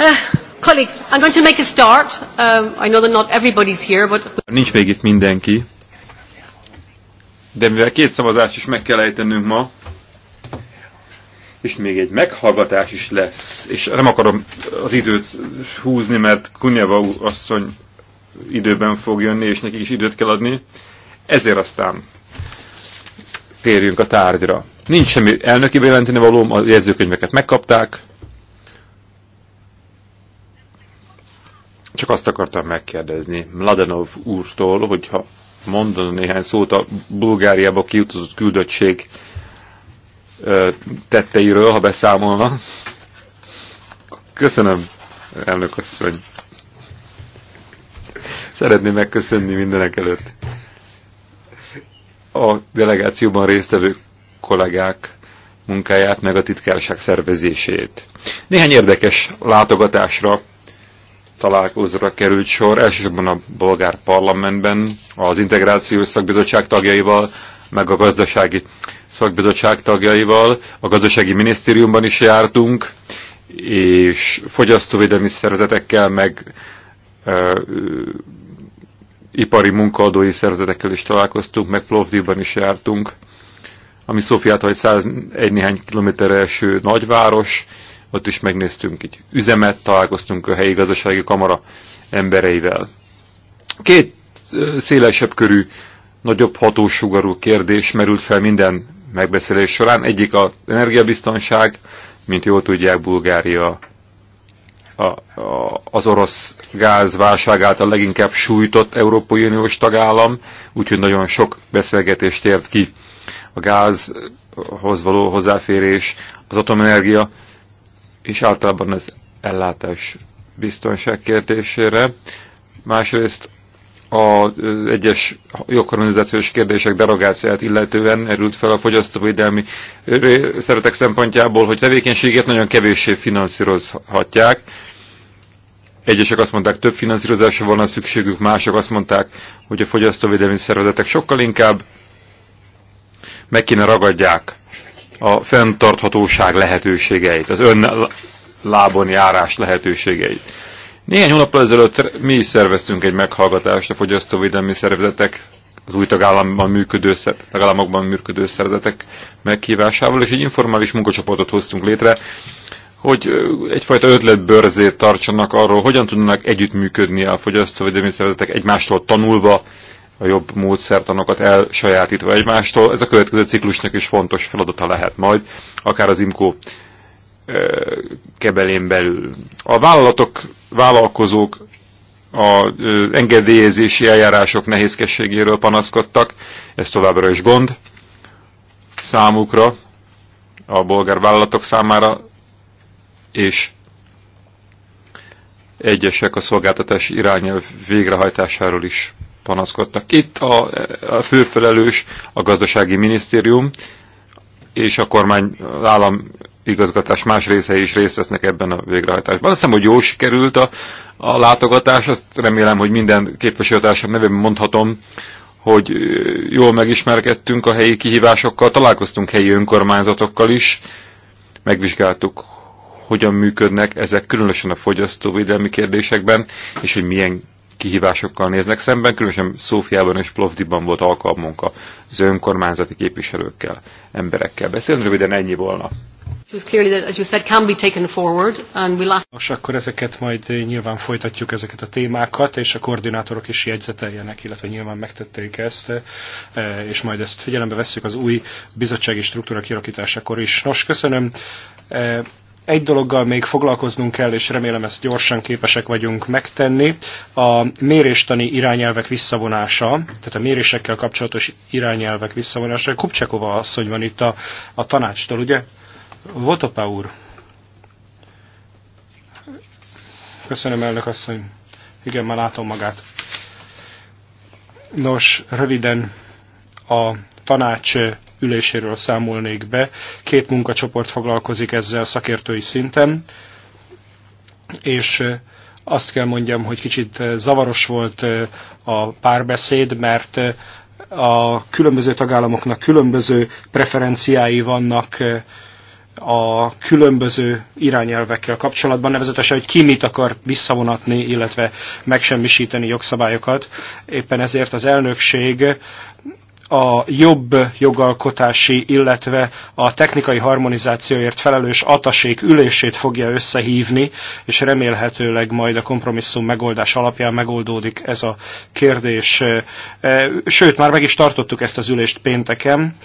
Eh, colleagues, I'm going to make a start. Um, I know that not everybody's here, but... Nincs még itt mindenki. De mivel két szavazást is meg kell ejtenünk ma, és még egy meghallgatás is lesz, és nem akarom az időt húzni, mert Kunyava asszony időben fog jönni, és neki is időt kell adni, ezért aztán térjünk a tárgyra. Nincs semmi elnöki bejelenteni valóm, a jegyzőkönyveket megkapták, Csak azt akartam megkérdezni Mladenov úrtól, hogyha mondana néhány szót a Bulgáriába kiutazott küldöttség tetteiről, ha beszámolna. Köszönöm, elnök asszony. Szeretném megköszönni mindenek előtt a delegációban résztvevő kollégák munkáját, meg a titkárság szervezését. Néhány érdekes látogatásra találkozóra került sor, elsősorban a bolgár parlamentben, az integrációs szakbizottság tagjaival, meg a gazdasági szakbizottság tagjaival, a gazdasági minisztériumban is jártunk, és fogyasztóvédelmi szervezetekkel, meg ö, ö, ipari munkaadói szervezetekkel is találkoztunk, meg Plovdivban is jártunk, ami Szófiát, hogy 101 néhány kilométerre eső nagyváros, ott is megnéztünk egy üzemet, találkoztunk a helyi gazdasági kamara embereivel. Két szélesebb körű, nagyobb hatósugarú kérdés merült fel minden megbeszélés során. Egyik az energiabiztonság, mint jól tudják, Bulgária a, a, az orosz gázválság által leginkább sújtott Európai Uniós tagállam, úgyhogy nagyon sok beszélgetést ért ki a gázhoz való hozzáférés, az atomenergia és általában az ellátás biztonság kérdésére. Másrészt az egyes jogharmonizációs kérdések derogáciát illetően erült fel a fogyasztóvédelmi szeretek szempontjából, hogy tevékenységét nagyon kevéssé finanszírozhatják. Egyesek azt mondták, több finanszírozásra volna szükségük, mások azt mondták, hogy a fogyasztóvédelmi szervezetek sokkal inkább meg kéne ragadják a fenntarthatóság lehetőségeit, az lábon járás lehetőségeit. Néhány hónappal ezelőtt mi is szerveztünk egy meghallgatást a fogyasztóvédelmi szervezetek, az új tagállamban működő, tagállamokban működő szervezetek meghívásával, és egy informális munkacsoportot hoztunk létre, hogy egyfajta ötletbörzét tartsanak arról, hogyan tudnak együttműködni a fogyasztóvédelmi szervezetek egymástól tanulva, a jobb módszertanokat elsajátítva egymástól. Ez a következő ciklusnak is fontos feladata lehet majd, akár az IMCO kebelén belül. A vállalatok, vállalkozók a engedélyezési eljárások nehézkességéről panaszkodtak, ez továbbra is gond számukra, a bolgár vállalatok számára, és egyesek a szolgáltatás irányelv végrehajtásáról is panaszkodtak. Itt a, a főfelelős a gazdasági minisztérium, és a kormány, az állam igazgatás más részei is részt vesznek ebben a végrehajtásban. Azt hiszem, hogy jól sikerült a, a látogatás, azt remélem, hogy minden képviselőtársam nevében mondhatom, hogy jól megismerkedtünk a helyi kihívásokkal, találkoztunk helyi önkormányzatokkal is, megvizsgáltuk, hogyan működnek ezek, különösen a fogyasztóvédelmi kérdésekben, és hogy milyen kihívásokkal néznek szemben, különösen Szófiában és Plovdiban volt alkalmunk az önkormányzati képviselőkkel, emberekkel beszélni. Röviden ennyi volna. Most akkor ezeket majd eh, nyilván folytatjuk ezeket a témákat, és a koordinátorok is jegyzeteljenek, illetve nyilván megtették ezt, eh, és majd ezt figyelembe veszük az új bizottsági struktúra kialakításakor is. Nos, köszönöm. Eh, egy dologgal még foglalkoznunk kell, és remélem ezt gyorsan képesek vagyunk megtenni, a méréstani irányelvek visszavonása, tehát a mérésekkel kapcsolatos irányelvek visszavonása. Kupcsekova asszony van itt a, a tanácstól, ugye? Votopa úr. Köszönöm, elnök asszony. Igen, már látom magát. Nos, röviden a tanács üléséről számolnék be. Két munkacsoport foglalkozik ezzel szakértői szinten, és azt kell mondjam, hogy kicsit zavaros volt a párbeszéd, mert a különböző tagállamoknak különböző preferenciái vannak a különböző irányelvekkel kapcsolatban, nevezetesen, hogy ki mit akar visszavonatni, illetve megsemmisíteni jogszabályokat. Éppen ezért az elnökség a jobb jogalkotási, illetve a technikai harmonizációért felelős atasék ülését fogja összehívni, és remélhetőleg majd a kompromisszum megoldás alapján megoldódik ez a kérdés. E, sőt, már meg is tartottuk ezt az ülést pénteken.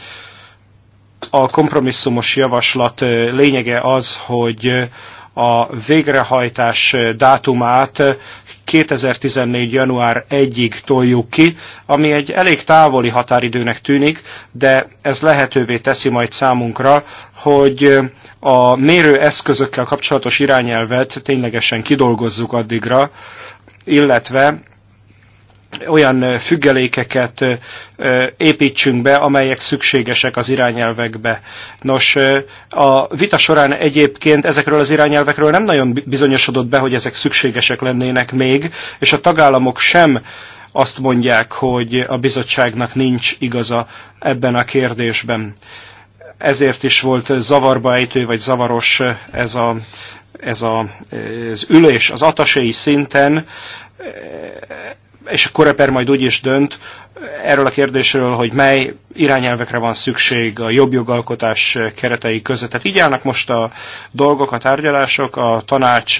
A kompromisszumos javaslat e, lényege az, hogy a végrehajtás e, dátumát 2014. január 1-ig toljuk ki, ami egy elég távoli határidőnek tűnik, de ez lehetővé teszi majd számunkra, hogy a mérőeszközökkel kapcsolatos irányelvet ténylegesen kidolgozzuk addigra, illetve olyan függelékeket építsünk be, amelyek szükségesek az irányelvekbe. Nos, a vita során egyébként ezekről az irányelvekről nem nagyon bizonyosodott be, hogy ezek szükségesek lennének még, és a tagállamok sem azt mondják, hogy a bizottságnak nincs igaza ebben a kérdésben. Ezért is volt zavarba ejtő, vagy zavaros ez, a, ez a, az ülés az ataséi szinten, és a Koreper majd úgy is dönt erről a kérdésről, hogy mely irányelvekre van szükség a jobb jogalkotás keretei között. Tehát így állnak most a dolgok, a tárgyalások, a tanács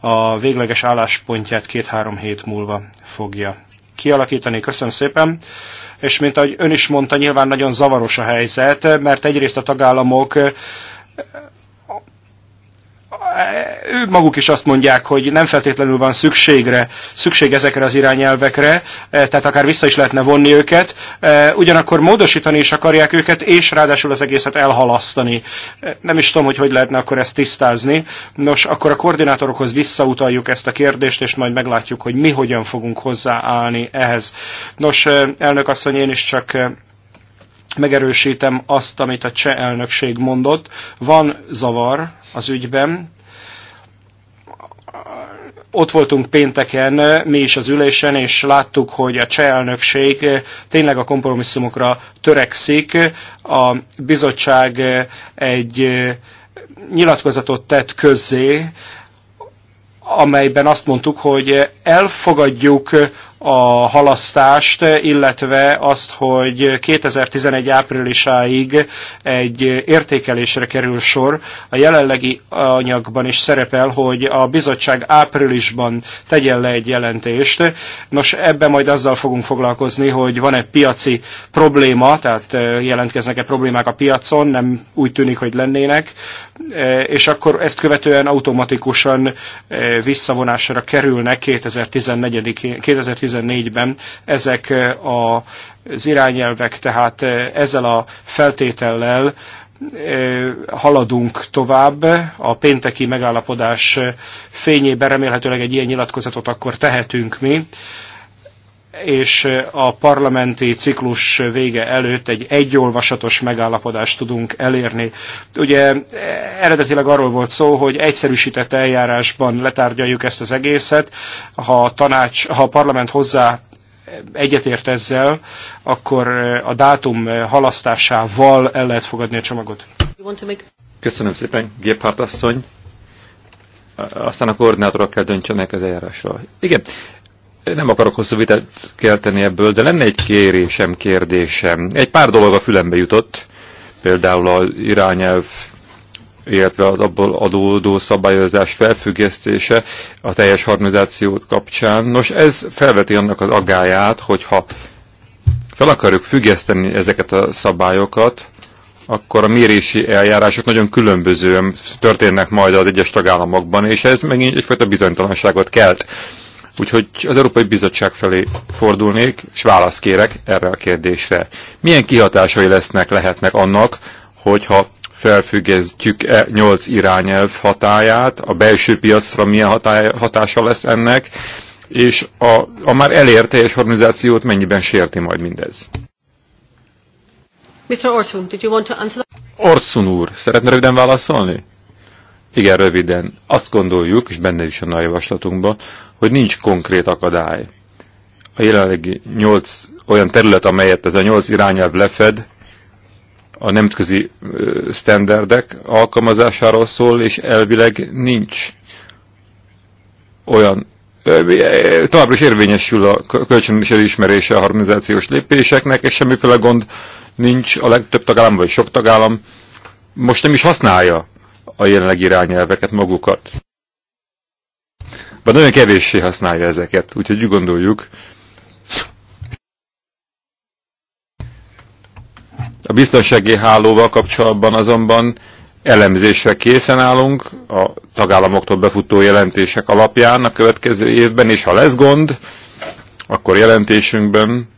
a végleges álláspontját két-három hét múlva fogja kialakítani. Köszönöm szépen! És mint ahogy ön is mondta, nyilván nagyon zavaros a helyzet, mert egyrészt a tagállamok ők maguk is azt mondják, hogy nem feltétlenül van szükségre, szükség ezekre az irányelvekre, tehát akár vissza is lehetne vonni őket, ugyanakkor módosítani is akarják őket, és ráadásul az egészet elhalasztani. Nem is tudom, hogy hogy lehetne akkor ezt tisztázni. Nos, akkor a koordinátorokhoz visszautaljuk ezt a kérdést, és majd meglátjuk, hogy mi hogyan fogunk hozzáállni ehhez. Nos, elnök asszony, én is csak megerősítem azt, amit a cseh elnökség mondott. Van zavar az ügyben, ott voltunk pénteken mi is az ülésen, és láttuk, hogy a cseh elnökség eh, tényleg a kompromisszumokra törekszik. A bizottság eh, egy eh, nyilatkozatot tett közzé, amelyben azt mondtuk, hogy elfogadjuk a halasztást, illetve azt, hogy 2011 áprilisáig egy értékelésre kerül sor. A jelenlegi anyagban is szerepel, hogy a bizottság áprilisban tegyen le egy jelentést. Nos, ebben majd azzal fogunk foglalkozni, hogy van-e piaci probléma, tehát jelentkeznek-e problémák a piacon, nem úgy tűnik, hogy lennének, és akkor ezt követően automatikusan visszavonásra kerülnek 2014, 2014 2014-ben ezek eh, a, az irányelvek, tehát eh, ezzel a feltétellel eh, haladunk tovább. A pénteki megállapodás fényében remélhetőleg egy ilyen nyilatkozatot akkor tehetünk mi és a parlamenti ciklus vége előtt egy egyolvasatos megállapodást tudunk elérni. Ugye e, eredetileg arról volt szó, hogy egyszerűsített eljárásban letárgyaljuk ezt az egészet, ha a, tanács, ha a parlament hozzá egyetért ezzel, akkor a dátum halasztásával el lehet fogadni a csomagot. Köszönöm szépen, Géphárt asszony. Aztán a koordinátorok kell döntsenek az eljárásról. Igen, nem akarok hosszú vitát kelteni ebből, de lenne egy kérésem, kérdésem. Egy pár dolog a fülembe jutott, például az irányelv, illetve az abból adódó szabályozás felfüggesztése a teljes harmonizációt kapcsán. Nos, ez felveti annak az agáját, hogyha fel akarjuk függeszteni ezeket a szabályokat, akkor a mérési eljárások nagyon különbözően történnek majd az egyes tagállamokban, és ez megint egyfajta bizonytalanságot kelt Úgyhogy az Európai Bizottság felé fordulnék, és választ kérek erre a kérdésre. Milyen kihatásai lesznek, lehetnek annak, hogyha felfüggesztjük e 8 irányelv hatáját, a belső piacra milyen hatása lesz ennek, és a, a már elért teljes harmonizációt mennyiben sérti majd mindez. Mr. Orson, did you want to answer that? Orson úr, szeretne röviden válaszolni? Igen, röviden. Azt gondoljuk, és benne is a javaslatunkban, hogy nincs konkrét akadály. A jelenlegi nyolc olyan terület, amelyet ez a nyolc irányelv lefed, a nemzetközi standardek alkalmazásáról szól, és elvileg nincs olyan továbbra is érvényesül a kölcsönös elismerése a harmonizációs lépéseknek, és semmiféle gond nincs a legtöbb tagállam, vagy sok tagállam most nem is használja a jelenlegi irányelveket magukat. Bár nagyon kevéssé használja ezeket, úgyhogy úgy gondoljuk, A biztonsági hálóval kapcsolatban azonban elemzésre készen állunk a tagállamoktól befutó jelentések alapján a következő évben, és ha lesz gond, akkor jelentésünkben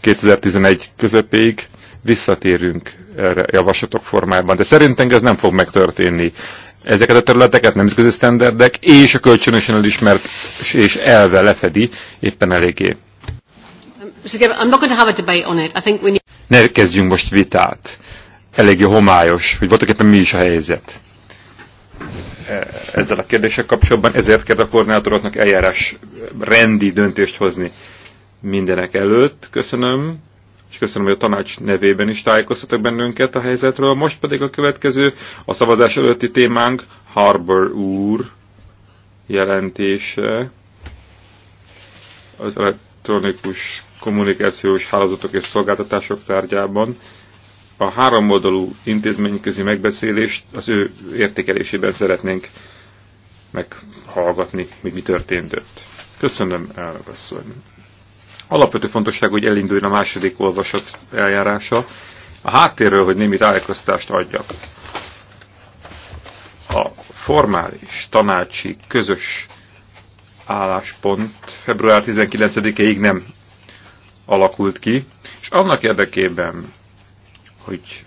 2011 közepéig visszatérünk erre javaslatok formájában. De szerintem ez nem fog megtörténni. Ezeket a területeket nemzetközi sztenderdek és a kölcsönösen elismert és elve lefedi éppen eléggé. Ne kezdjünk most vitát. Eléggé homályos, hogy voltak éppen mi is a helyzet e, ezzel a kérdéssel kapcsolatban, ezért kell a koordinátoroknak eljárás rendi döntést hozni mindenek előtt. Köszönöm és köszönöm, hogy a tanács nevében is tájékoztatok bennünket a helyzetről. Most pedig a következő, a szavazás előtti témánk Harbour úr jelentése az elektronikus kommunikációs hálózatok és szolgáltatások tárgyában. A háromoldalú intézményközi megbeszélést az ő értékelésében szeretnénk meghallgatni, hogy mi történt ott. Köszönöm, elnök asszony. Alapvető fontosság, hogy elinduljon a második olvasat eljárása. A háttérről, hogy némi tájékoztást adjak. A formális tanácsi közös álláspont február 19-ig nem alakult ki, és annak érdekében, hogy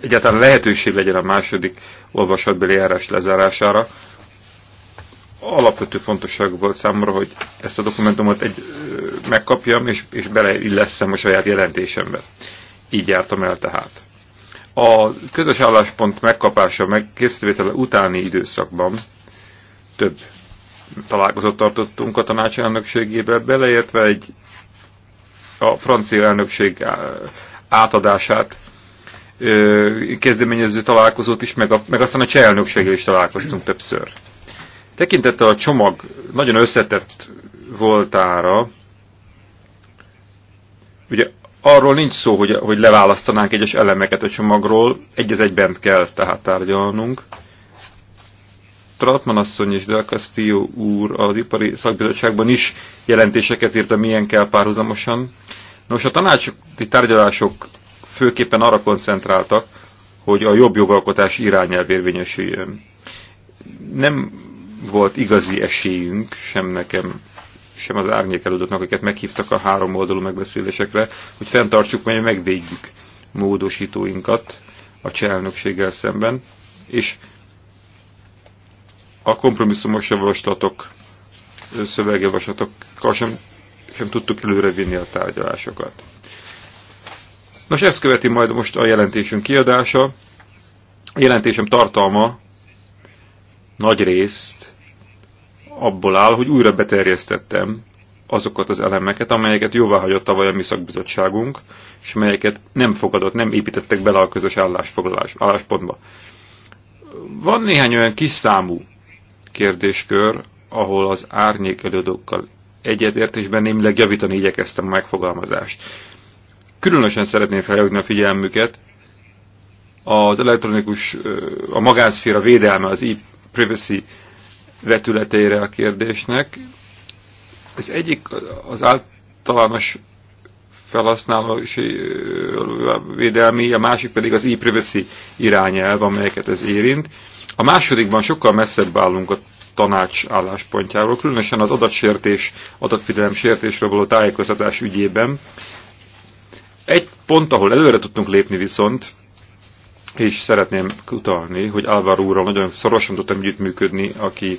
egyáltalán lehetőség legyen a második olvasatbeli járás lezárására, alapvető fontosság volt számomra, hogy ezt a dokumentumot egy, megkapjam, és, és beleilleszem a saját jelentésembe. Így jártam el tehát. A közös álláspont megkapása, meg készítvétele utáni időszakban több találkozót tartottunk a tanács elnökségébe, beleértve egy a francia elnökség átadását kezdeményező találkozót is, meg, a, meg aztán a cseh elnökséggel is találkoztunk többször. Tekintette a csomag nagyon összetett voltára, ugye arról nincs szó, hogy, hogy leválasztanánk egyes elemeket a csomagról, egy az egyben kell tehát tárgyalnunk. Tratman asszony és Del Castillo úr az ipari szakbizottságban is jelentéseket írta, milyen kell párhuzamosan. Nos, a tanácsi tárgyalások főképpen arra koncentráltak, hogy a jobb jogalkotás irányelv érvényesüljön. Nem volt igazi esélyünk, sem nekem, sem az árnyék előadottnak, akiket meghívtak a három oldalú megbeszélésekre, hogy fenntartsuk, mert megvédjük módosítóinkat a cselnökséggel szemben, és a kompromisszumos javaslatok, szövegjavaslatokkal sem, sem tudtuk előrevinni a tárgyalásokat. Nos, ezt követi majd most a jelentésünk kiadása. A jelentésem tartalma nagy részt abból áll, hogy újra beterjesztettem azokat az elemeket, amelyeket jóvá hagyott tavaly a mi szakbizottságunk, és melyeket nem fogadott, nem építettek bele a közös állásfoglalás, álláspontba. Van néhány olyan kis számú kérdéskör, ahol az árnyék előadókkal egyetértésben némileg javítani igyekeztem a megfogalmazást. Különösen szeretném felhívni a figyelmüket az elektronikus, a magánszféra védelme, az e-privacy vetületeire a kérdésnek. Ez egyik az általános felhasználási védelmi, a másik pedig az e-privacy irányelv, amelyeket ez érint. A másodikban sokkal messzebb állunk a tanács álláspontjáról, különösen az adatsértés, adatfidelem sértésről való tájékoztatás ügyében. Egy pont, ahol előre tudtunk lépni viszont, és szeretném utalni, hogy Álvaro úrral nagyon szorosan tudtam együttműködni, aki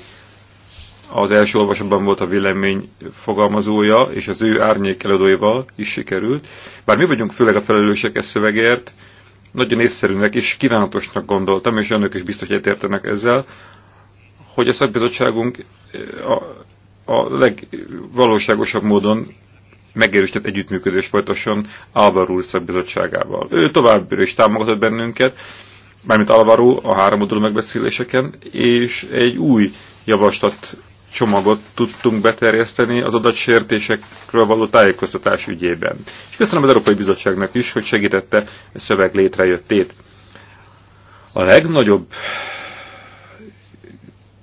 az első olvasatban volt a vélemény fogalmazója, és az ő árnyék előadóival is sikerült. Bár mi vagyunk főleg a felelősek ezt szövegért, nagyon észszerűnek és kívánatosnak gondoltam, és önök is biztos értenek ezzel, hogy a szakbizottságunk eh, a, a legvalóságosabb módon megerősített együttműködés folytasson Álvaro úr szakbizottságával. Ő továbbra is támogatott bennünket, mármint Álvaro a három oldalú megbeszéléseken, és egy új javaslat csomagot tudtunk beterjeszteni az adatsértésekről való tájékoztatás ügyében. És köszönöm az Európai Bizottságnak is, hogy segítette a szöveg létrejöttét. A legnagyobb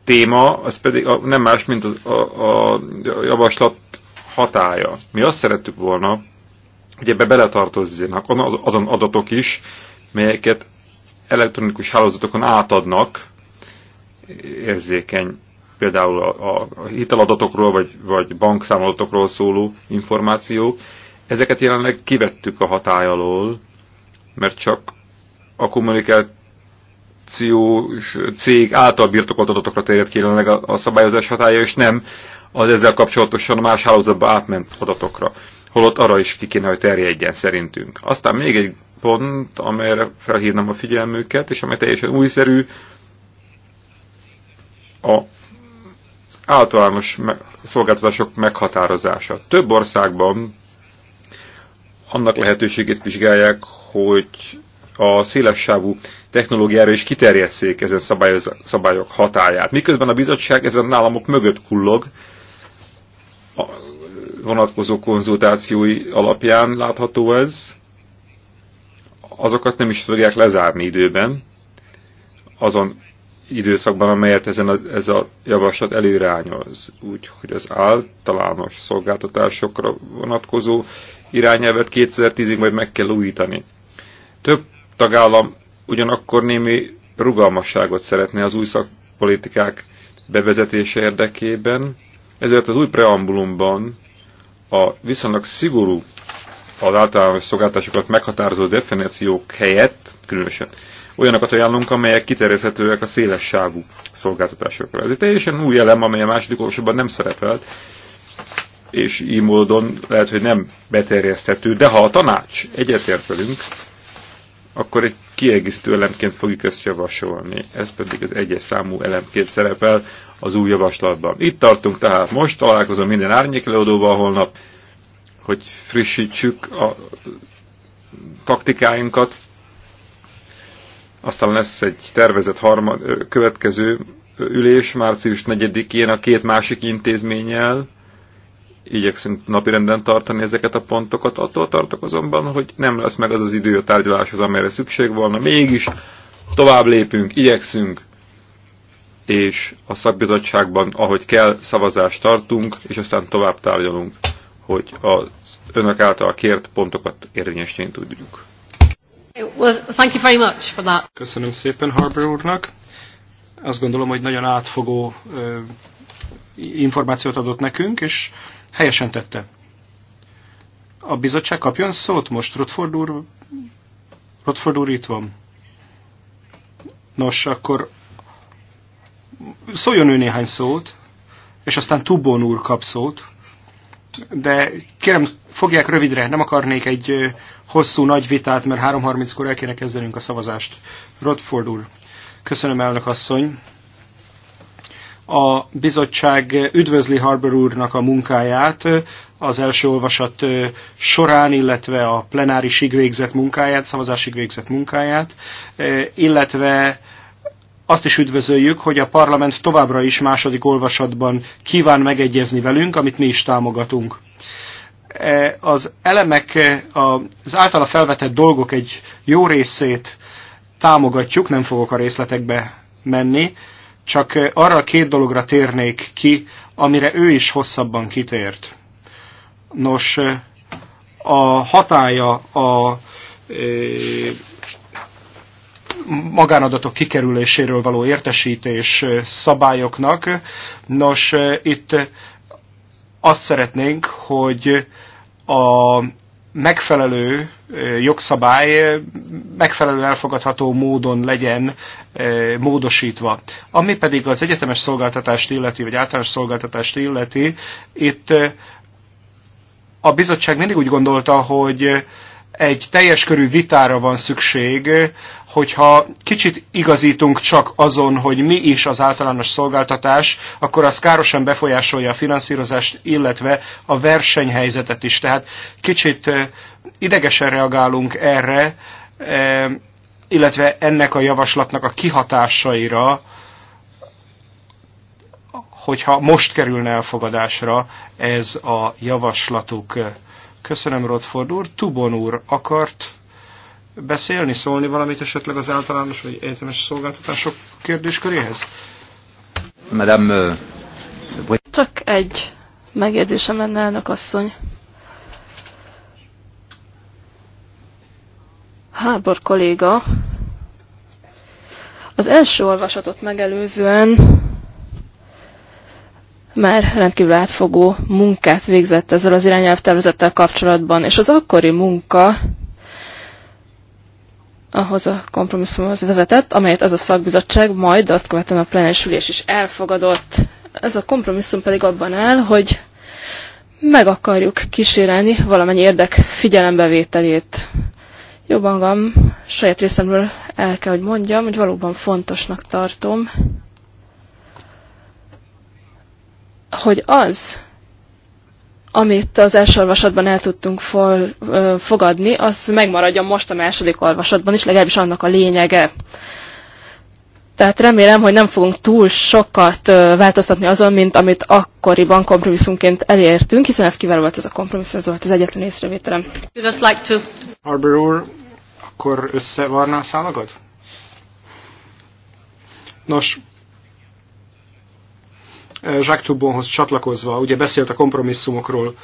téma, az pedig nem más, mint a, a, a javaslat hatája. Mi azt szerettük volna, hogy ebbe beletartozzanak azon adatok is, melyeket elektronikus hálózatokon átadnak, érzékeny például a, a hiteladatokról vagy, vagy bankszámadatokról szóló információk, ezeket jelenleg kivettük a hatály alól, mert csak a kommunikációs cég által birtokolt adatokra terjed ki jelenleg a, a szabályozás hatája, és nem az ezzel kapcsolatosan más hálózatba átment adatokra, holott arra is ki kéne, hogy terjedjen szerintünk. Aztán még egy pont, amelyre felhívnám a figyelmüket, és amely teljesen újszerű, a általános szolgáltatások meghatározása. Több országban annak lehetőségét vizsgálják, hogy a szélessávú technológiára is kiterjesszék ezen szabályok hatáját. Miközben a bizottság ezen államok mögött kullog, vonatkozó konzultációi alapján látható ez. Azokat nem is fogják lezárni időben, azon időszakban, amelyet ezen a, ez a javaslat előrányoz. Úgyhogy az általános szolgáltatásokra vonatkozó irányelvet 2010-ig majd meg kell újítani. Több tagállam ugyanakkor némi rugalmasságot szeretne az új szakpolitikák bevezetése érdekében, ezért az új preambulumban a viszonylag szigorú az általános szolgáltásokat meghatározó definíciók helyett, különösen olyanokat ajánlunk, amelyek kiterjeszthetőek a széles sávú szolgáltatásokra. Ez egy teljesen új elem, amely a második olvasóban nem szerepelt, és így módon lehet, hogy nem beterjeszthető, de ha a tanács egyetért velünk, akkor egy kiegészítő elemként fogjuk ezt javasolni. Ez pedig az egyes számú elemként szerepel az új javaslatban. Itt tartunk tehát most, találkozom minden árnyékelődóval holnap, hogy frissítsük a taktikáinkat. Aztán lesz egy tervezett harmad, következő ülés március 4-én a két másik intézménnyel, igyekszünk napirenden tartani ezeket a pontokat. Attól tartok azonban, hogy nem lesz meg az az idő a tárgyaláshoz, amelyre szükség volna. Mégis tovább lépünk, igyekszünk, és a szakbizottságban, ahogy kell, szavazást tartunk, és aztán tovább tárgyalunk, hogy az önök által kért pontokat érvényesíteni tudjuk. Well, thank you very much for that. Köszönöm szépen Harbour úrnak. Azt gondolom, hogy nagyon átfogó információt adott nekünk, és Helyesen tette. A bizottság kapjon szót most, Rutford úr? Rutford úr itt van. Nos, akkor szóljon ő néhány szót, és aztán Tubon úr kap szót. De kérem, fogják rövidre, nem akarnék egy hosszú nagy vitát, mert 3.30-kor el kéne kezdenünk a szavazást. Rodford úr, köszönöm elnök asszony. A bizottság üdvözli Harbour úrnak a munkáját, az első olvasat során, illetve a plenárisig végzett munkáját, szavazásig végzett munkáját, illetve azt is üdvözöljük, hogy a parlament továbbra is második olvasatban kíván megegyezni velünk, amit mi is támogatunk. Az elemek, az általa felvetett dolgok egy jó részét támogatjuk, nem fogok a részletekbe menni, csak arra a két dologra térnék ki, amire ő is hosszabban kitért. Nos, a hatája a magánadatok kikerüléséről való értesítés szabályoknak. Nos, itt azt szeretnénk, hogy a megfelelő jogszabály megfelelő elfogadható módon legyen eh, módosítva. Ami pedig az egyetemes szolgáltatást illeti, vagy általános szolgáltatást illeti, itt eh, a bizottság mindig úgy gondolta, hogy egy teljes körű vitára van szükség, hogyha kicsit igazítunk csak azon, hogy mi is az általános szolgáltatás, akkor az károsan befolyásolja a finanszírozást, illetve a versenyhelyzetet is. Tehát kicsit eh, idegesen reagálunk erre, e, illetve ennek a javaslatnak a kihatásaira, hogyha most kerülne elfogadásra ez a javaslatuk. Köszönöm, Rodford úr. Tubon úr akart beszélni, szólni valamit esetleg az általános vagy egyetemes szolgáltatások kérdésköréhez? Madame... Euh, Csak egy megjegyzésem lenne, elnök asszony. Harbor kolléga az első olvasatot megelőzően már rendkívül átfogó munkát végzett ezzel az irányelvtervezettel kapcsolatban, és az akkori munka ahhoz a kompromisszumhoz vezetett, amelyet ez a szakbizottság majd azt követően a plenáris ülés is elfogadott. Ez a kompromisszum pedig abban áll, hogy meg akarjuk kísérelni valamennyi érdek figyelembevételét. Jobban magam saját részemről el kell, hogy mondjam, hogy valóban fontosnak tartom, hogy az, amit az első olvasatban el tudtunk fol, ö, fogadni, az megmaradjon most a második olvasatban is, legalábbis annak a lényege. Tehát remélem, hogy nem fogunk túl sokat ö, változtatni azon, mint amit akkoriban kompromisszumként elértünk, hiszen ez kiváló volt ez a kompromisszum, ez volt az egyetlen észrevételem. Arbor úr, akkor összevarná a szálagod? Nos, Jacques Toubonhoz csatlakozva, ugye beszélt a kompromisszumokról,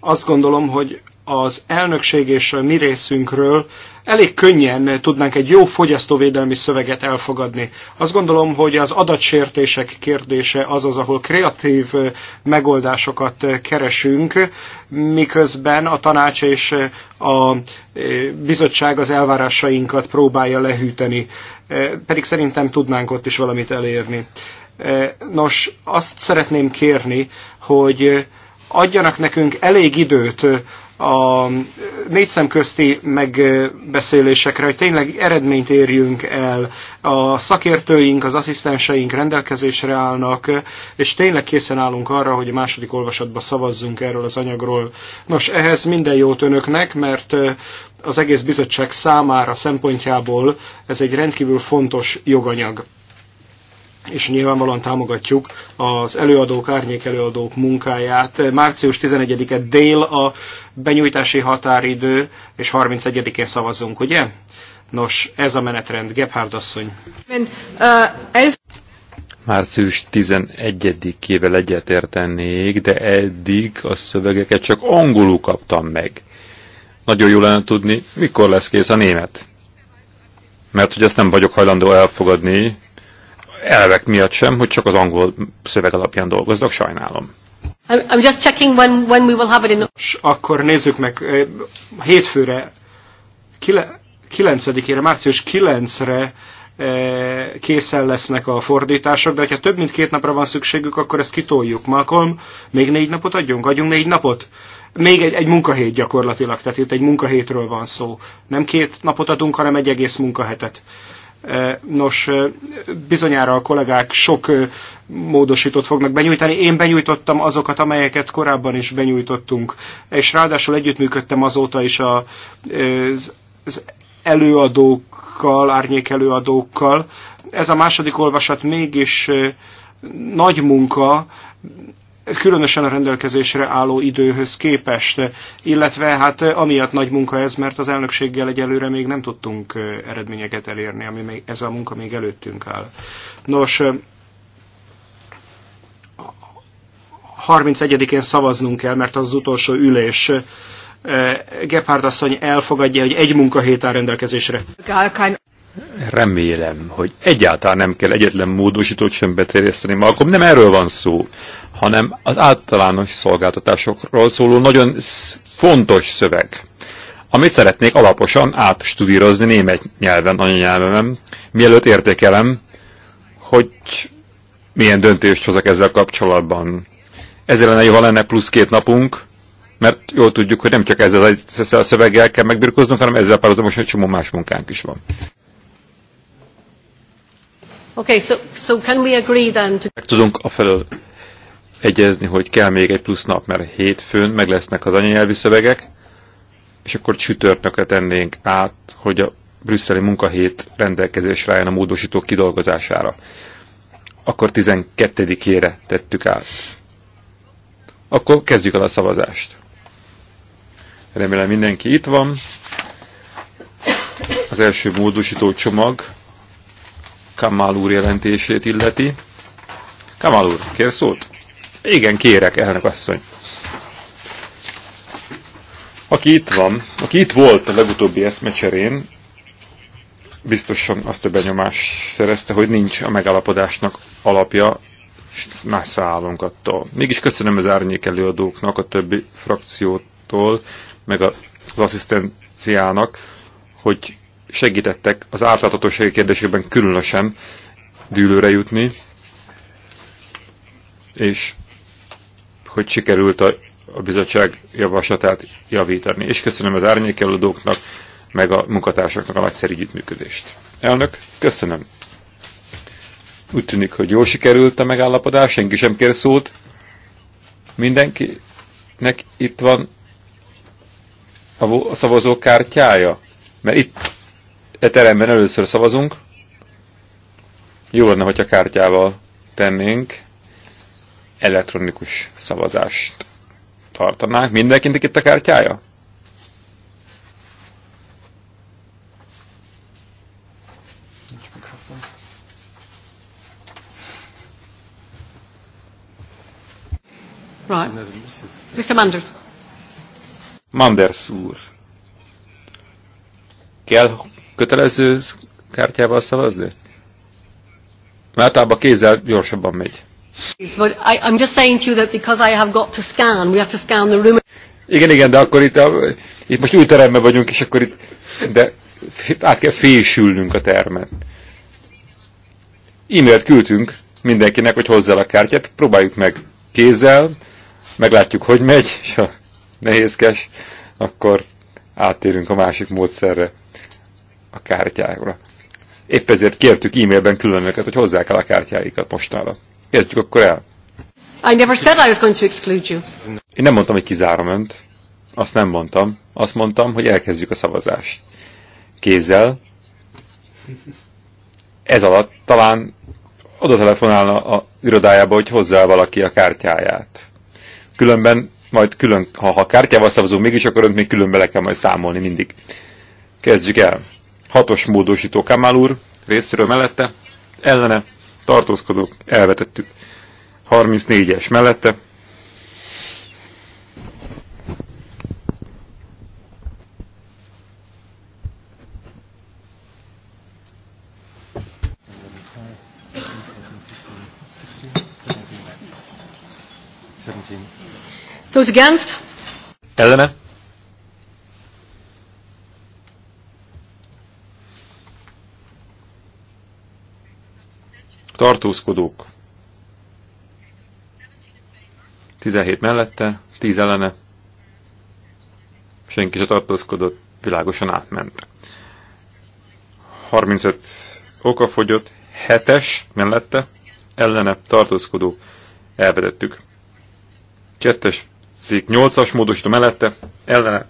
azt gondolom, hogy az elnökség és a mi részünkről elég könnyen tudnánk egy jó fogyasztóvédelmi szöveget elfogadni. Azt gondolom, hogy az adatsértések kérdése az az, ahol kreatív eh, megoldásokat eh, keresünk, miközben a tanács és eh, a bizottság az elvárásainkat próbálja lehűteni. Pedig szerintem tudnánk ott is valamit elérni. Nos, azt szeretném kérni, hogy adjanak nekünk elég időt a négy szem közti megbeszélésekre, hogy tényleg eredményt érjünk el. A szakértőink, az asszisztenseink rendelkezésre állnak, és tényleg készen állunk arra, hogy a második olvasatba szavazzunk erről az anyagról. Nos, ehhez minden jót önöknek, mert eh, az egész bizottság számára szempontjából ez egy rendkívül fontos joganyag és nyilvánvalóan támogatjuk az előadók, árnyék előadók munkáját. Március 11-e dél a benyújtási határidő, és 31-én szavazunk, ugye? Nos, ez a menetrend. Gebhard asszony. Március 11-ével egyetértenék, de eddig a szövegeket csak angolul kaptam meg. Nagyon jól lenne tudni, mikor lesz kész a német. Mert hogy ezt nem vagyok hajlandó elfogadni, elvek miatt sem, hogy csak az angol szöveg alapján dolgozzak, sajnálom. I'm just checking when, when we will have it in... Akkor nézzük meg, hétfőre, 9-ére, március 9-re készen lesznek a fordítások, de ha több mint két napra van szükségük, akkor ezt kitoljuk. Malcolm, még négy napot adjunk? Adjunk négy napot? Még egy, egy munkahét gyakorlatilag, tehát itt egy munkahétről van szó. Nem két napot adunk, hanem egy egész munkahetet. E, nos, e, bizonyára a kollégák sok e, módosítót fognak benyújtani. Én benyújtottam azokat, amelyeket korábban is benyújtottunk, és ráadásul együttműködtem azóta is a, az előadókkal, árnyék előadókkal. Ez a második olvasat mégis nagy munka, különösen a rendelkezésre álló időhöz képest, illetve hát amiatt nagy munka ez, mert az elnökséggel egyelőre még nem tudtunk eredményeket elérni, ami még, ez a munka még előttünk áll. Nos, 31-én szavaznunk kell, mert az, az utolsó ülés. Gephardt asszony elfogadja, hogy egy munkahét áll rendelkezésre remélem, hogy egyáltalán nem kell egyetlen módosítót sem beterjeszteni, mert akkor nem erről van szó, hanem az általános szolgáltatásokról szóló nagyon fontos szöveg, amit szeretnék alaposan átstudírozni német nyelven, anyanyelvemen, mielőtt értékelem, hogy milyen döntést hozok ezzel kapcsolatban. Ezért lenne jó, ha lenne plusz két napunk, mert jól tudjuk, hogy nem csak ezzel a szöveggel kell megbirkóznunk, hanem ezzel párhuzamosan egy csomó más munkánk is van. Okay, so, so can we agree then to... Tudunk afelől egyezni, hogy kell még egy plusz nap, mert hétfőn meg lesznek az anyanyelvi szövegek, és akkor csütörtöket tennénk át, hogy a brüsszeli munkahét rendelkezésre álljon a módosítók kidolgozására. Akkor 12-ére tettük át. Akkor kezdjük el a szavazást. Remélem mindenki itt van. Az első módosító csomag Kamal úr jelentését illeti. Kamal úr, kér szót? Igen, kérek, elnök asszony. Aki itt van, aki itt volt a legutóbbi eszmecserén, biztosan azt a benyomás szerezte, hogy nincs a megalapodásnak alapja, és messze állunk attól. Mégis köszönöm az árnyék előadóknak, a többi frakciótól, meg az asszisztenciának, hogy segítettek az átláthatósági kérdésében különösen dűlőre jutni, és hogy sikerült a, a bizottság javaslatát javítani. És köszönöm az árnyékelődóknak, meg a munkatársaknak a nagyszerű együttműködést. Elnök, köszönöm. Úgy tűnik, hogy jól sikerült a megállapodás, senki sem kér szót. Mindenkinek itt van a szavazókártyája, mert itt E teremben először szavazunk. Jó lenne, hogyha kártyával tennénk. Elektronikus szavazást tartanák. Mindenkinek itt a kártyája? Right. Mr. Manders. Manders úr. Kell kötelező kártyával szavazni? Mert általában kézzel gyorsabban megy. Igen, igen, de akkor itt, a, itt most új teremben vagyunk, és akkor itt de át kell fésülnünk a termet. E-mailt küldtünk mindenkinek, hogy hozzá a kártyát, próbáljuk meg kézzel, meglátjuk, hogy megy, és ha nehézkes, akkor áttérünk a másik módszerre a kártyákra. Épp ezért kértük e-mailben különöket, hogy hozzák el a kártyáikat mostanra. Kezdjük akkor el. I never said I was going to exclude you. Én nem mondtam, hogy kizárom önt. Azt nem mondtam. Azt mondtam, hogy elkezdjük a szavazást. Kézzel. Ez alatt talán oda telefonálna a irodájába, hogy hozzá valaki a kártyáját. Különben majd külön, ha, ha kártyával szavazunk mégis, akkor önt még külön bele kell majd számolni mindig. Kezdjük el. Hatos módosító Kamál úr részéről mellette, ellene tartózkodók, elvetettük. 34-es mellette. Those against? Ellene tartózkodók, 17 mellette, 10 ellene, senki se tartózkodott, világosan átment. 35 okafogyott, 7-es mellette, ellene tartózkodó, elvedettük. 2-es cikk, 8-as módosító mellette, ellene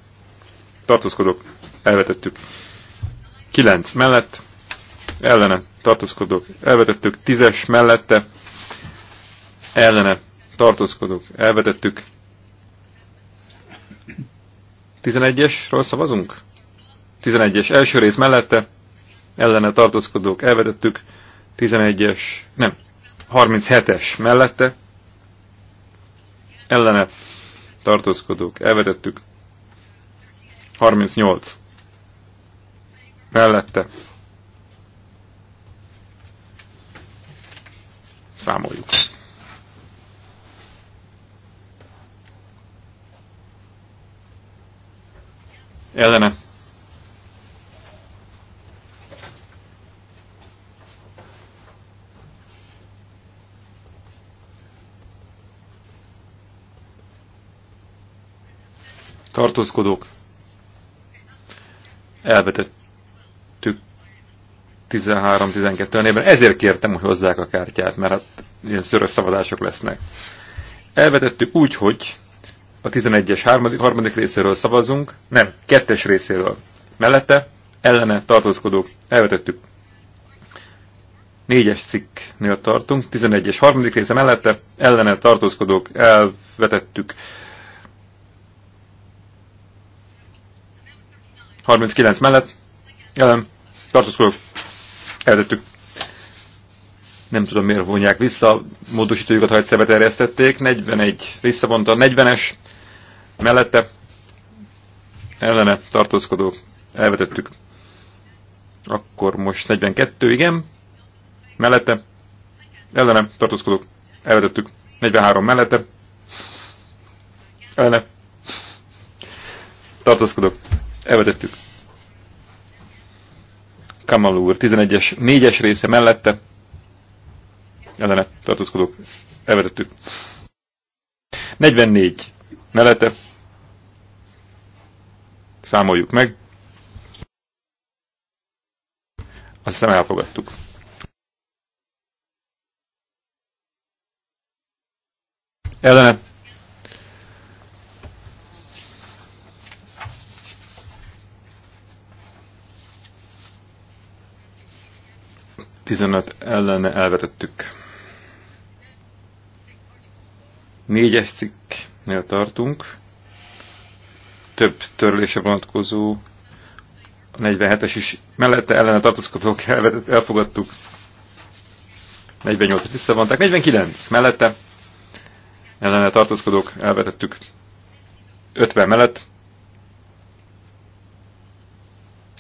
tartózkodók, elvetettük. 9 mellett, ellene tartózkodók elvetettük, tízes mellette ellene tartózkodók elvetettük, tizenegyesről szavazunk? Tizenegyes első rész mellette ellene tartózkodók elvetettük, Tizenegyes. nem, 37-es mellette ellene tartózkodók elvetettük, 38 mellette számoljuk. Ellene. Tartózkodók. Elvetett. 13-12 nében. Ezért kértem, hogy hozzák a kártyát, mert hát ilyen szörös szavazások lesznek. Elvetettük úgy, hogy a 11-es harmadik, harmadik részéről szavazunk, nem, kettes részéről. Mellette ellene tartózkodók elvetettük. 4-es cikknél tartunk, 11-es harmadik része mellette ellene tartózkodók elvetettük. 39 mellett ellen tartózkodók előttük nem tudom miért vonják vissza, módosítójukat, ha egyszer beterjesztették, 41 visszavonta, 40-es mellette ellene tartózkodó, elvetettük. Akkor most 42, igen, mellette ellene tartózkodó, elvetettük, 43 mellette ellene tartózkodó, elvetettük. Kamalúr 11-es, 4-es része mellette ellene tartózkodók elvetettük. 44 mellette számoljuk meg. Azt hiszem elfogadtuk. Ellene 15 ellene elvetettük. Négyes cikknél tartunk. Több törlése vonatkozó a 47-es is mellette ellene tartózkodók elvetett, elfogadtuk. 48 et visszavonták. 49 mellette ellene tartózkodók elvetettük. 50 mellett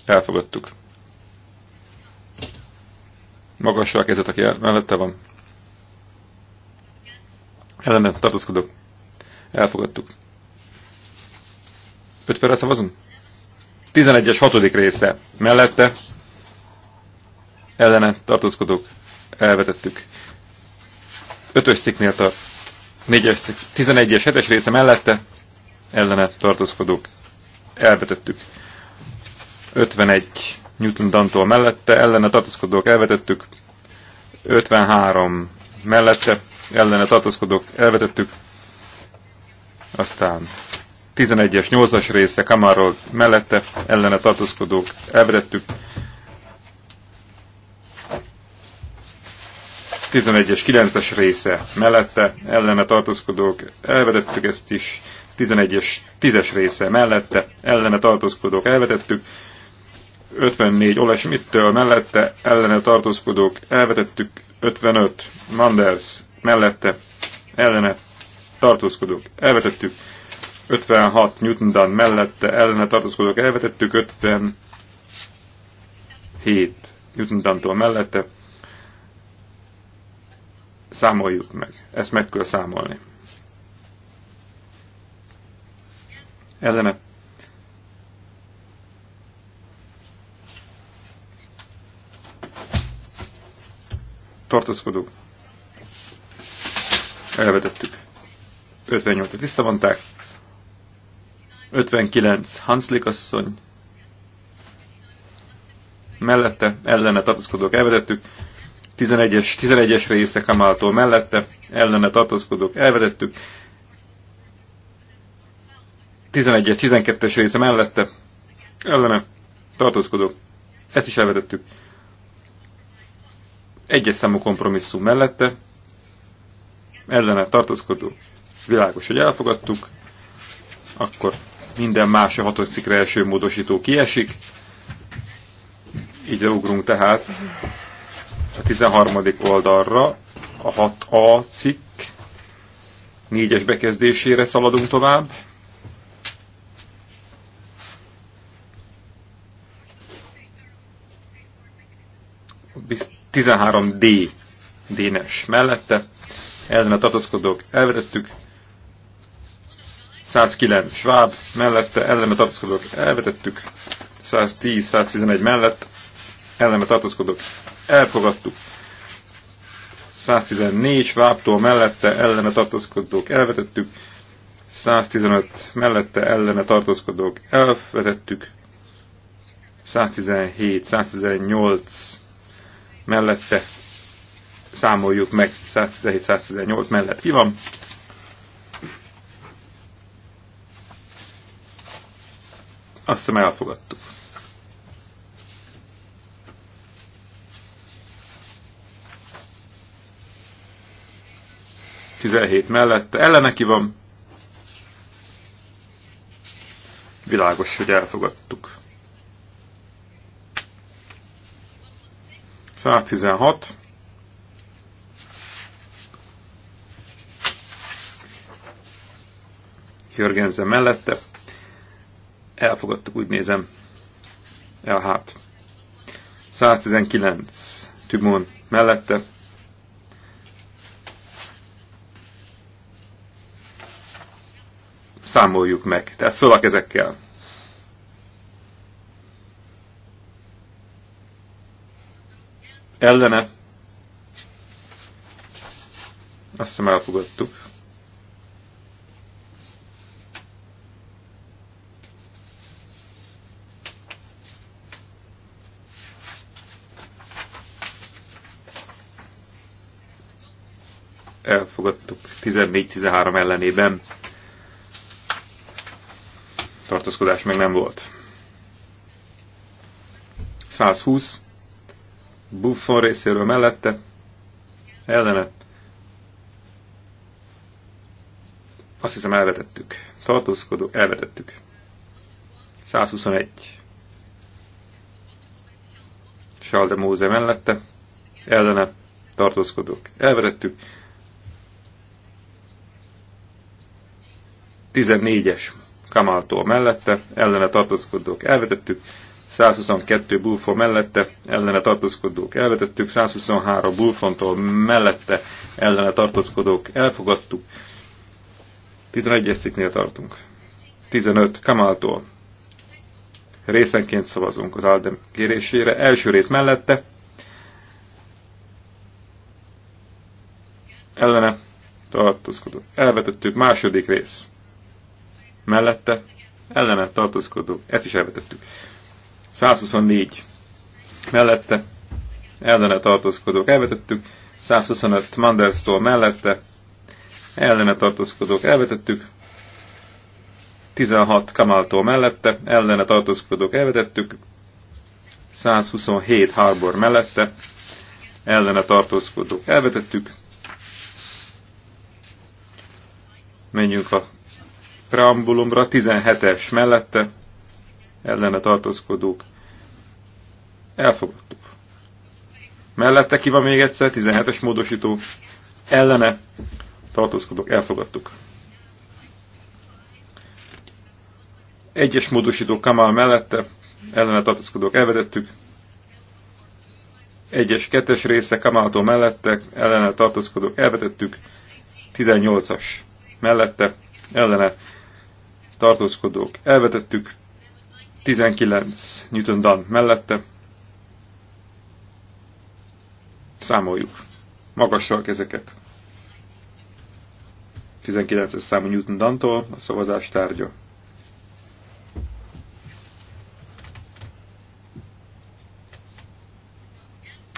elfogadtuk. Magasra a kezet, aki mellette van. Ellenben tartózkodok. Elfogadtuk. 5 perre szavazunk? 11-es hatodik része. Mellette ellene tartózkodók elvetettük. 5-ös cikknél tart. 4-es cikk, 11-es 7-es része mellette ellene tartózkodók elvetettük. 51 Newton Dantól mellette, ellene tartozkodók elvetettük, 53 mellette, ellene tartozkodók elvetettük, aztán 11-es, 8-as része Kamarról mellette, ellene tartozkodók elvetettük, 11-es, 9-es része mellette, ellene tartózkodók elvetettük ezt is, 11-es, 10-es része mellette, ellene tartózkodók elvetettük, 54 Ole Schmidt-től mellette ellene tartózkodók elvetettük 55 Manders mellette ellene tartózkodók elvetettük 56 Newton Dunn mellette ellene tartózkodók elvetettük 57 Newton Dunn-tól mellette számoljuk meg. Ezt meg kell számolni. Ellene tartózkodók, elvetettük. 58-at visszavonták. 59 Hanslik asszony, mellette, ellene tartózkodók elvetettük. 11-es 11 része Kamáltól mellette, ellene tartózkodók elvetettük. 11-es, 12-es része mellette, ellene tartózkodók. Ezt is elvetettük. Egyes számú kompromisszum mellette, ellene tartózkodó, világos, hogy elfogadtuk, akkor minden más a hatodszikre első módosító kiesik, így ugrunk tehát a 13. oldalra, a 6A cikk, négyes bekezdésére szaladunk tovább. 13D dénes mellette, a tartózkodók elvetettük, 109 Schwab mellette, a tartózkodók elvetettük, 110-111 mellett, a tartózkodók elfogadtuk, 114 Schwabtól mellette, a tartózkodók elvetettük, 115 mellette ellene tartózkodók elvetettük, 117, 118 mellette számoljuk meg 117-118 mellett ki van. Azt hiszem elfogadtuk. Tizenhét mellett ellene ki van. Világos, hogy elfogadtuk. 116. Jörgenze mellette. Elfogadtuk, úgy nézem. Elhát. 119. Tübmon mellette. Számoljuk meg. Tehát föl a kezekkel. ellene. Azt hiszem elfogadtuk. Elfogadtuk 14-13 ellenében. Tartózkodás meg nem volt. 120 Buffon részéről mellette, ellene. Azt hiszem elvetettük. Tartózkodó, elvetettük. 121. Salde Móze mellette, ellene tartózkodók. Elvetettük. 14-es Kamaltól mellette, ellene tartózkodók. Elvetettük. 122 Bulfon mellette ellene tartózkodók elvetettük, 123 Bulfontól mellette ellene tartózkodók elfogadtuk, 11-es cikknél tartunk. 15 Kamáltól részenként szavazunk az Aldem kérésére. Első rész mellette ellene tartózkodók elvetettük, második rész mellette ellene tartózkodók, ezt is elvetettük. 124 mellette, ellene tartózkodók elvetettük, 125 Mandelstól mellette, ellene tartózkodók elvetettük, 16 Kamaltól mellette, ellene tartózkodók elvetettük, 127 Harbor mellette, ellene tartózkodók elvetettük, menjünk a preambulumra, 17-es mellette, ellene tartózkodók elfogadtuk. Mellette ki van még egyszer, 17-es módosító, ellene tartózkodók elfogadtuk. Egyes módosító Kamal mellette, ellene tartózkodók elvedettük. Egyes kettes része Kamalató mellette, ellene tartózkodók elvetettük. 18-as mellette, ellene tartózkodók elvetettük. 19 Newton Dan mellette. Számoljuk. Magassal ezeket. 19-es számú Newton Dantól a szavazás tárgya.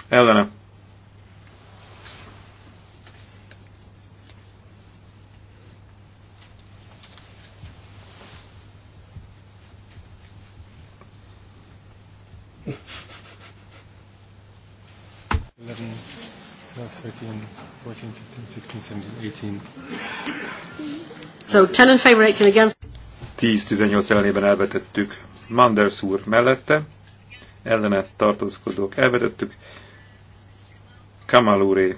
Ellene. So 10 in favor, 18 against. 10-18 ellenében elvetettük. Manders úr mellette, ellene tartózkodók elvetettük. Kamal úré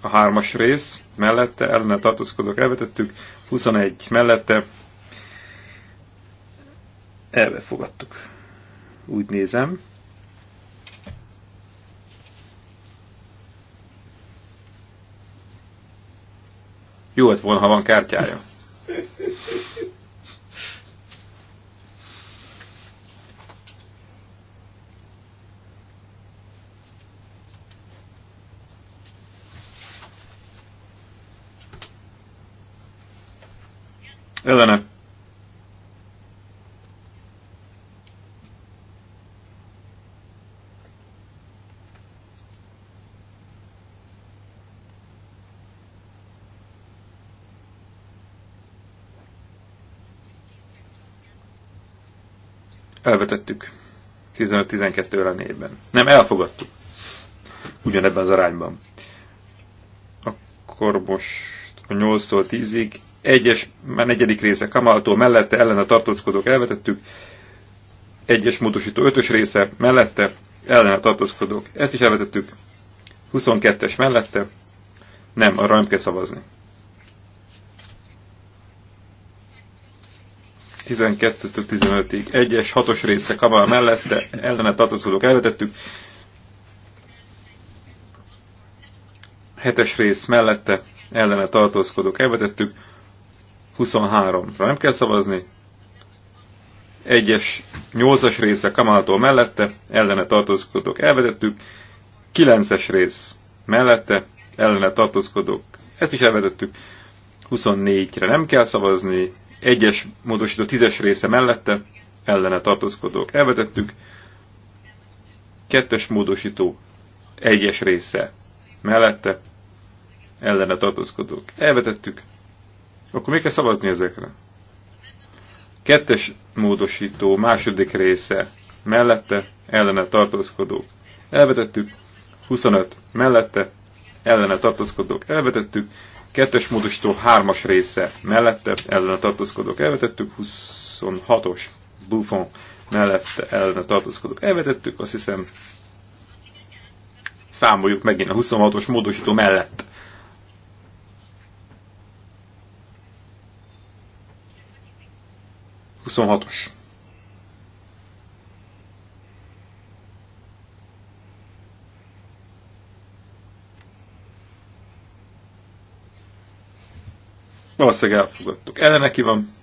a hármas rész, mellette ellene tartózkodók elvetettük, 21 mellette elbefogadtuk. Úgy nézem. Jó lett volna, ha van kártyája. Ellene. Elvetettük. 15-12 ellenében. Nem, elfogadtuk. Ugyanebben az arányban. Akkor most a 8-tól 10-ig. Egyes, már negyedik része Kamaltól mellette ellen a tartózkodók elvetettük. Egyes módosító ötös része mellette ellen a tartózkodók. Ezt is elvetettük. 22-es mellette. Nem, arra nem kell szavazni. 12 15-ig. 1-es, 6-os része kaval mellette, ellenet tartózkodók elvetettük. 7-es rész mellette, ellenet tartózkodók elvetettük. 23-ra nem kell szavazni. 1-es, 8-as része Kamalától mellette, ellenet tartózkodók elvetettük. 9-es rész mellette, ellenet tartózkodók, ezt is elvetettük. 24-re nem kell szavazni, egyes módosító tízes része mellette ellene tartózkodók elvetettük, kettes módosító egyes része mellette ellene tartózkodók elvetettük, akkor még kell szavazni ezekre. Kettes módosító második része mellette ellene tartózkodók elvetettük, 25 mellette ellene tartózkodók elvetettük, Kettes módosító hármas része mellette a tartózkodók elvetettük, 26-os Buffon mellette a tartózkodók elvetettük, azt hiszem számoljuk megint a 26-os módosító mellett. Szóval Valószínűleg elfogadtuk. Erre neki van?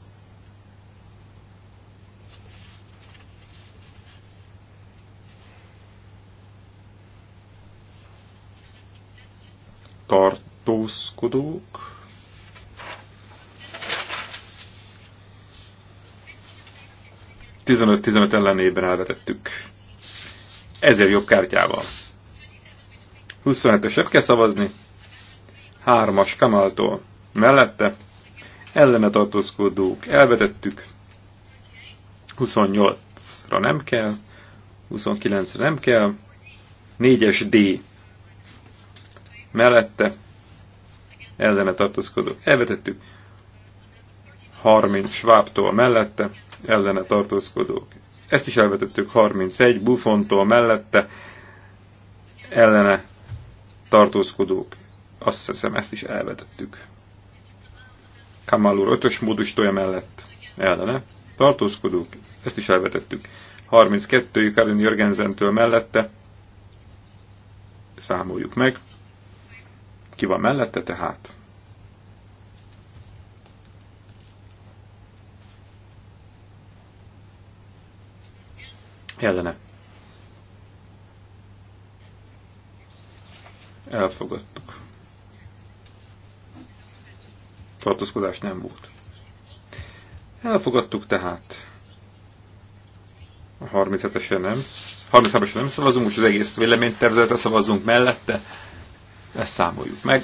Tartózkodók. Tizenöt, tizenöt ellenében elvetettük. Ezért jobb kártyával. 27-eset kell szavazni. Hármas Kamaltól. Mellette ellene tartózkodók elvetettük, 28-ra nem kell, 29-re nem kell, 4-es D mellette ellene tartózkodók elvetettük, 30 Schwabtól mellette ellene tartózkodók. Ezt is elvetettük 31 Buffontól mellette ellene tartózkodók. Azt hiszem, ezt is elvetettük. Kamal úr ötös módosítója mellett ellene. Tartózkodók, ezt is elvetettük. 32 Karin Jörgensentől mellette. Számoljuk meg. Ki van mellette tehát? Ellene. Elfogadtuk tartózkodás nem volt. Elfogadtuk tehát. A 37-esre nem, nem szavazunk, úgyhogy az egész véleménytervezetre szavazunk mellette. Ezt számoljuk meg.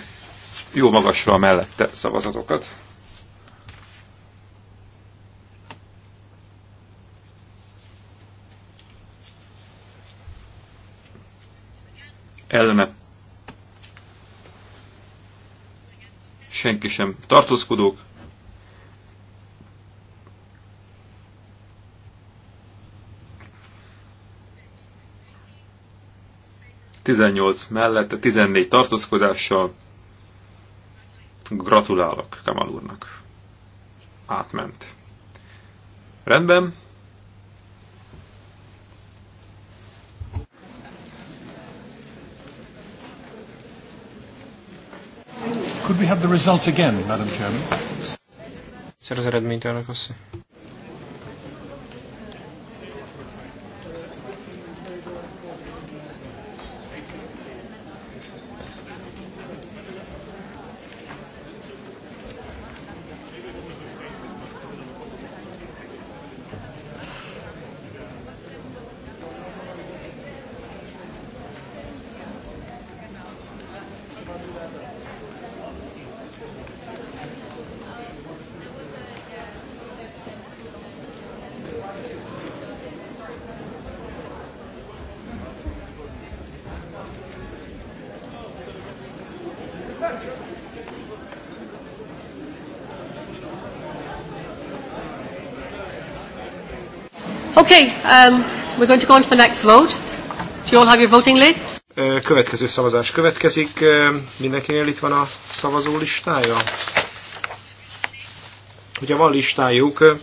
Jó magasra a mellette szavazatokat. Ellene senki sem tartózkodók. Tizennyolc mellette, tizennégy tartózkodással. Gratulálok Kamal úrnak. Átment. Rendben. we have the result again, Madam Chairman? Um, we're going to go on to the next vote. Do you all have your voting uh, Következő szavazás következik. Uh, mindenkinél itt van a szavazó listája. Ugye van listájuk.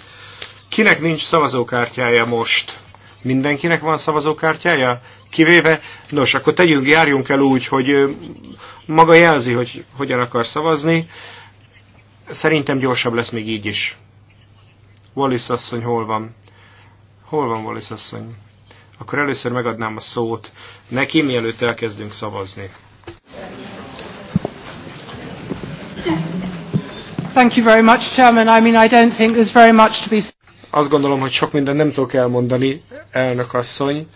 Kinek nincs szavazókártyája most? Mindenkinek van szavazókártyája? Kivéve, nos, akkor tegyünk, járjunk el úgy, hogy maga jelzi, hogy hogyan akar szavazni. Szerintem gyorsabb lesz még így is. Wallis asszony hol van? Hol van Wallis asszony? Akkor először megadnám a szót neki, mielőtt elkezdünk szavazni. Thank you very much, Chairman. I mean, I don't think there's very much to be... Azt gondolom, hogy sok mindent nem tudok elmondani, elnök asszony.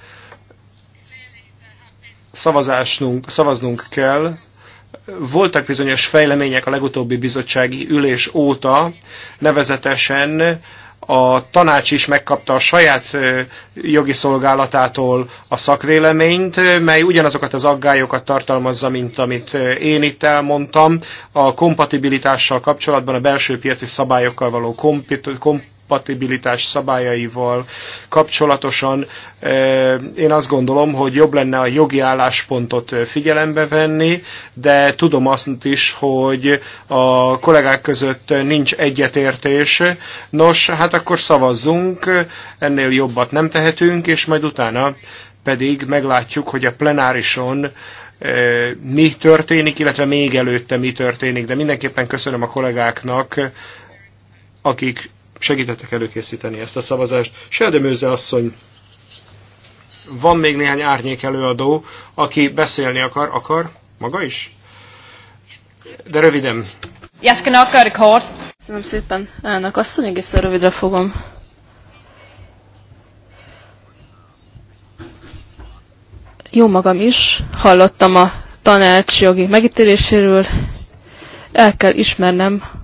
Szavazásnunk, szavaznunk kell, voltak bizonyos fejlemények a legutóbbi bizottsági ülés óta, nevezetesen a tanács is megkapta a saját jogi szolgálatától a szakvéleményt, mely ugyanazokat az aggályokat tartalmazza, mint amit én itt elmondtam, a kompatibilitással kapcsolatban a belső piaci szabályokkal való komp kompatibilitás szabályaival kapcsolatosan én azt gondolom, hogy jobb lenne a jogi álláspontot figyelembe venni, de tudom azt is, hogy a kollégák között nincs egyetértés. Nos, hát akkor szavazzunk, ennél jobbat nem tehetünk, és majd utána pedig meglátjuk, hogy a plenárison mi történik, illetve még előtte mi történik, de mindenképpen köszönöm a kollégáknak, akik segítettek előkészíteni ezt a szavazást. Seldemőze asszony, van még néhány árnyék előadó, aki beszélni akar, akar, maga is? De röviden. Yes, can I card? Köszönöm szépen, elnök asszony, egészen rövidre fogom. Jó magam is, hallottam a tanács jogi megítéléséről, el kell ismernem,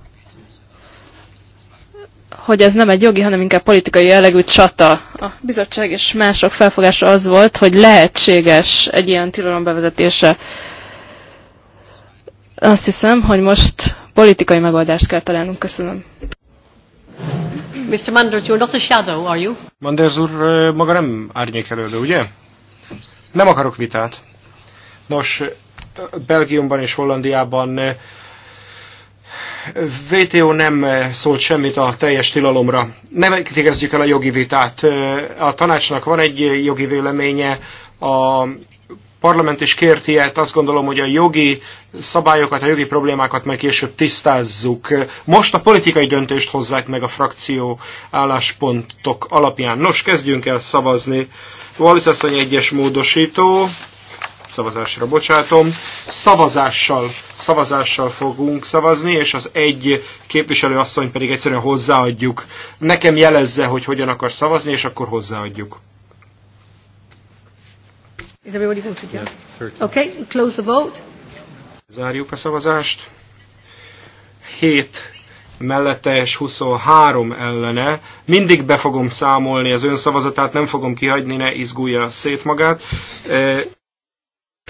hogy ez nem egy jogi, hanem inkább politikai jellegű csata. A bizottság és mások felfogása az volt, hogy lehetséges egy ilyen tilalom bevezetése. Azt hiszem, hogy most politikai megoldást kell találnunk. Köszönöm. Mr. Manders, you're not a shadow, are you? Manders úr maga nem árnyékelődő, ugye? Nem akarok vitát. Nos, Belgiumban és Hollandiában VTO nem eh, szólt semmit a teljes tilalomra. Nem kezdjük el a jogi vitát. Eh, a tanácsnak van egy jogi véleménye, a parlament is kért ilyet, azt gondolom, hogy a jogi szabályokat, a jogi problémákat meg később tisztázzuk. Most a politikai döntést hozzák meg a frakció álláspontok alapján. Nos, kezdjünk el szavazni. Wallis asszony egyes módosító, szavazásra bocsátom. Szavazással, szavazással fogunk szavazni, és az egy képviselőasszony pedig egyszerűen hozzáadjuk. Nekem jelezze, hogy hogyan akar szavazni, és akkor hozzáadjuk. Is everybody voted, yeah? Okay, close the vote. Zárjuk a szavazást. 7 mellette és 23 ellene. Mindig be fogom számolni az szavazatát nem fogom kihagyni, ne izgulja szét magát. Eh,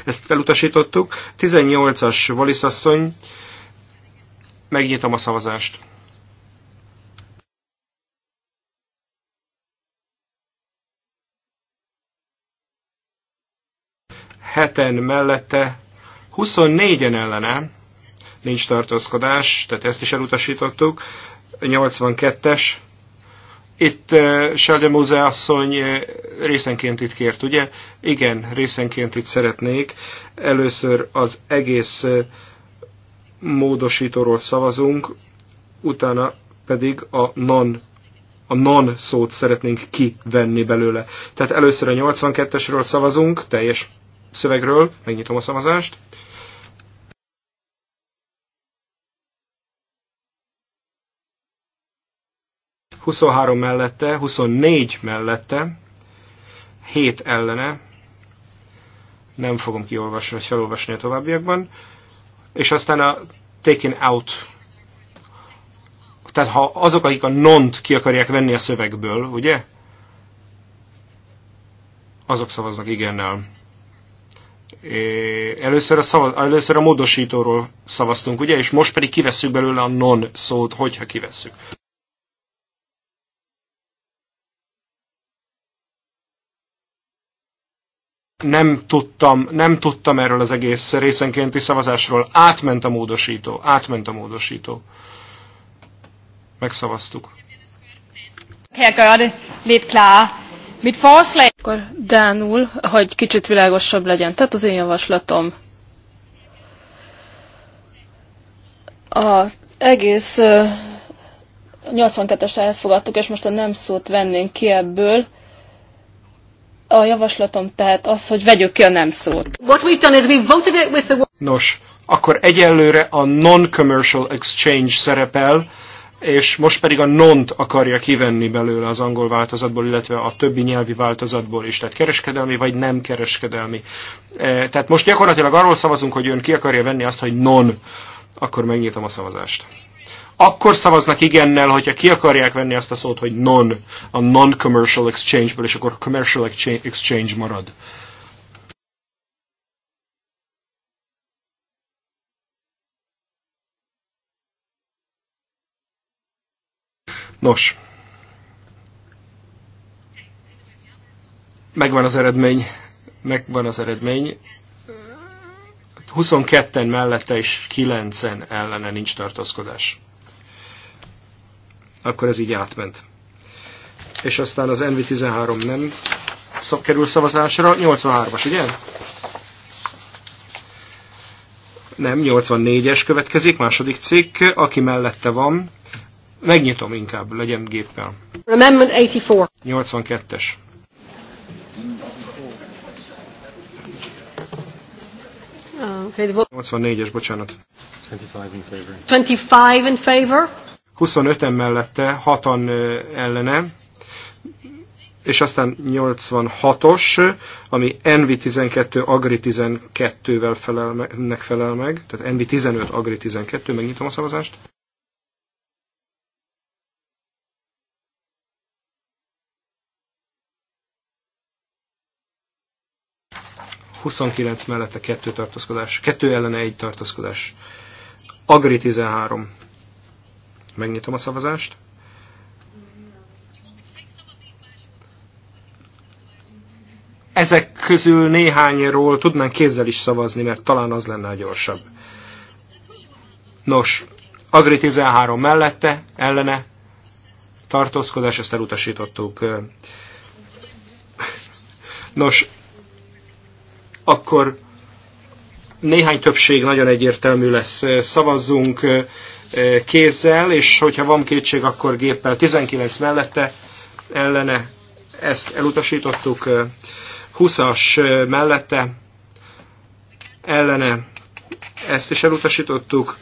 ezt felutasítottuk. 18-as Valiszasszony. Megnyitom a szavazást. Heten mellette, 24-en ellene, nincs tartózkodás, tehát ezt is elutasítottuk. 82-es itt eh, Saldemuse asszony eh, részenként itt kért, ugye? Igen, részenként itt szeretnék. Először az egész eh, módosítóról szavazunk, utána pedig a non a non szót szeretnénk kivenni belőle. Tehát először a 82-esről szavazunk, teljes szövegről, megnyitom a szavazást. 23 mellette, 24 mellette, 7 ellene, nem fogom kiolvasni, vagy felolvasni a továbbiakban, és aztán a taken out tehát ha azok, akik a nont ki akarják venni a szövegből, ugye? Azok szavaznak igennel. Először a, szavaz, először a módosítóról szavaztunk, ugye? És most pedig kivesszük belőle a non szót, hogyha kivesszük. nem tudtam, nem tudtam erről az egész részenkénti szavazásról. Átment a módosító, átment a módosító. Megszavaztuk. Mit forslag... Akkor Dánul, hogy kicsit világosabb legyen. Tehát az én javaslatom. A egész 82-es elfogadtuk, és most a nem szót vennénk ki ebből, a javaslatom tehát az, hogy vegyük ki a nem szót. Nos, akkor egyelőre a non-commercial exchange szerepel, és most pedig a nont akarja kivenni belőle az angol változatból, illetve a többi nyelvi változatból is, tehát kereskedelmi vagy nem kereskedelmi. E, tehát most gyakorlatilag arról szavazunk, hogy ön ki akarja venni azt, hogy non, akkor megnyitom a szavazást akkor szavaznak igennel, hogyha ki akarják venni azt a szót, hogy non, a non-commercial exchange-ből, és akkor commercial exchange marad. Nos, megvan az eredmény, megvan az eredmény. 22-en mellette és 9-en ellene nincs tartózkodás akkor ez így átment. És aztán az NV13 nem szab kerül szavazásra. 83-as, ugye? Nem, 84-es következik, második cikk. Aki mellette van, megnyitom inkább, legyen géppel. Amendment 84. 82-es. Okay, 84-es, bocsánat. 25 in favor. 25 in favor. 25-en mellette, 6-an ellene, és aztán 86-os, ami NV12 Agri 12-vel felel, meg, felel meg, tehát NV15 Agri 12, megnyitom a szavazást. Huszonkilenc mellette kettő tartózkodás, kettő ellene egy tartózkodás. Agri 13 Megnyitom a szavazást. Ezek közül néhányról tudnánk kézzel is szavazni, mert talán az lenne a gyorsabb. Nos, Agri 13 mellette, ellene, tartózkodás, ezt elutasítottuk. Nos, akkor néhány többség nagyon egyértelmű lesz. Szavazzunk kézzel, és hogyha van kétség, akkor géppel 19 mellette ellene ezt elutasítottuk, 20-as mellette ellene ezt is elutasítottuk,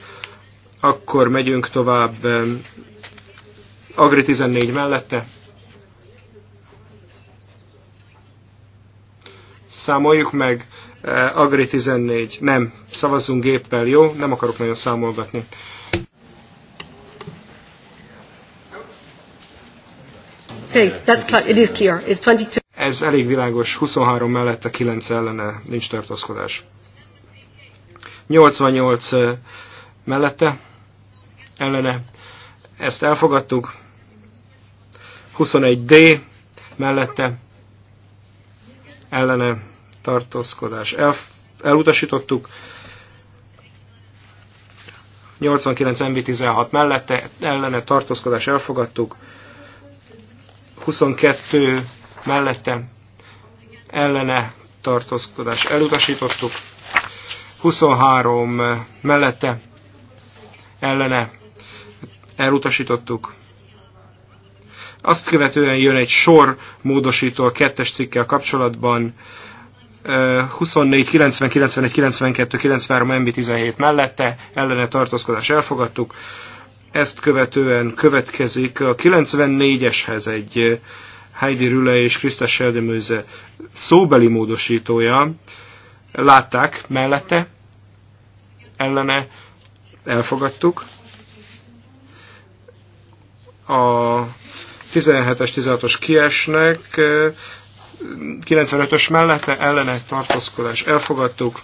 akkor megyünk tovább Agri 14 mellette. Számoljuk meg Eh, Agri 14. Nem, szavazzunk géppel, jó? Nem akarok nagyon számolgatni. that's clear. It is clear. It's 22. Ez elég világos. 23 mellette, 9 ellene. Nincs tartózkodás. 88 eh, mellette, ellene. Ezt elfogadtuk. 21D mellette, ellene tartózkodás el, elutasítottuk. 89 MV16 mellette ellene tartózkodás elfogadtuk. 22 mellette ellene tartózkodás elutasítottuk. 23 mellette ellene elutasítottuk. Azt követően jön egy sor módosító a kettes cikkel kapcsolatban, 24, 90, 91, 92, 93, MB17 mellette, ellene tartózkodás elfogadtuk. Ezt követően következik a 94-eshez egy eh, Heidi Rüle és Krista Seldemőze szóbeli módosítója. Látták mellette, ellene elfogadtuk. A 17-es, 16-os kiesnek, eh, 95-ös mellette ellene tartózkodás elfogadtuk.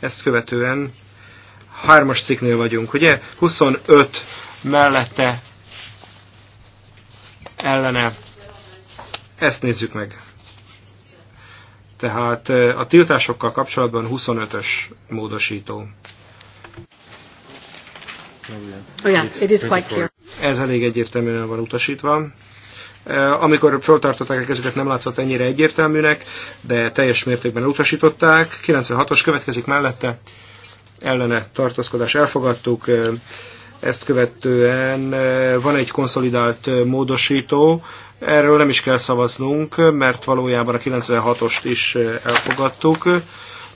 Ezt követően hármas cikknél vagyunk, ugye? 25 mellette ellene. Ezt nézzük meg. Tehát a tiltásokkal kapcsolatban 25-ös módosító. Oh yeah, it is quite clear. Ez elég egyértelműen van utasítva. Amikor föltartották a kezüket, nem látszott ennyire egyértelműnek, de teljes mértékben utasították. 96-os következik mellette, ellene tartózkodás elfogadtuk. Ezt követően van egy konszolidált módosító, erről nem is kell szavaznunk, mert valójában a 96-ost is elfogadtuk.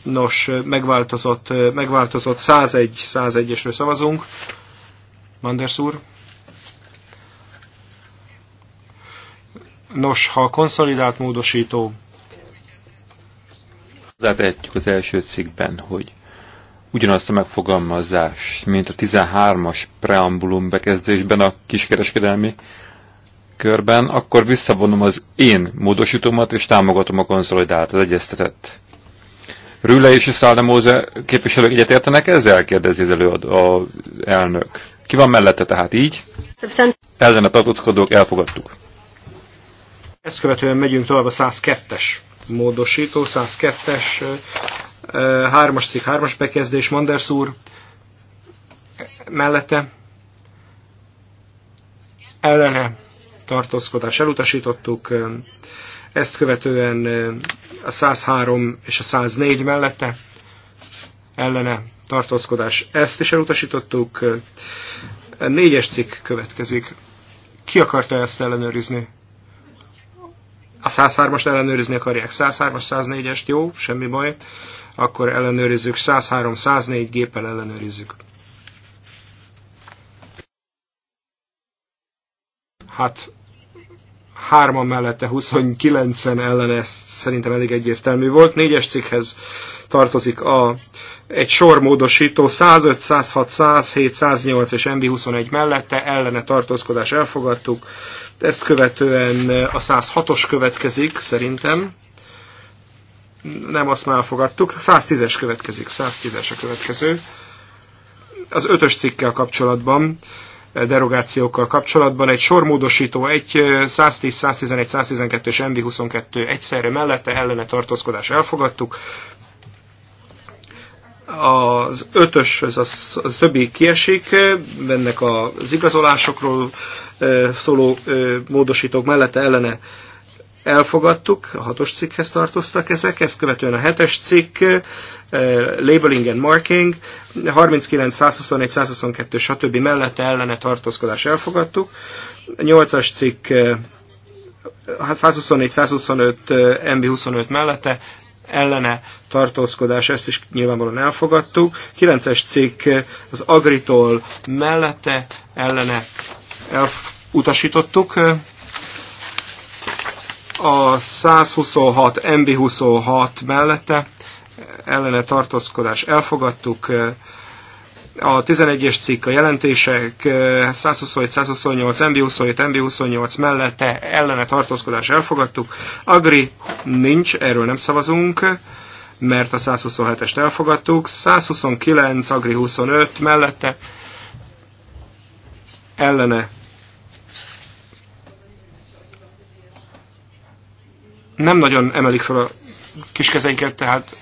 Nos, megváltozott, megváltozott 101, 101 esre szavazunk. Manders úr. Nos, ha a konszolidált módosító... Hozzátehetjük az első cikkben, hogy ugyanazt a megfogalmazást, mint a 13-as preambulum bekezdésben a kiskereskedelmi körben, akkor visszavonom az én módosítómat, és támogatom a konszolidált, az egyeztetett. Rüle és Száldemóze képviselők egyetértenek ezzel? Kérdezi az előadó a elnök. Ki van mellette tehát így? a tartózkodók elfogadtuk. Ezt követően megyünk tovább a 102-es módosító, 102-es, 3-as cikk, 3-as bekezdés, Manders úr mellette ellene tartózkodás elutasítottuk, ezt követően a 103 és a 104 mellette ellene tartózkodás. Ezt is elutasítottuk. 4-es cikk következik. Ki akarta ezt ellenőrizni? A 103-ast ellenőrizni akarják, 103-as, 104-est, jó, semmi baj. Akkor ellenőrizzük, 103, 104 géppel ellenőrizzük. Hát hárman mellette 29-en ellen ez szerintem elég egyértelmű volt. Négyes cikkhez tartozik a egy sormódosító 105, 106, 107, 108 és MV21 mellette ellene tartózkodás elfogadtuk. Ezt követően a 106-os következik, szerintem. Nem, azt már elfogadtuk. 110-es következik, 110-es a következő. Az 5-ös cikkel kapcsolatban derogációkkal kapcsolatban. Egy sormódosító, egy 110, 111, 112 és MV22 egyszerre mellette ellene tartózkodás elfogadtuk az ötös, ez az, az többi kiesik, ennek az igazolásokról szóló módosítók mellette ellene elfogadtuk, a hatos cikkhez tartoztak ezek, ezt követően a hetes cikk, labeling and marking, 39, 121, 122, stb. mellette ellene tartózkodás elfogadtuk, a nyolcas cikk 124, 125, MB25 mellette ellene tartózkodás, ezt is nyilvánvalóan elfogadtuk. 9-es cikk az Agritól mellette ellene elutasítottuk. A 126, MB26 mellette ellene tartózkodás elfogadtuk a 11-es cikk, a jelentések 127, 128, MB27, MB28 mellette ellene tartózkodás elfogadtuk. Agri nincs, erről nem szavazunk, mert a 127-est elfogadtuk. 129, Agri 25 mellette ellene nem nagyon emelik fel a kiskeze tehát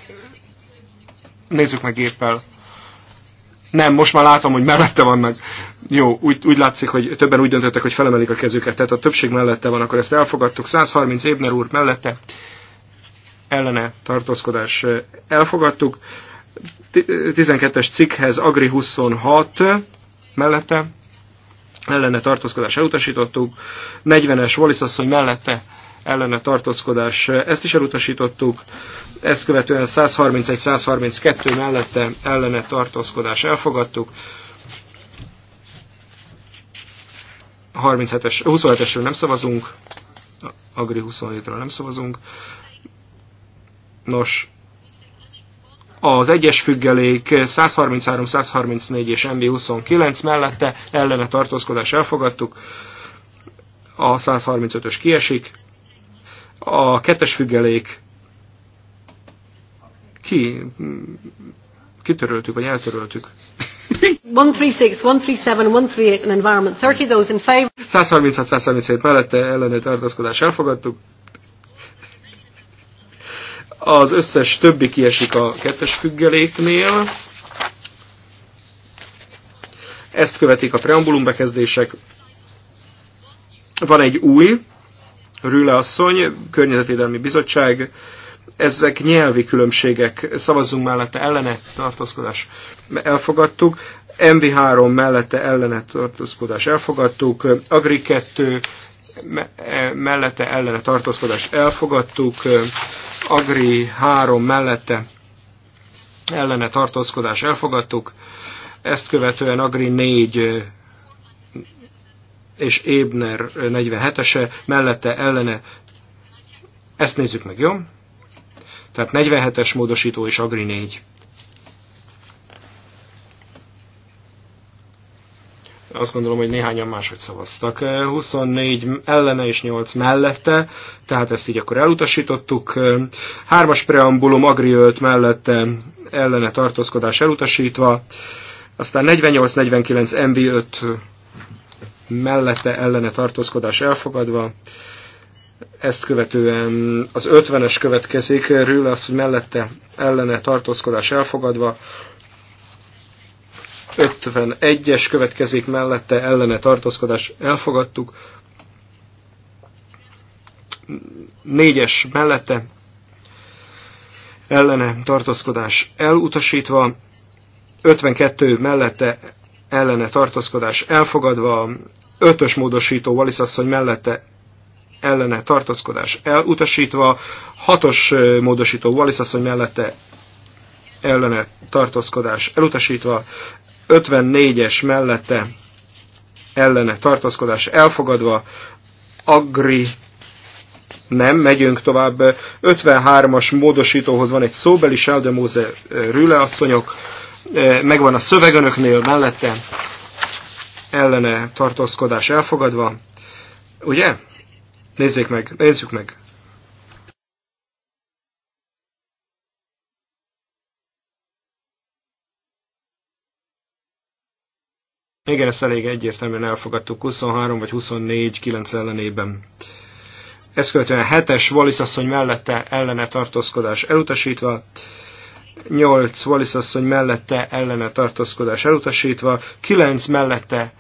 nézzük meg géppel. Nem, most már látom, hogy mellette vannak. Jó, úgy, úgy látszik, hogy többen úgy döntöttek, hogy felemelik a kezüket. Tehát a többség mellette van, akkor ezt elfogadtuk. 130 Ébner úr mellette ellene tartózkodás elfogadtuk. 12-es cikkhez Agri 26 mellette ellene tartózkodás elutasítottuk. 40-es Wallis mellette ellene tartózkodás, ezt is elutasítottuk, ezt követően 131-132 mellette ellene tartózkodás elfogadtuk, 37-es, 27-esről nem szavazunk, Agri 27-ről nem szavazunk. Nos, az egyes függelék 133, 134 és MB 29 mellette ellene tartózkodás elfogadtuk, a 135-ös kiesik, a kettes függelék ki, kitöröltük, vagy eltöröltük. 136, 137, 138 and environment. 30 those in mellette ellenő tartaszkodás elfogadtuk. Az összes többi kiesik a kettes függeléknél. Ezt követik a preambulum bekezdések. Van egy új, Rüle asszony, Környezetvédelmi Bizottság, ezek nyelvi különbségek, szavazzunk mellette ellene tartózkodás elfogadtuk, MV3 mellette ellene tartózkodás elfogadtuk, Agri 2 e, mellette ellene tartózkodás elfogadtuk, Agri 3 mellette ellene tartózkodás elfogadtuk, ezt követően Agri 4 és Ébner 47-ese, mellette ellene, ezt nézzük meg, jó? Tehát 47-es módosító és Agri 4. Azt gondolom, hogy néhányan máshogy szavaztak. 24 ellene és 8 mellette, tehát ezt így akkor elutasítottuk. Hármas preambulum Agri 5 mellette ellene tartózkodás elutasítva. Aztán 48-49 MV 5 mellette ellene tartózkodás elfogadva. Ezt követően az 50-es következik, Rüle az mellette ellene tartózkodás elfogadva. 51-es következik mellette ellene tartózkodás elfogadtuk. 4-es mellette ellene tartózkodás elutasítva, 52 mellette ellene tartaszkodás elfogadva, ötös módosító Valiszasszony mellette ellene tartaszkodás elutasítva, hatos módosító Valiszasszony mellette ellene tartaszkodás elutasítva, 54-es mellette ellene tartaszkodás elfogadva, Agri nem, megyünk tovább. 53-as módosítóhoz van egy szóbeli Sheldon Mose Rüle asszonyok megvan a szöveg önöknél mellette, ellene tartózkodás elfogadva, ugye? Nézzék meg, nézzük meg. Igen, ezt elég egyértelműen elfogadtuk 23 vagy 24 9 ellenében. Ezt követően 7-es Wallis asszony mellette ellene tartózkodás elutasítva, 8 Wallis asszony mellette ellene tartózkodás elutasítva, 9 mellette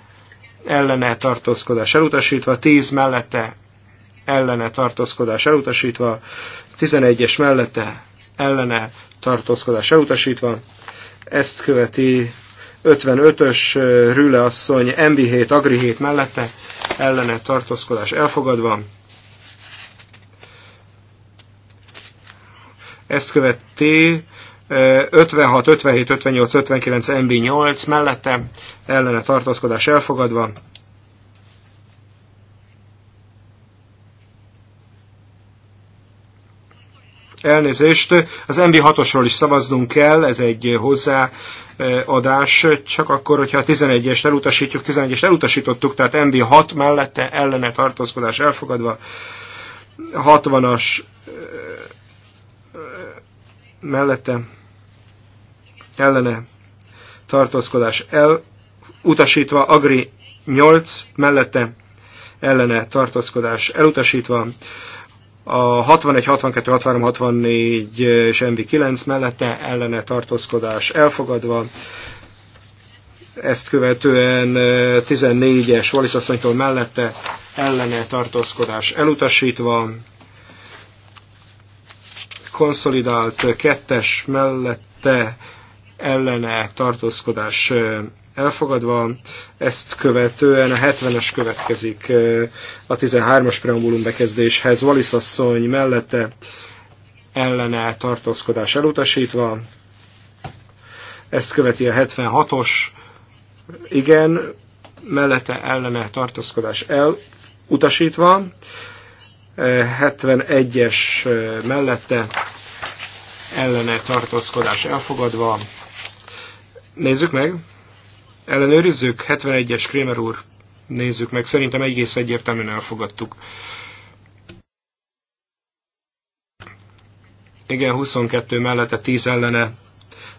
ellene tartózkodás elutasítva, 10 mellette ellene tartózkodás elutasítva, 11-es mellette ellene tartózkodás elutasítva. Ezt követi 55-ös Rüle asszony MB7 Agri 7 mellette ellene tartózkodás elfogadva. Ezt követi 56, 57, 58, 59, MB8 mellette ellene tartózkodás elfogadva. Elnézést, az MB6-osról is szavaznunk kell, ez egy hozzá adás, csak akkor, hogyha a 11-est elutasítjuk, 11-est elutasítottuk, tehát MB6 mellette ellene tartózkodás elfogadva, 60-as mellette ellene tartózkodás el, utasítva Agri 8 mellette ellene tartózkodás elutasítva, a 61, 62, 63, 64 és MV 9 mellette ellene tartózkodás elfogadva, ezt követően 14-es Wallis asszonytól mellette ellene tartózkodás elutasítva, konszolidált kettes mellette ellene tartózkodás elfogadva, ezt követően a 70-es következik a 13-as preambulum bekezdéshez, Valiszasszony mellette ellene tartózkodás elutasítva, ezt követi a 76-os, igen, mellette ellene tartózkodás elutasítva, 71-es mellette ellene tartózkodás elfogadva. Nézzük meg, ellenőrizzük, 71-es Krémer úr, nézzük meg, szerintem egész egyértelműen elfogadtuk. Igen, 22 mellette 10 ellene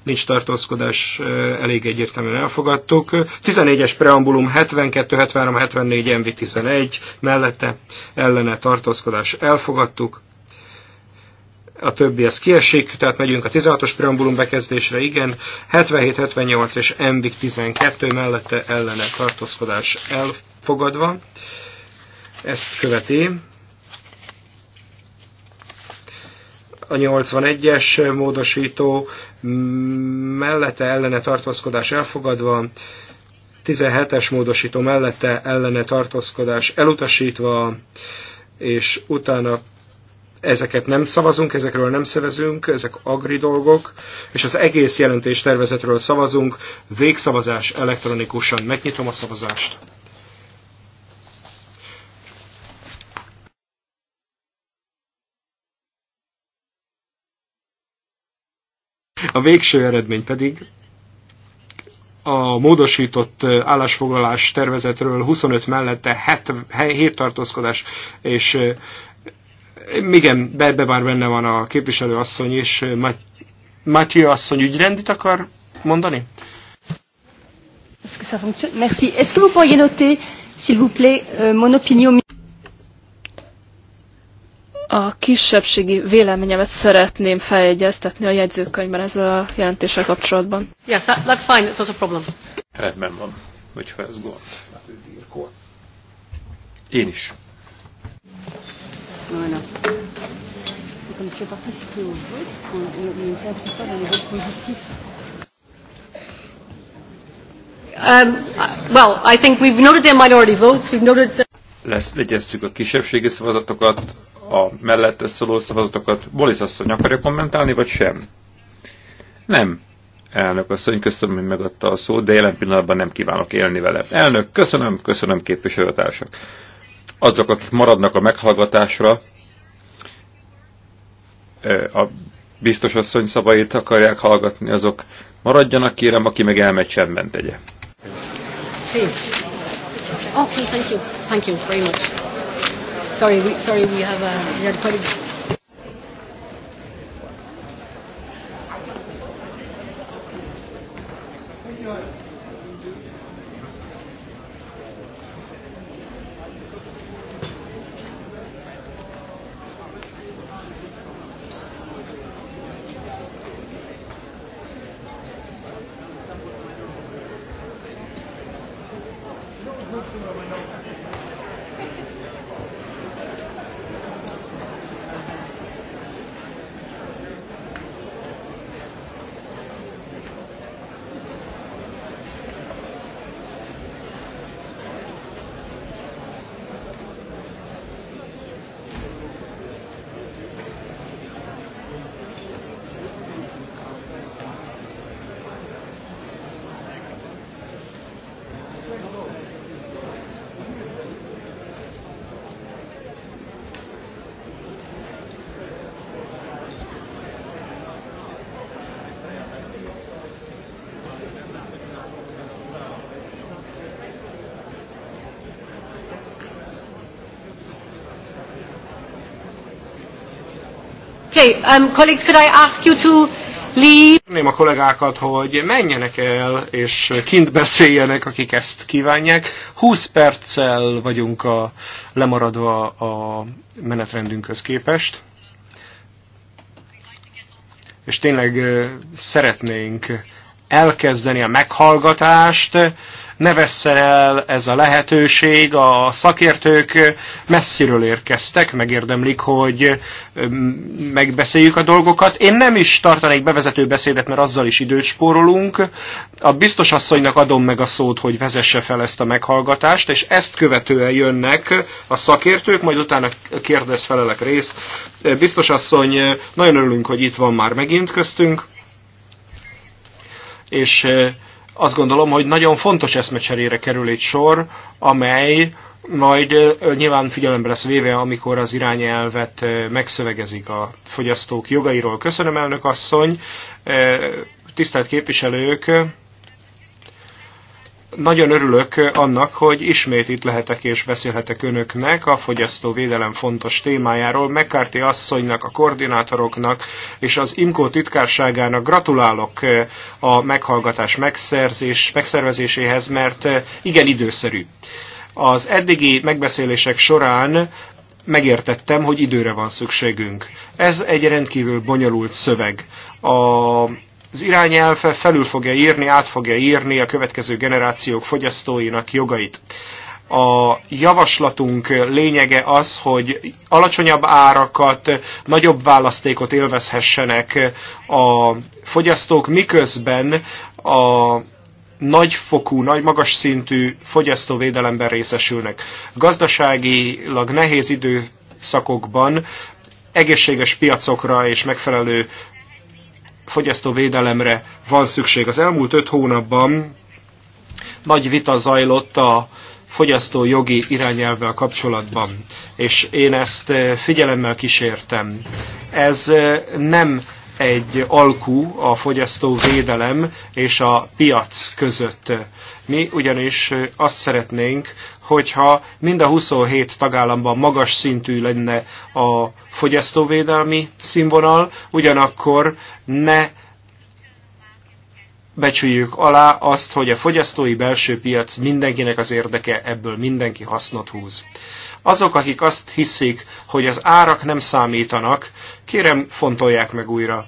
nincs tartózkodás, elég egyértelműen elfogadtuk. 14-es preambulum 72, 73, 74, MV 11 mellette ellene tartózkodás elfogadtuk. A többi ez kiesik, tehát megyünk a 16-os preambulum bekezdésre, igen. 77, 78 és MV 12 mellette ellene tartózkodás elfogadva. Ezt követi a 81-es módosító mellette ellene tartózkodás elfogadva, 17-es módosító mellette ellene tartózkodás elutasítva, és utána ezeket nem szavazunk, ezekről nem szevezünk, ezek agri dolgok, és az egész jelentés tervezetről szavazunk, végszavazás elektronikusan. Megnyitom a szavazást. A végső eredmény pedig a módosított állásfoglalás tervezetről 25 mellette 7 tartózkodás, és igen, ebbe már benne van a képviselő asszony és Mathieu asszony ügyrendit akar mondani? Köszönöm. Merci. Est-ce que vous pourriez noter, s'il vous plaît, euh, mon opinion a kisebbségi véleményemet szeretném feljegyeztetni a jegyzőkönyvben ez a jelentéssel kapcsolatban. Yes, that, that's fine, it's not a problem. Rendben van, hogyha ez gond. Én is. Um, well, I think we've noted the minority votes, we've noted... Lesz, legyezzük a kisebbségi szavazatokat, a mellette szóló szavazatokat. Bolis asszony akarja kommentálni, vagy sem? Nem. Elnök asszony, köszönöm, hogy megadta a szót, de jelen pillanatban nem kívánok élni vele. Elnök, köszönöm, köszönöm képviselőtársak. Azok, akik maradnak a meghallgatásra, a biztos asszony szavait akarják hallgatni, azok maradjanak, kérem, aki meg elmegy csendben tegye. Okay, oh, thank you. Thank you very much. Sorry, we, sorry, we have a, uh, we had quite a Okay, um, colleagues, could I ask you to leave? a kollégákat, hogy menjenek el, és kint beszéljenek, akik ezt kívánják. 20 perccel vagyunk a, lemaradva a menetrendünkhöz képest. És tényleg szeretnénk elkezdeni a meghallgatást ne vesszen el ez a lehetőség, a szakértők messziről érkeztek, megérdemlik, hogy megbeszéljük a dolgokat. Én nem is tartanék bevezető beszédet, mert azzal is időt spórolunk. A biztos asszonynak adom meg a szót, hogy vezesse fel ezt a meghallgatást, és ezt követően jönnek a szakértők, majd utána kérdez felelek rész. Biztos asszony, nagyon örülünk, hogy itt van már megint köztünk, és azt gondolom, hogy nagyon fontos eszmecserére kerül egy sor, amely majd nyilván figyelembe lesz véve, amikor az irányelvet megszövegezik a fogyasztók jogairól. Köszönöm, elnök asszony! Tisztelt képviselők! nagyon örülök annak, hogy ismét itt lehetek és beszélhetek önöknek a fogyasztóvédelem fontos témájáról. McCarthy asszonynak, a koordinátoroknak és az IMCO titkárságának gratulálok eh, a meghallgatás megszerzés, megszervezéséhez, mert eh, igen időszerű. Az eddigi megbeszélések során megértettem, hogy időre van szükségünk. Ez egy rendkívül bonyolult szöveg. A az irányelve felül fogja írni, át fogja írni a következő generációk fogyasztóinak jogait. A javaslatunk lényege az, hogy alacsonyabb árakat, nagyobb választékot élvezhessenek a fogyasztók, miközben a nagyfokú, nagy magas szintű fogyasztóvédelemben részesülnek. Gazdaságilag nehéz időszakokban egészséges piacokra és megfelelő fogyasztóvédelemre van szükség. Az elmúlt öt hónapban nagy vita zajlott a fogyasztójogi irányelvvel kapcsolatban, és én ezt eh, figyelemmel kísértem. Ez eh, nem egy alkú a fogyasztóvédelem és a piac között. Mi ugyanis eh, azt szeretnénk, hogyha mind a 27 tagállamban magas szintű lenne a fogyasztóvédelmi színvonal, ugyanakkor ne becsüljük alá azt, hogy a fogyasztói belső piac mindenkinek az érdeke, ebből mindenki hasznot húz. Azok, akik azt hiszik, hogy az árak nem számítanak, kérem fontolják meg újra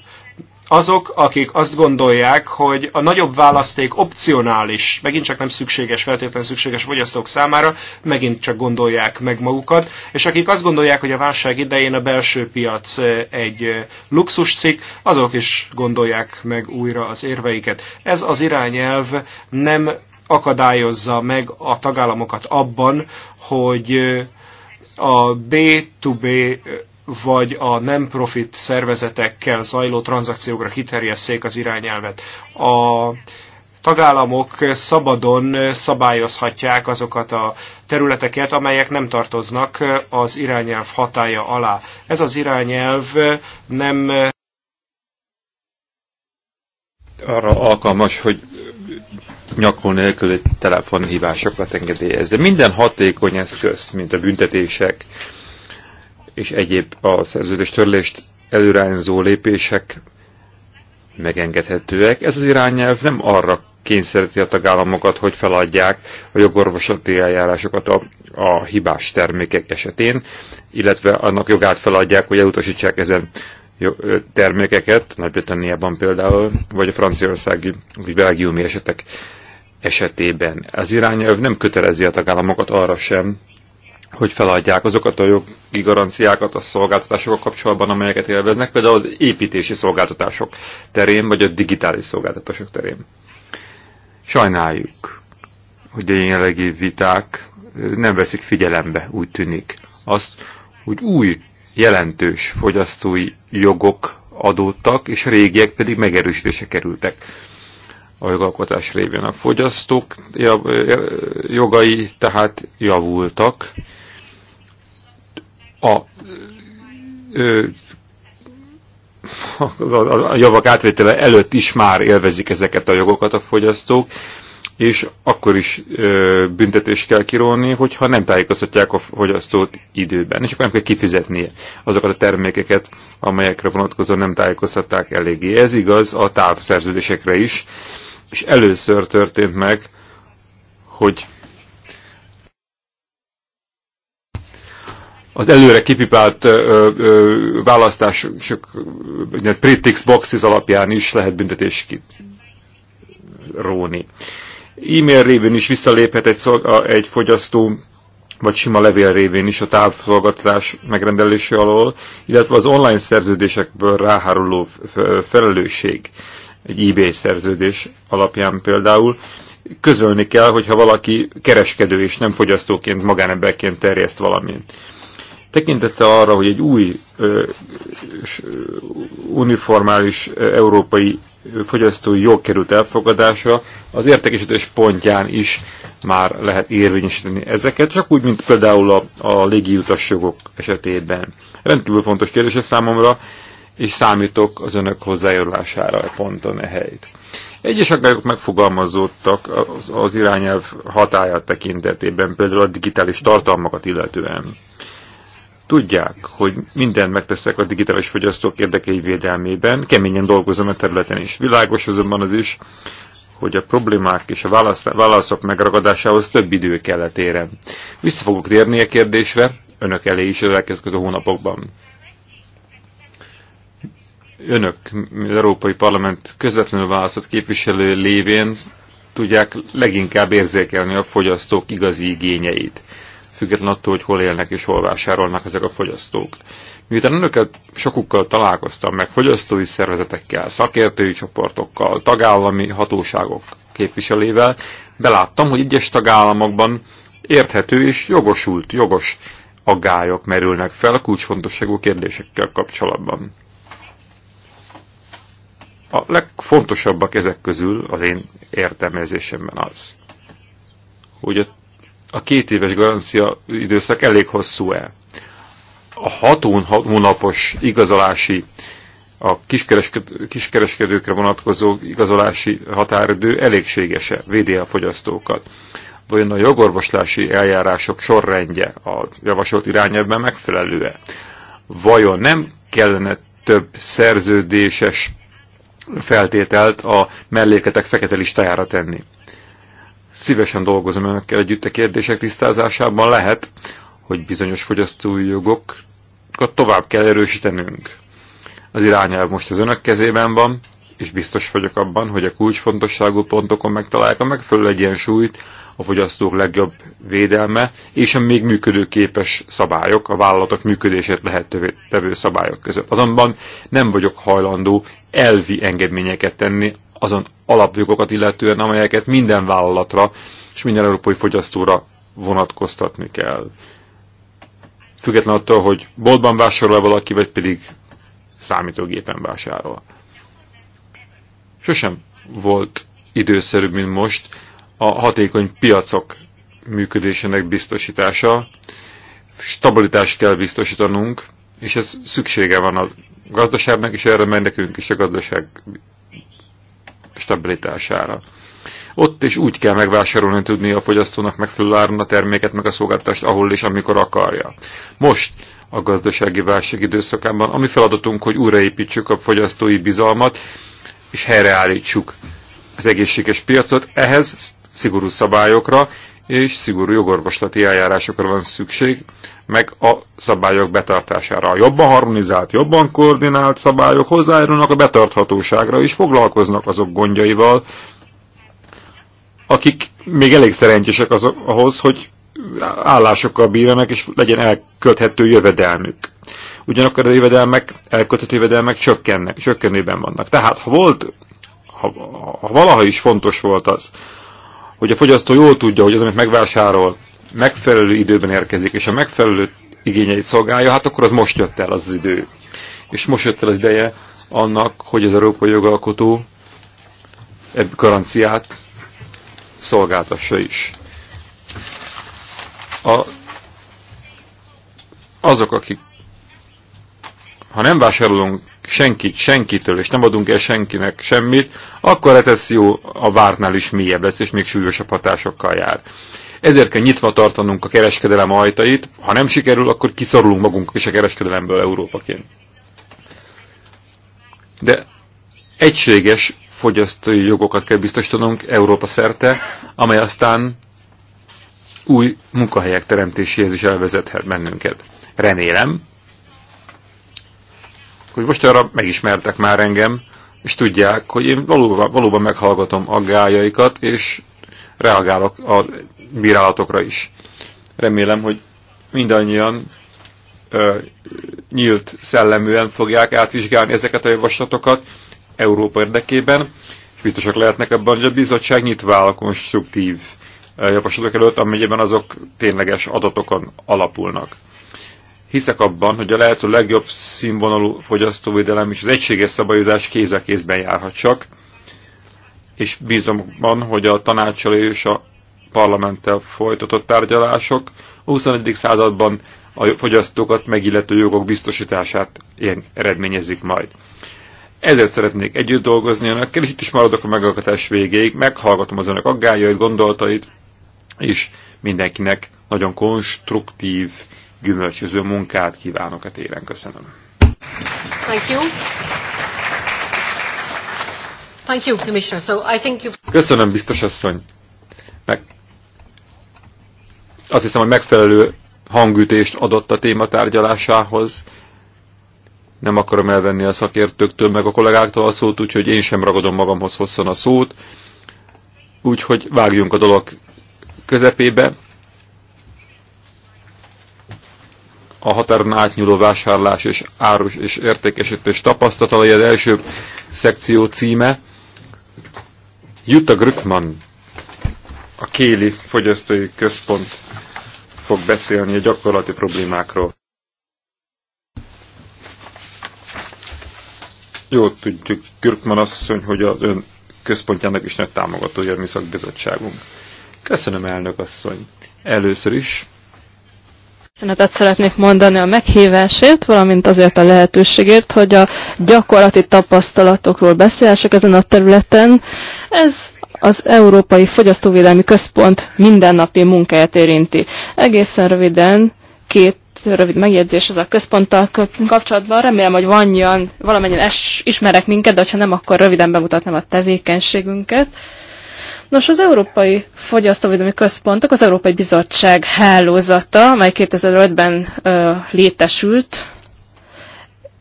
azok, akik azt gondolják, hogy a nagyobb választék opcionális, megint csak nem szükséges, feltétlenül szükséges fogyasztók számára, megint csak gondolják meg magukat, és akik azt gondolják, hogy a válság idején a belső piac eh, egy eh, luxus cikk, azok is gondolják meg újra az érveiket. Ez az irányelv nem akadályozza meg a tagállamokat abban, hogy eh, a B2B vagy a nem profit szervezetekkel zajló tranzakciókra kiterjesszék az irányelvet. A tagállamok szabadon szabályozhatják azokat a területeket, amelyek nem tartoznak az irányelv hatája alá. Ez az irányelv nem arra alkalmas, hogy nyakon nélküli telefonhívásokat engedélyez. De minden hatékony eszköz, mint a büntetések, és egyéb a szerződés törlést előrányzó lépések megengedhetőek. Ez az irányelv nem arra kényszeríti a tagállamokat, hogy feladják a jogorvosati eljárásokat a, a hibás termékek esetén, illetve annak jogát feladják, hogy elutasítsák ezen termékeket, Nagy-Britanniában például, vagy a franciaországi, vagy belgiumi esetek esetében. Az irányelv nem kötelezi a tagállamokat arra sem, hogy feladják azokat a jogi garanciákat a szolgáltatásokkal kapcsolatban, amelyeket élveznek, például az építési szolgáltatások terén, vagy a digitális szolgáltatások terén. Sajnáljuk, hogy a jelenlegi viták nem veszik figyelembe, úgy tűnik, azt, hogy új jelentős fogyasztói jogok adódtak, és a régiek pedig megerősítése kerültek a jogalkotás révén. A fogyasztók jogai tehát javultak, a, a, a, a javak átvétele előtt is már élvezik ezeket a jogokat a fogyasztók, és akkor is ö, büntetést kell kirólni, hogyha nem tájékoztatják a fogyasztót időben, és akkor nem kell kifizetnie azokat a termékeket, amelyekre vonatkozóan nem tájékoztatták eléggé. Ez igaz a távszerződésekre is, és először történt meg, hogy az előre kipipált ö, ö, választások, boxes alapján is lehet büntetés róni. E-mail révén is visszaléphet egy, szolga, egy fogyasztó, vagy sima levél révén is a távszolgatás megrendelése alól, illetve az online szerződésekből ráháruló felelősség egy eBay szerződés alapján például, közölni kell, hogyha valaki kereskedő és nem fogyasztóként, magánemberként terjeszt valamit. Tekintettel arra, hogy egy új uniformális európai fogyasztói jog került elfogadásra, az értékesítés pontján is már lehet érvényesíteni ezeket, csak úgy, mint például a, a légiutas jogok esetében. Rendkívül fontos kérdés számomra, és számítok az önök hozzájárulására a e ponton ehelyt. Egyes aggályok megfogalmazódtak az, az irányelv hatája tekintetében, például a digitális tartalmakat illetően. Tudják, hogy mindent megteszek a digitális fogyasztók érdekei védelmében, keményen dolgozom a területen is. Világos azonban az is, hogy a problémák és a válaszok megragadásához több idő kellett érem. Vissza fogok térni a kérdésre, önök elé is az elkezdkező hónapokban. Önök, az Európai Parlament közvetlenül választott képviselő lévén tudják leginkább érzékelni a fogyasztók igazi igényeit független attól, hogy hol élnek és hol vásárolnak ezek a fogyasztók. Miután önöket sokukkal találkoztam meg, fogyasztói szervezetekkel, szakértői csoportokkal, tagállami hatóságok képviselével, beláttam, hogy egyes tagállamokban érthető és jogosult, jogos aggályok merülnek fel a kulcsfontosságú kérdésekkel kapcsolatban. A legfontosabbak ezek közül az én értelmezésemben az, hogy a a két éves garancia időszak elég hosszú el A hat hónapos igazolási, a kiskereskedőkre vonatkozó igazolási határidő elégségese Védi a fogyasztókat? Vajon a jogorvoslási eljárások sorrendje a javasolt irányelvben megfelelő-e? Vajon nem kellene több szerződéses feltételt a melléketek fekete listájára tenni? Szívesen dolgozom önökkel együtt a kérdések tisztázásában. Lehet, hogy bizonyos fogyasztói jogokat tovább kell erősítenünk. Az irányelv most az önök kezében van, és biztos vagyok abban, hogy a kulcsfontosságú pontokon megtalálják a megfelelő egyensúlyt, a fogyasztók legjobb védelme és a még működőképes szabályok, a vállalatok működését lehetővé tevő szabályok között. Azonban nem vagyok hajlandó elvi engedményeket tenni azon alapjogokat illetően, amelyeket minden vállalatra és minden európai fogyasztóra vonatkoztatni kell. Független attól, hogy boltban vásárol valaki, vagy pedig számítógépen vásárol. Sosem volt időszerűbb, mint most a hatékony piacok működésének biztosítása. Stabilitást kell biztosítanunk, és ez szüksége van a gazdaságnak, és erre mennekünk is a gazdaság stabilitására. Ott is úgy kell megvásárolni tudni a fogyasztónak megfelelő áron a terméket, meg a szolgáltatást, ahol és amikor akarja. Most a gazdasági válság időszakában ami feladatunk, hogy újraépítsük a fogyasztói bizalmat, és helyreállítsuk az egészséges piacot. Ehhez szigorú szabályokra és szigorú jogorvoslati eljárásokra van szükség, meg a szabályok betartására. Jobban harmonizált, jobban koordinált szabályok hozzájárulnak a betarthatóságra, és foglalkoznak azok gondjaival, akik még elég szerencsések az, ahhoz, hogy állásokkal bírjanak, és legyen elkölthető jövedelmük. Ugyanakkor a jövedelmek, elkölthető jövedelmek csökkennek, csökkenőben vannak. Tehát, ha volt, ha, ha valaha is fontos volt az, hogy a fogyasztó jól tudja, hogy az, amit megvásárol, megfelelő időben érkezik, és a megfelelő igényeit szolgálja, hát akkor az most jött el az idő. És most jött el az ideje annak, hogy az európai jogalkotó ebb garanciát szolgáltassa is. A, azok, akik ha nem vásárolunk senkit senkitől, és nem adunk el senkinek semmit, akkor ez jó a vártnál is mélyebb lesz, és még súlyosabb hatásokkal jár. Ezért kell nyitva tartanunk a kereskedelem ajtait, ha nem sikerül, akkor kiszorulunk magunk is a kereskedelemből Európaként. De egységes fogyasztói jogokat kell biztosítanunk Európa szerte, amely aztán új munkahelyek teremtéséhez is elvezethet bennünket. Remélem, hogy most arra megismertek már engem, és tudják, hogy én valóban, valóban meghallgatom aggájaikat, és reagálok a bírálatokra is. Remélem, hogy mindannyian ö, nyílt szelleműen fogják átvizsgálni ezeket a javaslatokat Európa érdekében, és biztosak lehetnek ebben, hogy a bizottság nyitva áll a konstruktív javaslatok előtt, amelyben azok tényleges adatokon alapulnak. Hiszek abban, hogy a lehető legjobb színvonalú fogyasztóvédelem és az egységes szabályozás kéz a kézben járhat csak, és bízom abban, hogy a tanácsal és a parlamenttel folytatott tárgyalások a 21. században a fogyasztókat megillető jogok biztosítását ilyen eredményezik majd. Ezért szeretnék együtt dolgozni önökkel, és itt is maradok a megalkotás végéig, meghallgatom az önök aggájait, gondolatait, és mindenkinek nagyon konstruktív, gyümölcsöző munkát kívánok a téren. Köszönöm. Thank you. Thank you, Commissioner. So I think you... Köszönöm, biztos asszony. Meg azt hiszem, hogy megfelelő hangütést adott a téma tárgyalásához. Nem akarom elvenni a szakértőktől, meg a kollégáktól a szót, úgyhogy én sem ragadom magamhoz hosszan a szót. Úgyhogy vágjunk a dolog közepébe. a határon átnyúló vásárlás és árus és értékesítés tapasztalatai az első szekció címe. Jutta Grückmann, a Kéli Fogyasztói Központ fog beszélni a gyakorlati problémákról. Jó tudjuk, Kürkman asszony, hogy az ön központjának is nagy támogatója a mi szakbizottságunk. Köszönöm, elnök asszony. Először is. Köszönetet szeretnék mondani a meghívásért, valamint azért a lehetőségért, hogy a gyakorlati tapasztalatokról beszélhessek ezen a területen. Ez az Európai Fogyasztóvédelmi Központ mindennapi munkáját érinti. Egészen röviden két rövid megjegyzés ez a központtal kapcsolatban. Remélem, hogy van olyan, valamennyien es, ismerek minket, de ha nem, akkor röviden bemutatnám a tevékenységünket. Nos, az Európai Fogyasztóvédelmi Központok az Európai Bizottság hálózata, mely 2005-ben létesült,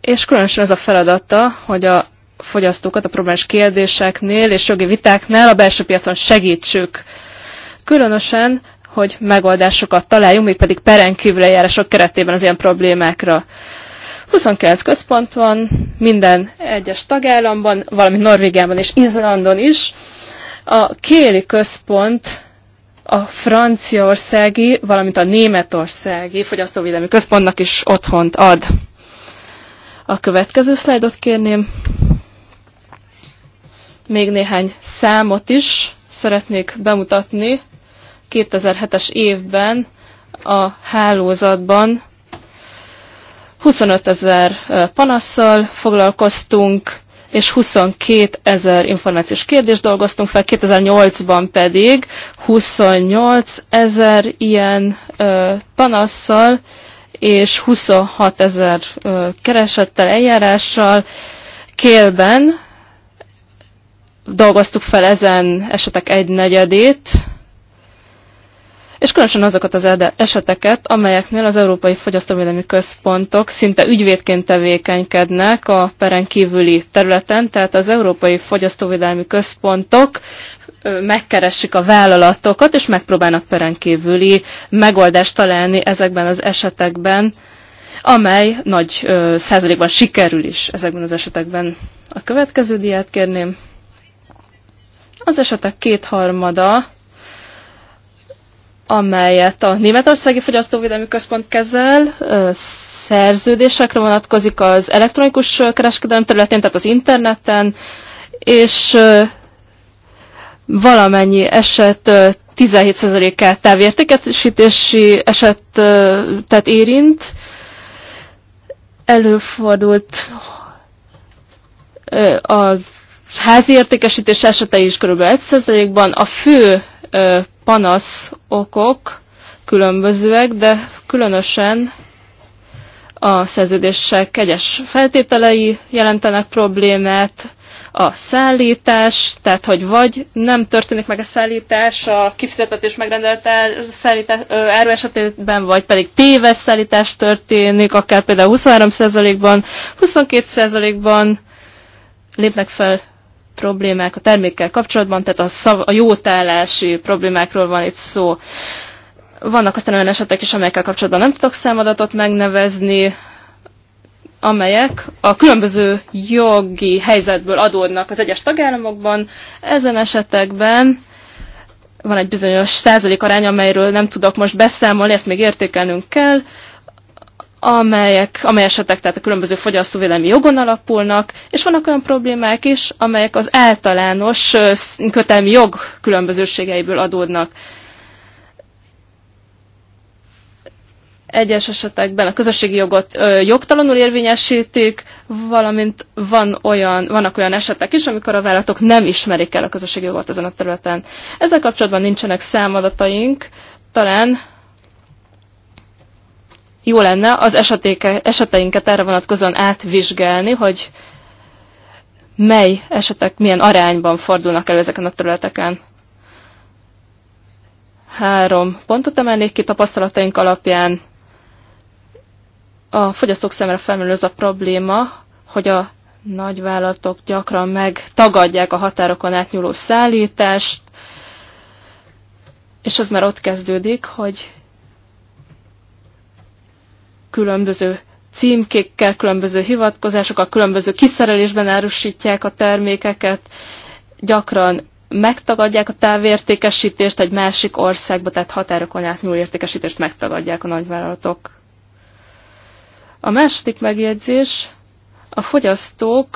és különösen az a feladata, hogy a fogyasztókat a problémás kérdéseknél és jogi vitáknál a belső piacon segítsük. Különösen, hogy megoldásokat találjunk, mégpedig peren eljárások keretében az ilyen problémákra. 29 központ van minden egyes tagállamban, valamint Norvégiában és Izlandon is. A Kéli központ a franciaországi, valamint a németországi fogyasztóvédelmi központnak is otthont ad. A következő szlájdot kérném. Még néhány számot is szeretnék bemutatni. 2007-es évben a hálózatban 25 ezer panasszal foglalkoztunk, és 22 ezer információs kérdést dolgoztunk fel, 2008-ban pedig 28 ezer ilyen ö, panasszal és 26 ezer keresettel, eljárással, kélben dolgoztuk fel ezen esetek egy negyedét, és különösen azokat az eseteket, amelyeknél az Európai Fogyasztóvédelmi Központok szinte ügyvédként tevékenykednek a peren kívüli területen, tehát az Európai Fogyasztóvédelmi Központok megkeressik a vállalatokat, és megpróbálnak peren kívüli megoldást találni ezekben az esetekben, amely nagy százalékban sikerül is ezekben az esetekben. A következő diát kérném. Az esetek kétharmada, amelyet a Németországi Fogyasztóvédelmi Központ kezel, szerződésekre vonatkozik az elektronikus kereskedelem területén, tehát az interneten, és valamennyi eset 17 kel távértékesítési eset tehát érint. Előfordult a házi értékesítés esetei is kb. 1%-ban. A fő panasz okok különbözőek, de különösen a szerződések egyes feltételei jelentenek problémát, a szállítás, tehát hogy vagy nem történik meg a szállítás, a kifizetett és megrendelt szállítás, áru esetében, vagy pedig téves szállítás történik, akár például 23%-ban, 22%-ban lépnek fel problémák a termékkel kapcsolatban, tehát a, szav, a jótállási problémákról van itt szó. Vannak aztán olyan esetek is, amelyekkel kapcsolatban nem tudok számadatot megnevezni, amelyek a különböző jogi helyzetből adódnak az egyes tagállamokban. Ezen esetekben van egy bizonyos százalék arány, amelyről nem tudok most beszámolni, ezt még értékelnünk kell amelyek, amely esetek tehát a különböző fogyasztóvédelmi jogon alapulnak, és vannak olyan problémák is, amelyek az általános kötelmi jog különbözőségeiből adódnak. Egyes esetekben a közösségi jogot ö, jogtalanul érvényesítik, valamint van olyan, vannak olyan esetek is, amikor a vállalatok nem ismerik el a közösségi jogot ezen a területen. Ezzel kapcsolatban nincsenek számadataink, talán jó lenne az esetéke, eseteinket erre vonatkozóan átvizsgálni, hogy mely esetek milyen arányban fordulnak elő ezeken a területeken. Három pontot emelnék ki tapasztalataink alapján. A fogyasztók szemre felmerül az a probléma, hogy a nagyvállalatok gyakran megtagadják a határokon átnyúló szállítást, és az már ott kezdődik, hogy különböző címkékkel, különböző hivatkozásokkal, különböző kiszerelésben árusítják a termékeket, gyakran megtagadják a távértékesítést egy másik országba, tehát határokon átnyúló értékesítést megtagadják a nagyvállalatok. A második megjegyzés, a fogyasztók,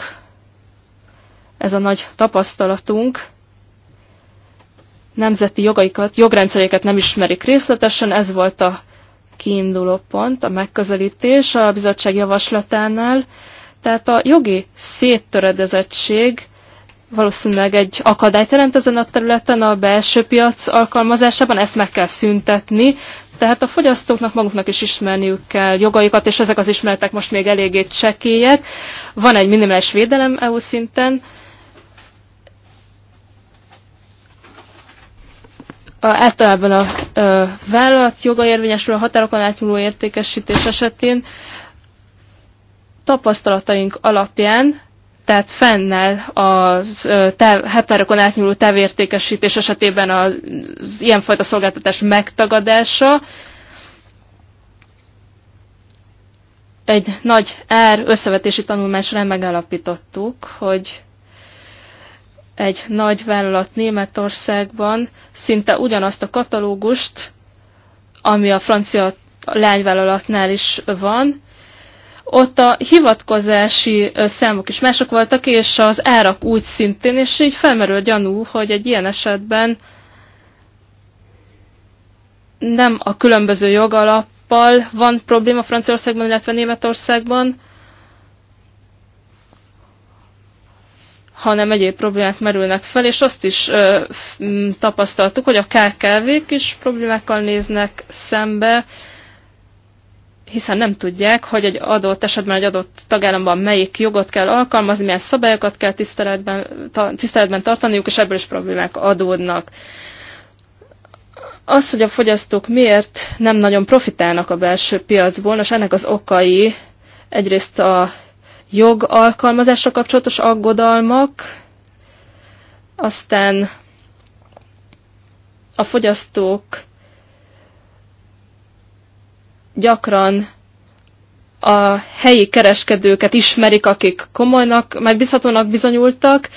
ez a nagy tapasztalatunk, nemzeti jogaikat, jogrendszeréket nem ismerik részletesen, ez volt a kiinduló pont, a megközelítés a bizottság javaslatánál, tehát a jogi széttöredezettség valószínűleg egy akadályt jelent ezen a területen a belső piac alkalmazásában, ezt meg kell szüntetni, tehát a fogyasztóknak maguknak is ismerniük kell jogaikat, és ezek az ismeretek most még eléggé csekélyek. Van egy minimális védelem EU szinten, általában a vállalat joga érvényesül a határokon átnyúló értékesítés esetén tapasztalataink alapján, tehát fennáll a határokon átnyúló távértékesítés esetében az, az ilyenfajta szolgáltatás megtagadása, egy nagy ár összevetési tanulmásra megállapítottuk, hogy egy nagy vállalat Németországban szinte ugyanazt a katalógust, ami a francia lányvállalatnál is van, ott a hivatkozási számok is mások voltak, és az árak úgy szintén, és így felmerül gyanú, hogy egy ilyen esetben nem a különböző jogalappal van probléma Franciaországban, illetve Németországban, hanem egyéb problémák merülnek fel, és azt is ö, tapasztaltuk, hogy a KKV-k is problémákkal néznek szembe, hiszen nem tudják, hogy egy adott esetben, egy adott tagállamban melyik jogot kell alkalmazni, milyen szabályokat kell tiszteletben, ta, tiszteletben tartaniuk, és ebből is problémák adódnak. Az, hogy a fogyasztók miért nem nagyon profitálnak a belső piacból, és ennek az okai egyrészt a jogalkalmazásra kapcsolatos aggodalmak, aztán a fogyasztók gyakran a helyi kereskedőket ismerik, akik komolynak, megbízhatónak bizonyultak,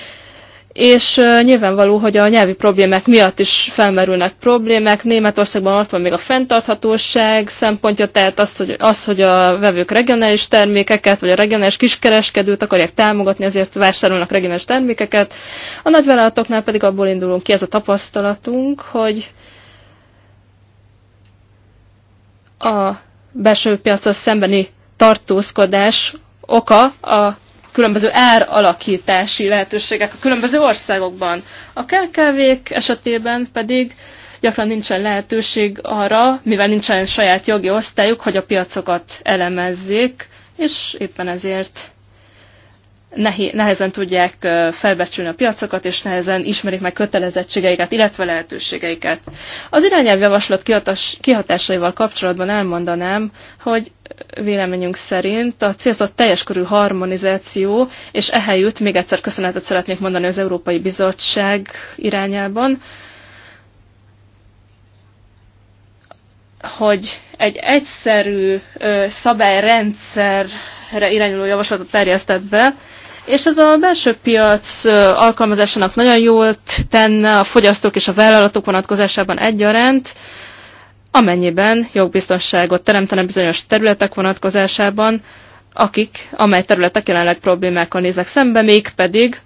és nyilvánvaló, hogy a nyelvi problémák miatt is felmerülnek problémák. Németországban ott van még a fenntarthatóság szempontja, tehát az, hogy, az, hogy a vevők regionális termékeket, vagy a regionális kiskereskedőt akarják támogatni, ezért vásárolnak regionális termékeket. A nagyvállalatoknál pedig abból indulunk ki, ez a tapasztalatunk, hogy a belső piacra szembeni tartózkodás oka a különböző áralakítási lehetőségek a különböző országokban. A KKV-k esetében pedig gyakran nincsen lehetőség arra, mivel nincsen saját jogi osztályuk, hogy a piacokat elemezzék, és éppen ezért nehezen tudják felbecsülni a piacokat, és nehezen ismerik meg kötelezettségeiket, illetve lehetőségeiket. Az irányelvjavaslat kihatásaival kapcsolatban elmondanám, hogy véleményünk szerint a célzott teljes körű harmonizáció, és ehelyütt még egyszer köszönetet szeretnék mondani az Európai Bizottság irányában, hogy egy egyszerű szabályrendszerre irányuló javaslatot terjesztett be, és ez a belső piac alkalmazásának nagyon jól tenne a fogyasztók és a vállalatok vonatkozásában egyaránt, amennyiben jogbiztonságot teremtene bizonyos területek vonatkozásában, akik, amely területek jelenleg problémákkal néznek szembe, mégpedig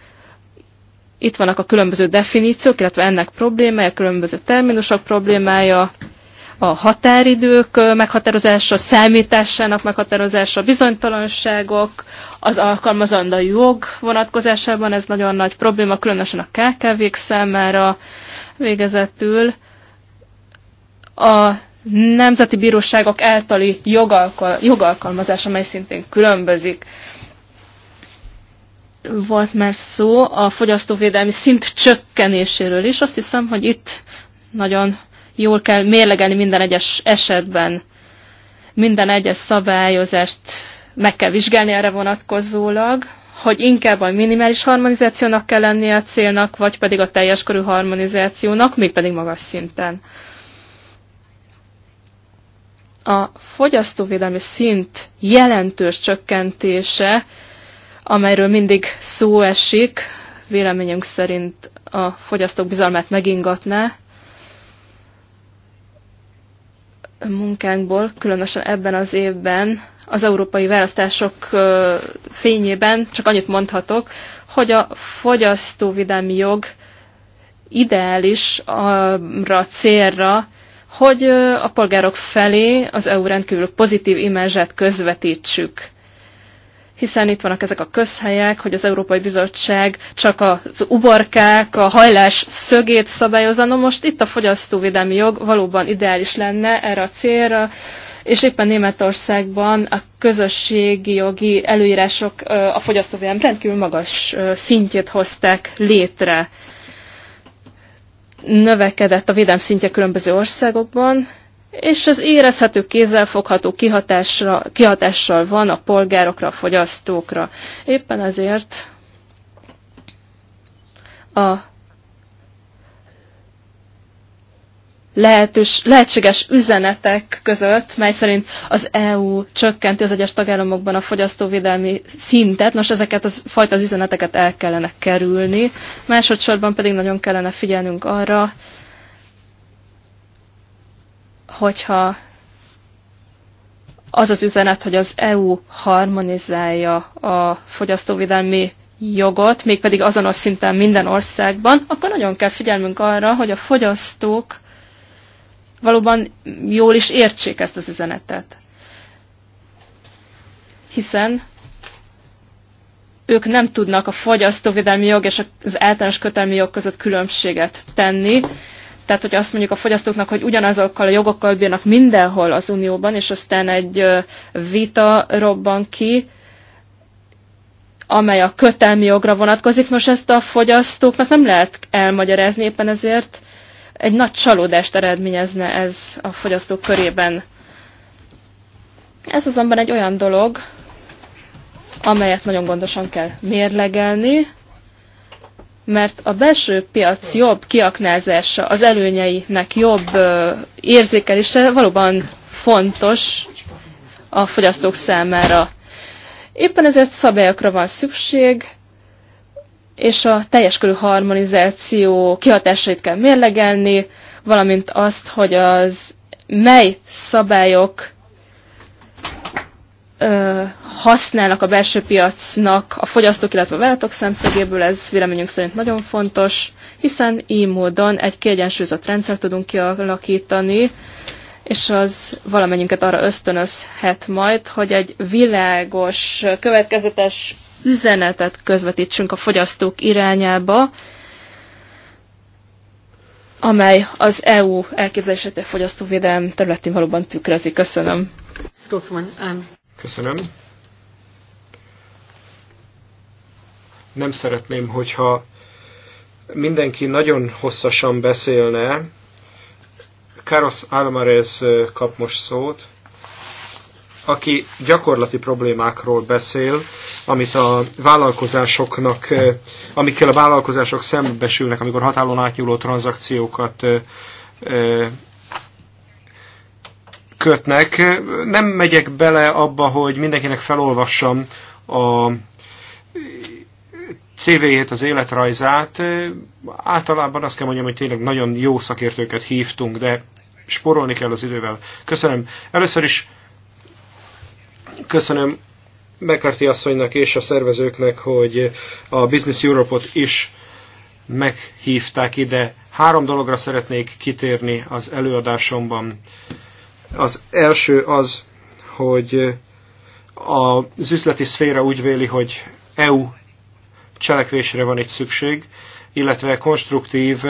itt vannak a különböző definíciók, illetve ennek problémája, különböző terminusok problémája, a határidők meghatározása, számításának meghatározása, bizonytalanságok, az alkalmazandó jog vonatkozásában ez nagyon nagy probléma, különösen a kkv számára végezetül. A nemzeti bíróságok általi jogalkal, jogalkalmazás, amely szintén különbözik. Volt már szó a fogyasztóvédelmi szint csökkenéséről is. Azt hiszem, hogy itt nagyon jól kell mérlegelni minden egyes esetben, minden egyes szabályozást meg kell vizsgálni erre vonatkozólag, hogy inkább a minimális harmonizációnak kell lennie a célnak, vagy pedig a teljes körű harmonizációnak, még pedig magas szinten. A fogyasztóvédelmi szint jelentős csökkentése, amelyről mindig szó esik, véleményünk szerint a fogyasztók bizalmát megingatná, munkánkból, különösen ebben az évben, az európai választások fényében csak annyit mondhatok, hogy a fogyasztóvédelmi jog ideális arra célra, hogy a polgárok felé az EU rendkívül pozitív imázsát közvetítsük hiszen itt vannak ezek a közhelyek, hogy az Európai Bizottság csak az uborkák, a hajlás szögét szabályozza. No most itt a fogyasztóvédelmi jog valóban ideális lenne erre a célra, és éppen Németországban a közösségi jogi előírások a fogyasztóvédelem rendkívül magas szintjét hozták létre. Növekedett a védelm szintje különböző országokban, és ez érezhető, kézzelfogható kihatásra, kihatással van a polgárokra, a fogyasztókra. Éppen ezért a lehetős, lehetséges üzenetek között, mely szerint az EU csökkenti az egyes tagállamokban a fogyasztóvédelmi szintet. Nos, ezeket a fajta üzeneteket el kellene kerülni. Másodszorban pedig nagyon kellene figyelnünk arra, hogyha az az üzenet, hogy az EU harmonizálja a fogyasztóvédelmi jogot, mégpedig azonos szinten minden országban, akkor nagyon kell figyelmünk arra, hogy a fogyasztók valóban jól is értsék ezt az üzenetet. Hiszen ők nem tudnak a fogyasztóvédelmi jog és az általános kötelmi jog között különbséget tenni, tehát, hogy azt mondjuk a fogyasztóknak, hogy ugyanazokkal a jogokkal bírnak mindenhol az Unióban, és aztán egy vita robban ki, amely a kötelmi jogra vonatkozik. Nos, ezt a fogyasztóknak nem lehet elmagyarázni, éppen ezért egy nagy csalódást eredményezne ez a fogyasztók körében. Ez azonban egy olyan dolog, amelyet nagyon gondosan kell mérlegelni, mert a belső piac jobb kiaknázása, az előnyeinek jobb érzékelése valóban fontos a fogyasztók számára. Éppen ezért szabályokra van szükség, és a teljes körű harmonizáció kihatásait kell mérlegelni, valamint azt, hogy az mely szabályok használnak a belső piacnak a fogyasztók, illetve a vállalatok szemszögéből, ez véleményünk szerint nagyon fontos, hiszen így módon egy kiegyensúlyozott rendszer tudunk kialakítani, és az valamennyünket arra ösztönözhet majd, hogy egy világos, következetes üzenetet közvetítsünk a fogyasztók irányába, amely az EU elképzelését a fogyasztóvédelem területén valóban tükrözi. Köszönöm. Um, Köszönöm. Nem szeretném, hogyha mindenki nagyon hosszasan beszélne. Carlos Almarez kap most szót, aki gyakorlati problémákról beszél, amit a vállalkozásoknak, amikkel a vállalkozások szembesülnek, amikor határon átnyúló tranzakciókat kötnek. Nem megyek bele abba, hogy mindenkinek felolvassam a CV-jét, az életrajzát. Általában azt kell mondjam, hogy tényleg nagyon jó szakértőket hívtunk, de sporolni kell az idővel. Köszönöm. Először is köszönöm McCarthy asszonynak és a szervezőknek, hogy a Business Europe-ot is meghívták ide. Három dologra szeretnék kitérni az előadásomban. Az első az, hogy az üzleti szféra úgy véli, hogy EU cselekvésre van itt szükség, illetve konstruktív,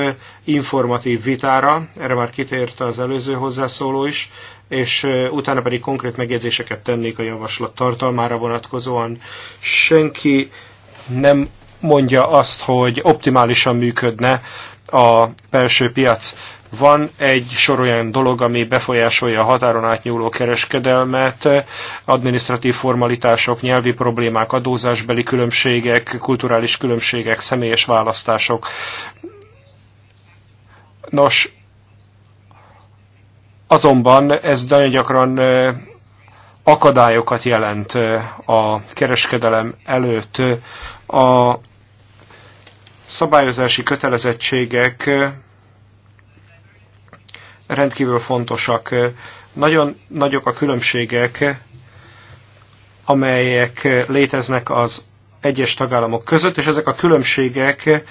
informatív vitára, erre már kitért az előző hozzászóló is, és utána pedig konkrét megjegyzéseket tennék a javaslat tartalmára vonatkozóan. Senki nem mondja azt, hogy optimálisan működne a belső piac. Van egy sor olyan dolog, ami befolyásolja a határon átnyúló kereskedelmet, administratív formalitások, nyelvi problémák, adózásbeli különbségek, kulturális különbségek, személyes választások. Nos, azonban ez nagyon gyakran akadályokat jelent a kereskedelem előtt. A szabályozási kötelezettségek rendkívül fontosak. Nagyon nagyok a különbségek, amelyek léteznek az egyes tagállamok között, és ezek a különbségek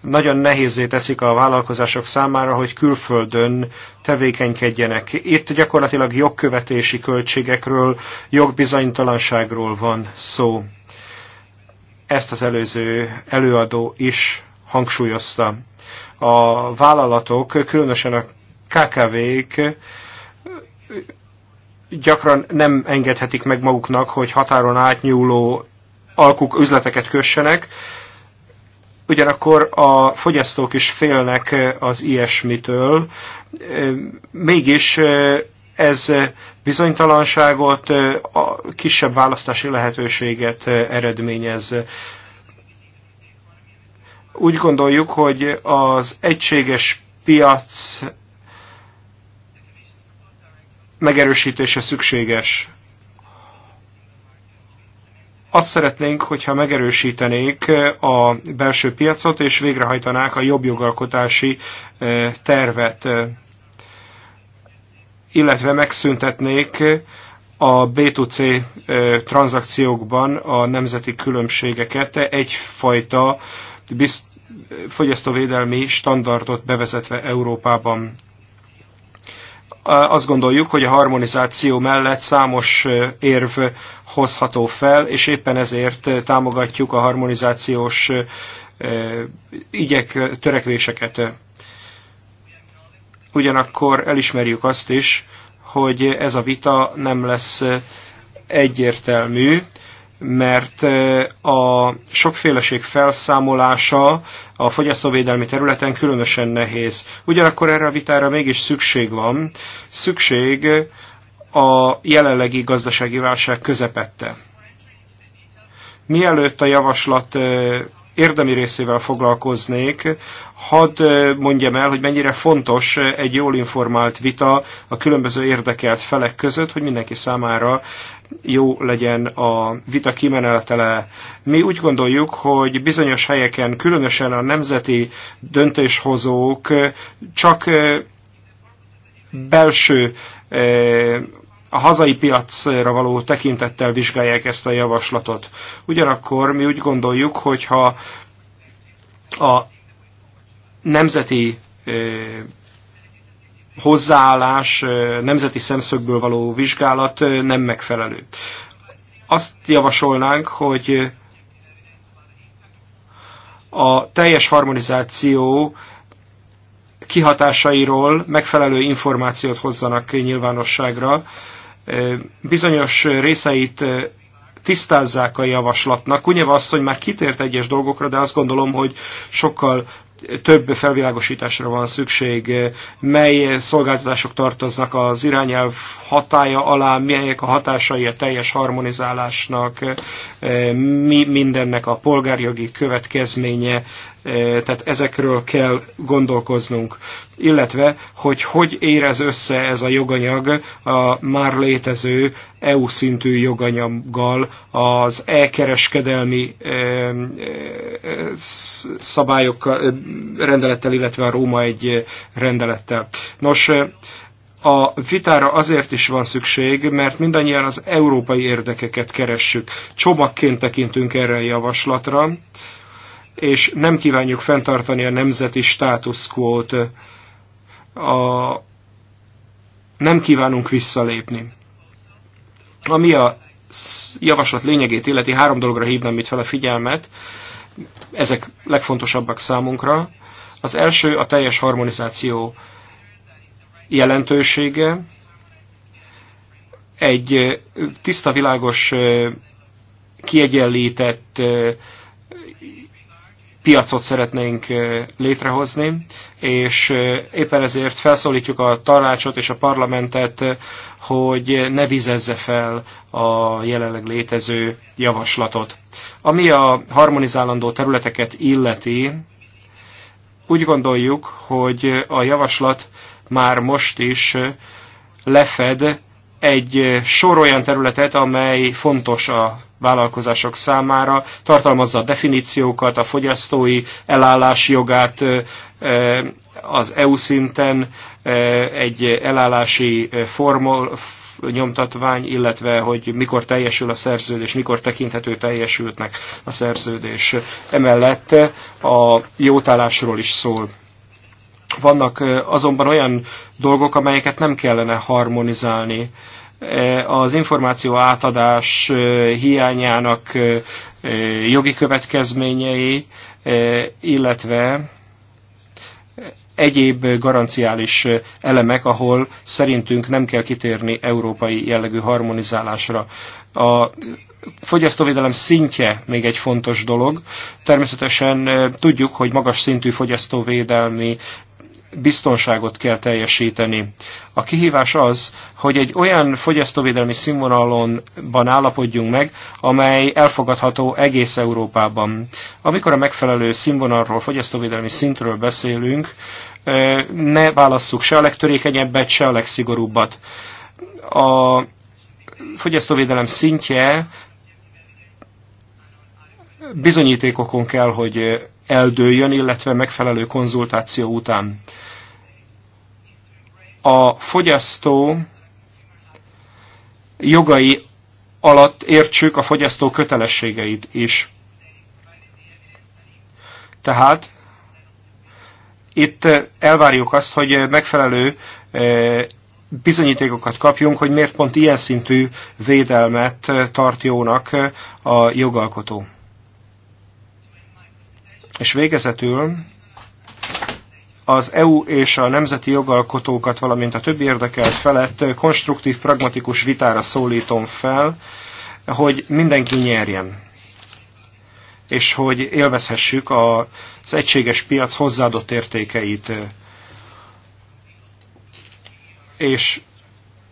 nagyon nehézé teszik a vállalkozások számára, hogy külföldön tevékenykedjenek. Itt gyakorlatilag jogkövetési költségekről, jogbizonytalanságról van szó. Ezt az előző előadó is hangsúlyozta. A vállalatok, különösen a KKV-k gyakran nem engedhetik meg maguknak, hogy határon átnyúló alkuk üzleteket kössenek, ugyanakkor a fogyasztók is félnek az ilyesmitől, mégis ez bizonytalanságot, a kisebb választási lehetőséget eredményez. Úgy gondoljuk, hogy az egységes piac megerősítése szükséges. Azt szeretnénk, hogyha megerősítenék eh, a belső piacot, és végrehajtanák a jobb jogalkotási eh, tervet, eh, illetve megszüntetnék a B2C tranzakciókban a nemzeti különbségeket egyfajta bizt, fogyasztóvédelmi standardot bevezetve Európában azt gondoljuk, hogy a harmonizáció mellett számos érv hozható fel, és éppen ezért támogatjuk a harmonizációs igyek, törekvéseket. Ugyanakkor elismerjük azt is, hogy ez a vita nem lesz egyértelmű, mert a sokféleség felszámolása a fogyasztóvédelmi területen különösen nehéz. Ugyanakkor erre a vitára mégis szükség van, szükség a jelenlegi gazdasági válság közepette. Mielőtt a javaslat érdemi részével foglalkoznék, hadd mondjam el, hogy mennyire fontos egy jól informált vita a különböző érdekelt felek között, hogy mindenki számára jó legyen a vita kimenetele. Mi úgy gondoljuk, hogy bizonyos helyeken, különösen a nemzeti döntéshozók csak eh, belső eh, a hazai piacra való tekintettel vizsgálják ezt a javaslatot. Ugyanakkor mi úgy gondoljuk, hogyha a nemzeti eh, hozzáállás, nemzeti szemszögből való vizsgálat nem megfelelő. Azt javasolnánk, hogy a teljes harmonizáció kihatásairól megfelelő információt hozzanak nyilvánosságra. Bizonyos részeit tisztázzák a javaslatnak. Kunyeva asszony már kitért egyes dolgokra, de azt gondolom, hogy sokkal több felvilágosításra van szükség, mely szolgáltatások tartoznak az irányelv hatája alá, melyek a hatásai a teljes harmonizálásnak, mi mindennek a polgárjogi következménye, tehát ezekről kell gondolkoznunk. Illetve, hogy hogy érez össze ez a joganyag a már létező EU szintű joganyaggal, az elkereskedelmi szabályokkal, rendelettel, illetve a Róma egy rendelettel. Nos, a vitára azért is van szükség, mert mindannyian az európai érdekeket keressük. Csomagként tekintünk erre a javaslatra, és nem kívánjuk fenntartani a nemzeti státuszkvót, a, nem kívánunk visszalépni. Ami a javaslat lényegét illeti, három dologra hívnám itt fel a figyelmet, ezek legfontosabbak számunkra. Az első a teljes harmonizáció jelentősége, egy tiszta, világos, kiegyenlített piacot szeretnénk létrehozni, és éppen ezért felszólítjuk a tanácsot és a parlamentet, hogy ne vizezze fel a jelenleg létező javaslatot. Ami a harmonizálandó területeket illeti, úgy gondoljuk, hogy a javaslat már most is lefed egy sor olyan területet, amely fontos a vállalkozások számára, tartalmazza a definíciókat, a fogyasztói elállás jogát, az EU szinten egy elállási formol nyomtatvány, illetve hogy mikor teljesül a szerződés, mikor tekinthető teljesültnek a szerződés. Emellett a jótállásról is szól vannak azonban olyan dolgok, amelyeket nem kellene harmonizálni. Az információ átadás hiányának jogi következményei, illetve egyéb garanciális elemek, ahol szerintünk nem kell kitérni európai jellegű harmonizálásra. A fogyasztóvédelem szintje még egy fontos dolog. Természetesen tudjuk, hogy magas szintű fogyasztóvédelmi biztonságot kell teljesíteni. A kihívás az, hogy egy olyan fogyasztóvédelmi színvonalonban állapodjunk meg, amely elfogadható egész Európában. Amikor a megfelelő színvonalról, fogyasztóvédelmi szintről beszélünk, ne válasszuk se a legtörékenyebbet, se a legszigorúbbat. A fogyasztóvédelem szintje bizonyítékokon kell, hogy eldőljön, illetve megfelelő konzultáció után a fogyasztó jogai alatt értsük a fogyasztó kötelességeit is. Tehát itt elvárjuk azt, hogy megfelelő eh, bizonyítékokat kapjunk, hogy miért pont ilyen szintű védelmet tart jónak a jogalkotó. És végezetül az EU és a nemzeti jogalkotókat, valamint a többi érdekelt felett konstruktív, pragmatikus vitára szólítom fel, hogy mindenki nyerjen, és hogy élvezhessük az egységes piac hozzáadott értékeit, és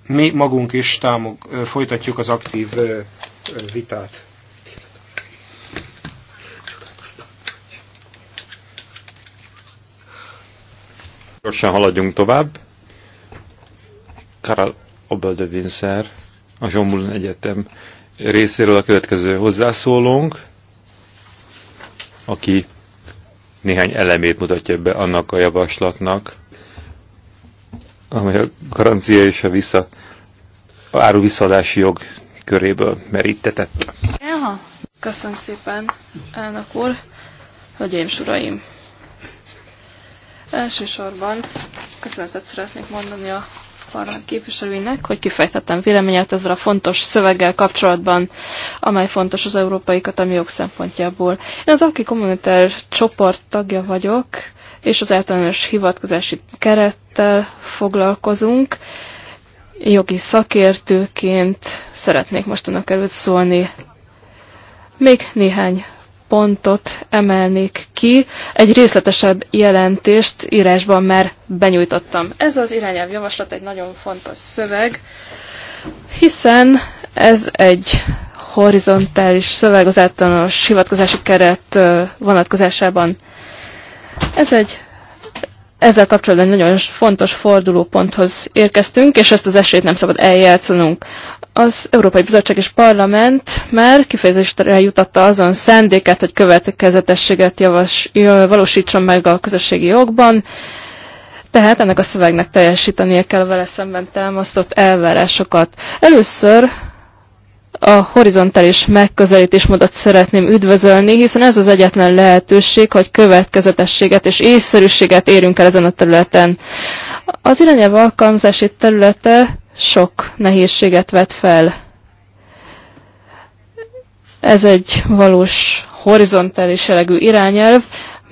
mi magunk is támog, folytatjuk az aktív vitát. Gyorsan haladjunk tovább. Karl Obeldevinszer, a Zsombulon Egyetem részéről a következő hozzászólónk, aki néhány elemét mutatja be annak a javaslatnak, amely a garancia és a vissza, a áru visszaadási jog köréből merítetett. köszönöm szépen, elnök úr, hölgyeim, uraim! Elsősorban köszönetet szeretnék mondani a parlament képviselőinek, hogy kifejtettem véleményet ezzel a fontos szöveggel kapcsolatban, amely fontos az európai katalmi jog szempontjából. Én az aki kommunitár csoport tagja vagyok, és az általános hivatkozási kerettel foglalkozunk. Jogi szakértőként szeretnék most önök előtt szólni még néhány pontot emelnék ki. Egy részletesebb jelentést írásban már benyújtottam. Ez az irányelvjavaslat egy nagyon fontos szöveg, hiszen ez egy horizontális szöveg az általános hivatkozási keret vonatkozásában. Ez egy ezzel kapcsolatban nagyon fontos fordulóponthoz érkeztünk, és ezt az esélyt nem szabad eljátszanunk. Az Európai Bizottság és Parlament már kifejezésre jutatta azon szándékát, hogy következetességet javas, valósítson meg a közösségi jogban, tehát ennek a szövegnek teljesítenie kell vele szemben támasztott elvárásokat. Először a horizontális megközelítésmódot szeretném üdvözölni, hiszen ez az egyetlen lehetőség, hogy következetességet és észszerűséget érünk el ezen a területen. Az irányelv alkalmazási területe sok nehézséget vet fel. Ez egy valós horizontális elegű irányelv,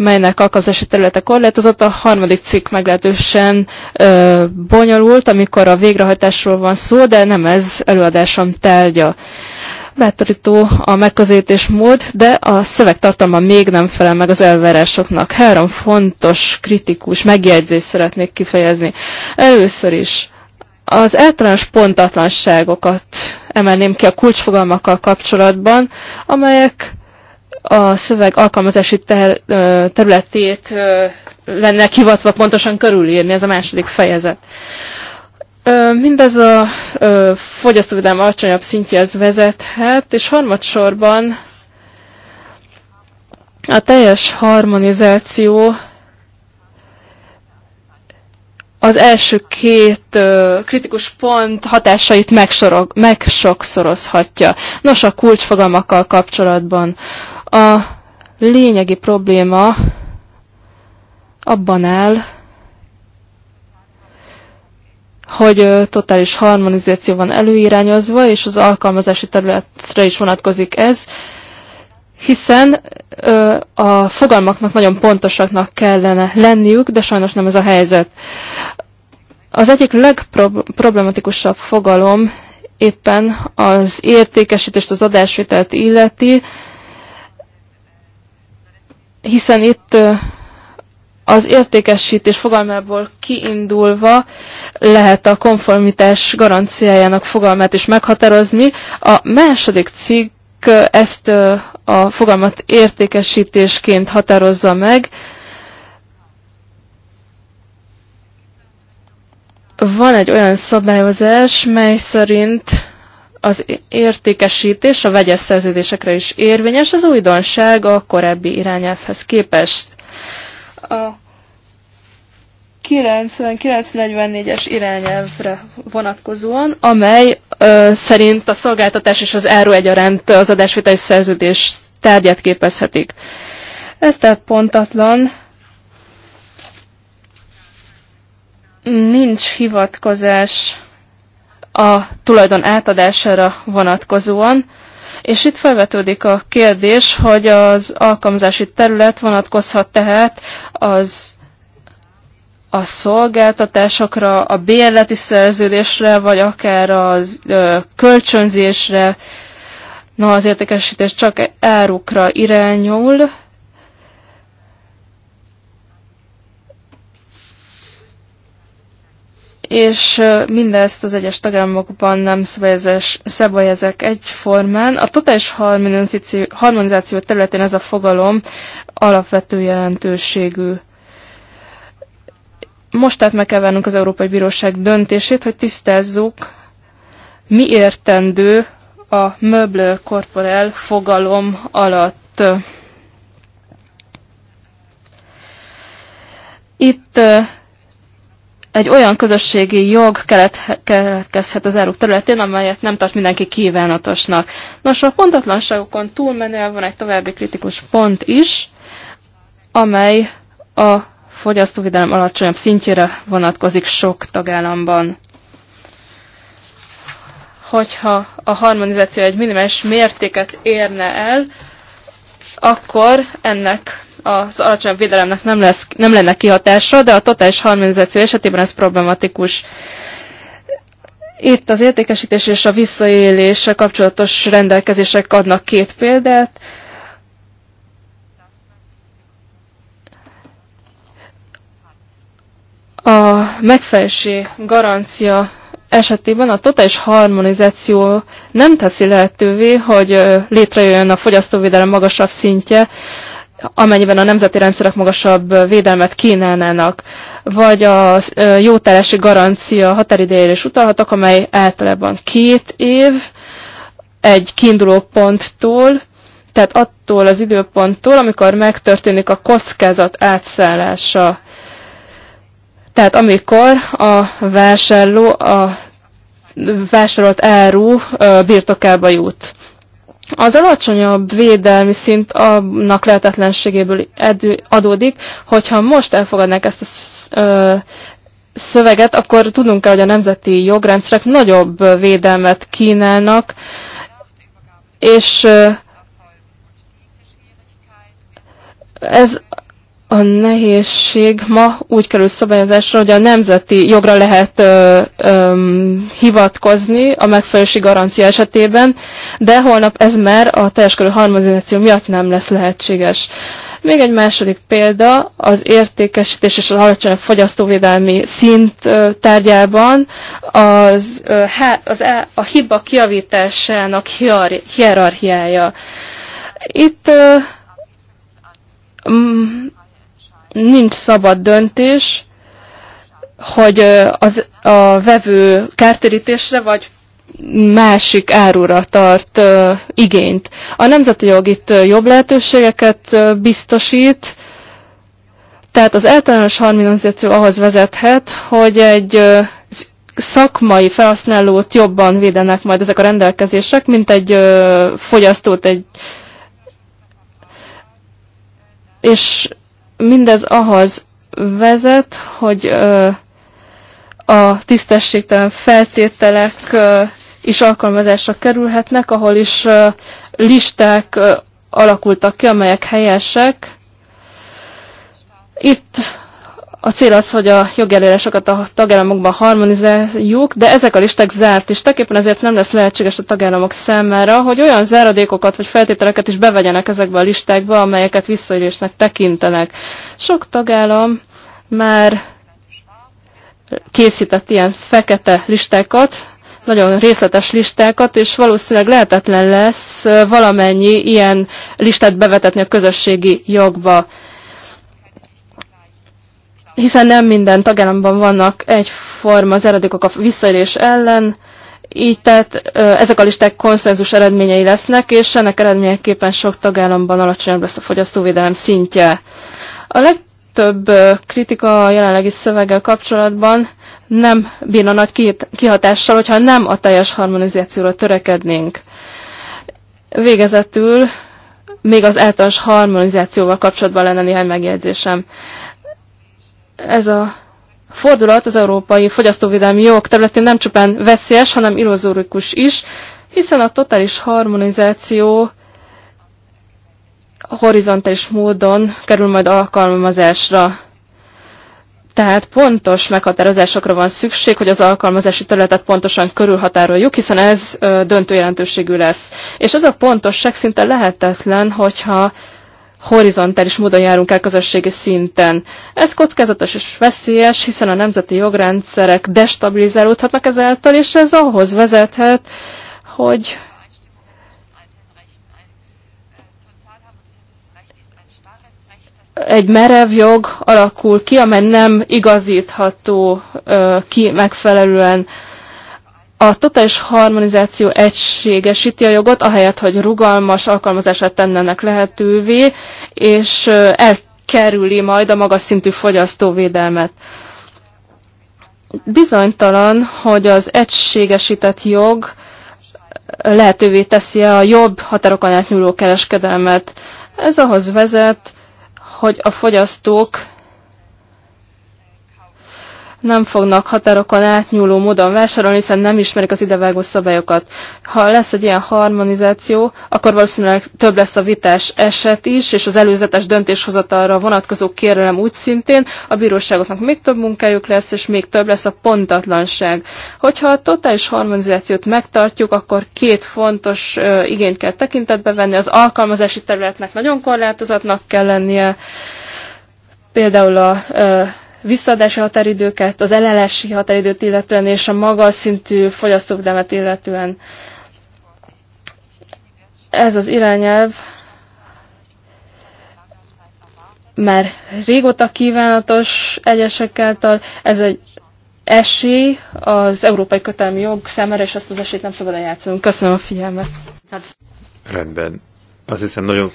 melynek alkalmazási területe korlátozott. A harmadik cikk meglehetősen ö, bonyolult, amikor a végrehajtásról van szó, de nem ez előadásom tárgya. Bátorító a megközelítés mód, de a szövegtartalma még nem felel meg az elvárásoknak. Három fontos, kritikus megjegyzést szeretnék kifejezni. Először is az általános pontatlanságokat emelném ki a kulcsfogalmakkal kapcsolatban, amelyek a szöveg alkalmazási ter, területét lenne hivatva pontosan körülírni, ez a második fejezet. Mindez a fogyasztóvédelem alacsonyabb szintjehez vezethet, és harmadsorban a teljes harmonizáció az első két ö, kritikus pont hatásait megsorog, megsokszorozhatja. Nos, a kulcsfogalmakkal kapcsolatban a lényegi probléma abban áll, hogy totális harmonizáció van előirányozva, és az alkalmazási területre is vonatkozik ez, hiszen ö, a fogalmaknak nagyon pontosaknak kellene lenniük, de sajnos nem ez a helyzet. Az egyik legproblematikusabb fogalom éppen az értékesítést, az adásvételt illeti, hiszen itt az értékesítés fogalmából kiindulva lehet a konformitás garanciájának fogalmát is meghatározni. A második cikk ezt a fogalmat értékesítésként határozza meg. Van egy olyan szabályozás, mely szerint az értékesítés a vegyes szerződésekre is érvényes, az újdonság a korábbi irányelvhez képest. A 9944-es irányelvre vonatkozóan, amely ö, szerint a szolgáltatás és az áru egyaránt az adásvételi szerződés tárgyát képezhetik. Ez tehát pontatlan. Nincs hivatkozás a tulajdon átadására vonatkozóan. És itt felvetődik a kérdés, hogy az alkalmazási terület vonatkozhat tehát az a szolgáltatásokra, a bérleti szerződésre, vagy akár a kölcsönzésre, na az értékesítés csak árukra irányul, és mindezt az egyes tagállamokban nem szabály ezek egyformán. A totális harmonizáció területén ez a fogalom alapvető jelentőségű. Most tehát meg kell az Európai Bíróság döntését, hogy tisztázzuk, mi értendő a möblő korporel fogalom alatt. Itt egy olyan közösségi jog keletkezhet az áruk területén, amelyet nem tart mindenki kívánatosnak. Nos, a pontatlanságokon túlmenően van egy további kritikus pont is, amely a fogyasztóvédelem alacsonyabb szintjére vonatkozik sok tagállamban. Hogyha a harmonizáció egy minimális mértéket érne el, akkor ennek az alacsony védelemnek nem, lesz, nem lenne kihatása, de a totális harmonizáció esetében ez problematikus. Itt az értékesítés és a visszaélése kapcsolatos rendelkezések adnak két példát. A megfelelési garancia esetében a totális harmonizáció nem teszi lehetővé, hogy létrejöjjön a fogyasztóvédelem magasabb szintje, amennyiben a nemzeti rendszerek magasabb védelmet kínálnának, vagy a jótárási garancia határidejére is utalhatok, amely általában két év, egy kiinduló ponttól, tehát attól az időponttól, amikor megtörténik a kockázat átszállása. Tehát amikor a vásárló a vásárolt áru birtokába jut. Az alacsonyabb védelmi szint annak lehetetlenségéből adódik, hogyha most elfogadnák ezt a szöveget, akkor tudunk kell, hogy a nemzeti jogrendszerek nagyobb védelmet kínálnak, és ez a nehézség ma úgy kerül szabályozásra, hogy a nemzeti jogra lehet ö, ö, hivatkozni a megfelelősi garancia esetében, de holnap ez már a teljes körű harmonizáció miatt nem lesz lehetséges. Még egy második példa az értékesítés és az alacsony fogyasztóvédelmi szint tárgyában az, az, e, a hiba kiavításának hierarchiája. Itt nincs szabad döntés, hogy az, a vevő kártérítésre vagy másik árura tart uh, igényt. A nemzeti jog itt jobb lehetőségeket uh, biztosít, tehát az általános harmonizáció ahhoz vezethet, hogy egy uh, szakmai felhasználót jobban védenek majd ezek a rendelkezések, mint egy uh, fogyasztót, egy és mindez ahhoz vezet, hogy a tisztességtelen feltételek is alkalmazásra kerülhetnek, ahol is listák alakultak ki, amelyek helyesek. Itt a cél az, hogy a jogelőrásokat a tagállamokban harmonizáljuk, de ezek a listák zárt listák, éppen ezért nem lesz lehetséges a tagállamok számára, hogy olyan záradékokat vagy feltételeket is bevegyenek ezekbe a listákba, amelyeket visszaélésnek tekintenek. Sok tagállam már készített ilyen fekete listákat, nagyon részletes listákat, és valószínűleg lehetetlen lesz valamennyi ilyen listát bevetetni a közösségi jogba hiszen nem minden tagállamban vannak egyforma az eredékok a visszaélés ellen, így tehát ezek a listák konszenzus eredményei lesznek, és ennek eredményeképpen sok tagállamban alacsonyabb lesz a fogyasztóvédelem szintje. A legtöbb kritika a jelenlegi szöveggel kapcsolatban nem bírna nagy kihatással, hogyha nem a teljes harmonizációra törekednénk. Végezetül még az általános harmonizációval kapcsolatban lenne néhány megjegyzésem ez a fordulat az európai fogyasztóvédelmi jog területén nem csupán veszélyes, hanem illuzórikus is, hiszen a totális harmonizáció horizontális módon kerül majd alkalmazásra. Tehát pontos meghatározásokra van szükség, hogy az alkalmazási területet pontosan körülhatároljuk, hiszen ez döntő jelentőségű lesz. És ez a pontosság szinte lehetetlen, hogyha horizontális módon járunk el közösségi szinten. Ez kockázatos és veszélyes, hiszen a nemzeti jogrendszerek destabilizálódhatnak ezáltal, és ez ahhoz vezethet, hogy egy merev jog alakul ki, amely nem igazítható ki megfelelően a totális harmonizáció egységesíti a jogot, ahelyett, hogy rugalmas alkalmazását tennenek lehetővé, és elkerüli majd a magas szintű fogyasztóvédelmet. Bizonytalan, hogy az egységesített jog lehetővé teszi a jobb határokon átnyúló kereskedelmet. Ez ahhoz vezet, hogy a fogyasztók nem fognak határokon átnyúló módon vásárolni, hiszen nem ismerik az idevágó szabályokat. Ha lesz egy ilyen harmonizáció, akkor valószínűleg több lesz a vitás eset is, és az előzetes döntéshozatalra vonatkozó kérelem úgy szintén, a bíróságoknak még több munkájuk lesz, és még több lesz a pontatlanság. Hogyha a totális harmonizációt megtartjuk, akkor két fontos igényt kell tekintetbe venni. Az alkalmazási területnek nagyon korlátozatnak kell lennie, például a visszaadási határidőket, az ellenási határidőt illetően és a magas szintű fogyasztóvédelmet illetően. Ez az irányelv már régóta kívánatos egyesek által, ez egy esély az európai kötelmi jog számára, és azt az esélyt nem szabad eljátszanunk. Köszönöm a figyelmet. Rendben. Azt hiszem nagyon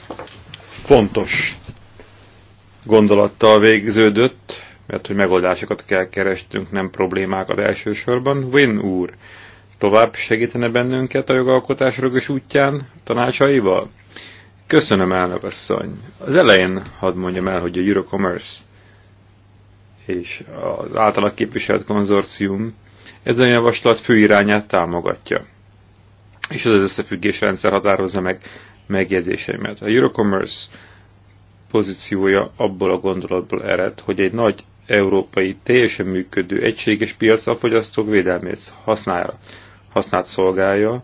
fontos gondolattal végződött mert hogy megoldásokat kell kerestünk, nem problémákat elsősorban. Win úr, tovább segítene bennünket a jogalkotás rögös útján tanácsaival? Köszönöm, elnök asszony. Az elején hadd mondjam el, hogy a Eurocommerce és az általak képviselt konzorcium ezen javaslat fő irányát támogatja. És az összefüggés rendszer határozza meg megjegyzéseimet. A Eurocommerce pozíciója abból a gondolatból ered, hogy egy nagy európai teljesen működő egységes piac a fogyasztók védelmét használja, használt szolgálja,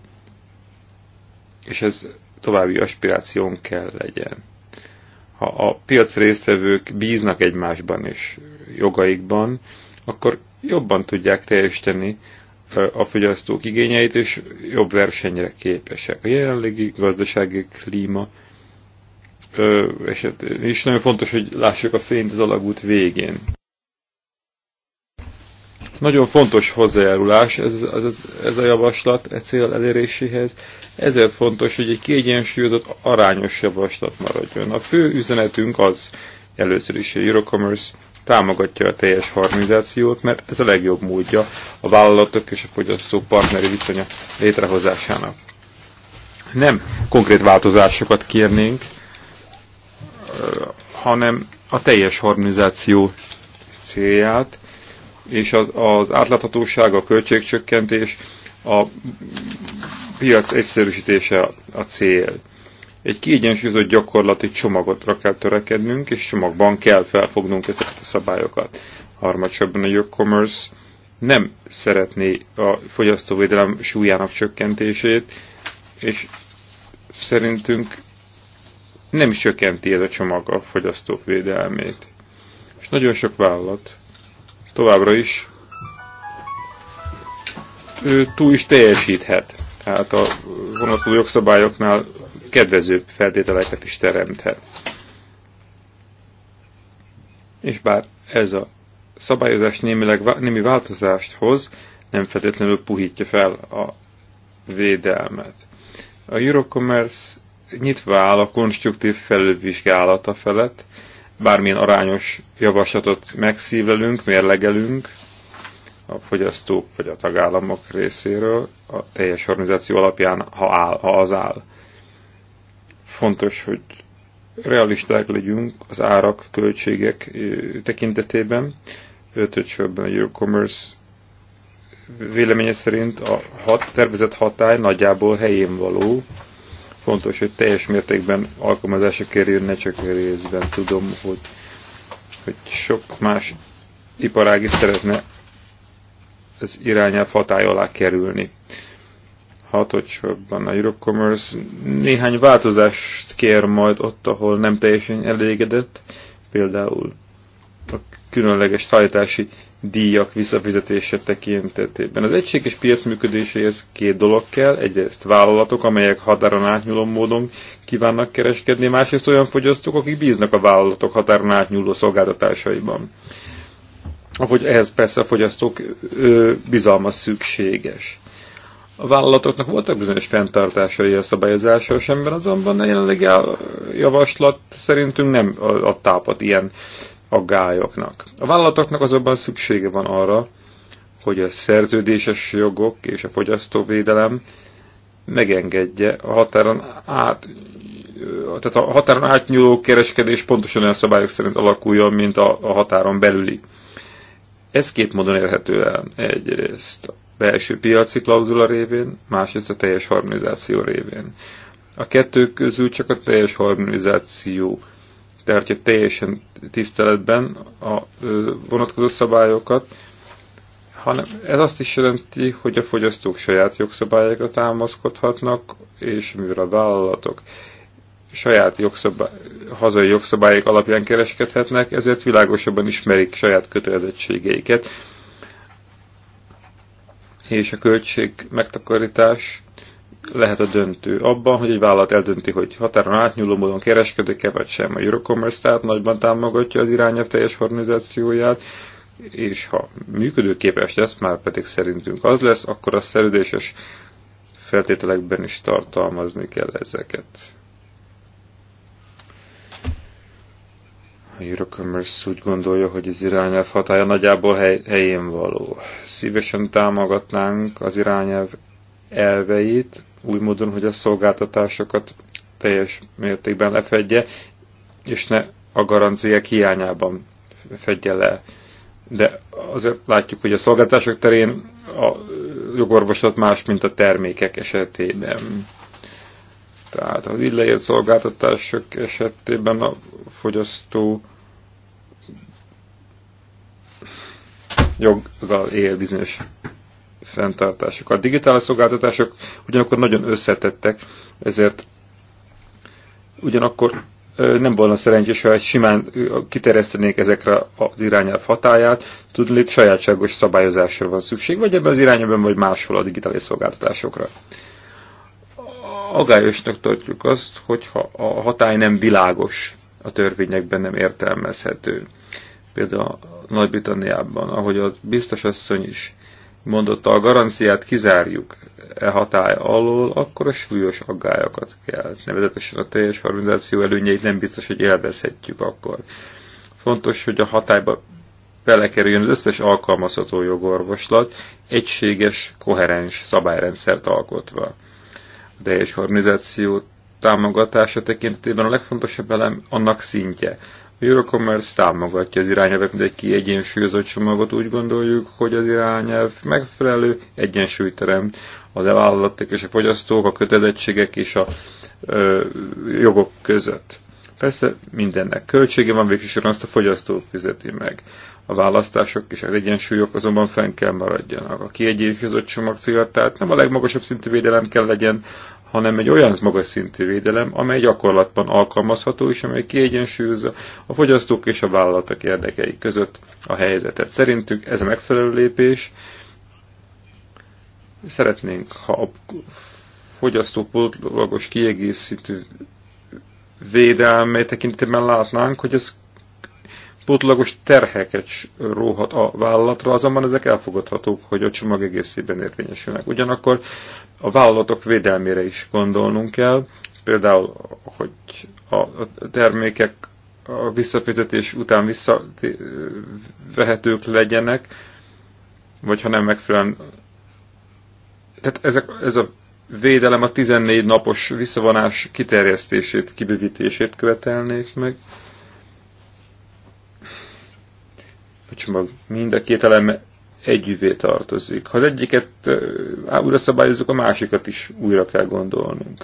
és ez további aspiráción kell legyen. Ha a piac résztvevők bíznak egymásban és jogaikban, akkor jobban tudják teljesíteni a fogyasztók igényeit, és jobb versenyre képesek. A jelenlegi gazdasági klíma és is nagyon fontos, hogy lássuk a fényt az alagút végén. Nagyon fontos hozzájárulás ez, ez, ez, ez a javaslat e cél eléréséhez, ezért fontos, hogy egy kiegyensúlyozott arányos javaslat maradjon. A fő üzenetünk az, először is a Eurocommerce támogatja a teljes harmonizációt, mert ez a legjobb módja a vállalatok és a fogyasztók partneri viszonya létrehozásának. Nem konkrét változásokat kérnénk, hanem a teljes harmonizáció célját és az, az átláthatóság, a költségcsökkentés, a piac egyszerűsítése a cél. Egy kiegyensúlyozott gyakorlati csomagotra kell törekednünk, és csomagban kell felfognunk ezeket a szabályokat. Harmadsorban a e-commerce nem szeretné a fogyasztóvédelem súlyának csökkentését, és szerintünk nem is csökkenti ez a csomag a fogyasztók védelmét. És nagyon sok vállalat továbbra is ő túl is teljesíthet. Tehát a vonatkozó jogszabályoknál kedvezőbb feltételeket is teremthet. És bár ez a szabályozás némileg, némi változást hoz, nem feltétlenül puhítja fel a védelmet. A Eurocommerce nyitva áll a konstruktív felülvizsgálata felett, bármilyen arányos javaslatot megszívelünk, mérlegelünk a fogyasztók vagy a tagállamok részéről a teljes organizáció alapján, ha, áll, ha az áll. Fontos, hogy realisták legyünk az árak, költségek tekintetében. Ötöcsőbben a Eurocommerce véleménye szerint a hat, tervezett hatály nagyjából helyén való, Fontos, hogy teljes mértékben alkalmazásra kerüljön, ne csak részben. Tudom, hogy, hogy sok más iparág is szeretne az irányát hatály alá kerülni. Hatodsorban a Eurocommerce néhány változást kér majd ott, ahol nem teljesen elégedett, például a különleges szállítási díjak visszafizetése tekintetében. Az egységes piac működéséhez két dolog kell, egyrészt vállalatok, amelyek határon átnyúló módon kívánnak kereskedni, másrészt olyan fogyasztók, akik bíznak a vállalatok határon átnyúló szolgáltatásaiban. Ahogy ehhez persze a fogyasztók ö, bizalma szükséges. A vállalatoknak voltak bizonyos fenntartásai a szabályozással semben, azonban a jelenlegi javaslat szerintünk nem ad tápat ilyen a gályoknak. A vállalatoknak azonban szüksége van arra, hogy a szerződéses jogok és a fogyasztóvédelem megengedje a határon át tehát a határon átnyúló kereskedés pontosan olyan szabályok szerint alakuljon, mint a, a határon belüli. Ez két módon érhető el. Egyrészt a belső piaci klauzula révén, másrészt a teljes harmonizáció révén. A kettő közül csak a teljes harmonizáció tartja teljesen tiszteletben a vonatkozó szabályokat, hanem ez azt is jelenti, hogy a fogyasztók saját jogszabályokra támaszkodhatnak, és mivel a vállalatok saját jogszabály, hazai jogszabályok alapján kereskedhetnek, ezért világosabban ismerik saját kötelezettségeiket, és a költség megtakarítás lehet a döntő abban, hogy egy vállalat eldönti, hogy határon átnyúló módon kereskedik-e vagy sem. A Eurocommerce tehát nagyban támogatja az irányelv teljes harmonizációját, és ha működőképes lesz, már pedig szerintünk az lesz, akkor a szerződéses feltételekben is tartalmazni kell ezeket. A Eurocommerce úgy gondolja, hogy az irányelv hatája nagyjából hely, helyén való. Szívesen támogatnánk az irányelv elveit, új módon, hogy a szolgáltatásokat teljes mértékben lefedje, és ne a garanciák hiányában fedje le. De azért látjuk, hogy a szolgáltatások terén a jogorvoslat más, mint a termékek esetében. Tehát az illeért szolgáltatások esetében a fogyasztó joggal él bizonyos fenntartások. A digitális szolgáltatások ugyanakkor nagyon összetettek, ezért ugyanakkor nem volna szerencsés, ha egy simán kiterjesztenék ezekre az irányelv hatáját, tudni, hogy sajátságos szabályozásra van szükség, vagy ebben az irányban, vagy máshol a digitális szolgáltatásokra. Agályosnak tartjuk azt, hogyha a hatály nem világos, a törvényekben nem értelmezhető. Például Nagy-Britanniában, ahogy a biztos asszony is mondotta, a garanciát kizárjuk e hatály alól, akkor a súlyos aggályokat kell. Nevezetesen a teljes harmonizáció előnyeit nem biztos, hogy élvezhetjük akkor. Fontos, hogy a hatályba belekerüljön az összes alkalmazható jogorvoslat, egységes, koherens szabályrendszert alkotva. A teljes harmonizáció támogatása tekintetében a legfontosabb elem annak szintje, Eurocommerce támogatja az irányelvek mindegy kiegyensúlyozott csomagot. Úgy gondoljuk, hogy az irányelv megfelelő egyensúlyt teremt az elvállalatok és a fogyasztók, a kötelezettségek és a ö, jogok között. Persze mindennek költsége van, végsősorban azt a fogyasztó fizeti meg. A választások és az egyensúlyok azonban fenn kell maradjanak. A kiegyensúlyozott csomag célja, tehát nem a legmagasabb szintű védelem kell legyen, hanem egy olyan magas szintű védelem, amely gyakorlatban alkalmazható, és amely kiegyensúlyozza a fogyasztók és a vállalatok érdekei között a helyzetet. Szerintük ez a megfelelő lépés. Szeretnénk, ha a fogyasztók kiegészítő védelme tekintetében látnánk, hogy ez pótlagos terheket róhat a vállalatra, azonban ezek elfogadhatók, hogy a csomag egészében érvényesülnek. Ugyanakkor a vállalatok védelmére is gondolnunk kell, például, hogy a termékek a visszafizetés után visszavehetők legyenek, vagy ha nem megfelelően. Tehát ezek, ez a védelem a 14 napos visszavonás kiterjesztését, kibővítését követelnék meg. a csomag mind a két elem együvé tartozik. Ha az egyiket újra szabályozunk, a másikat is újra kell gondolnunk.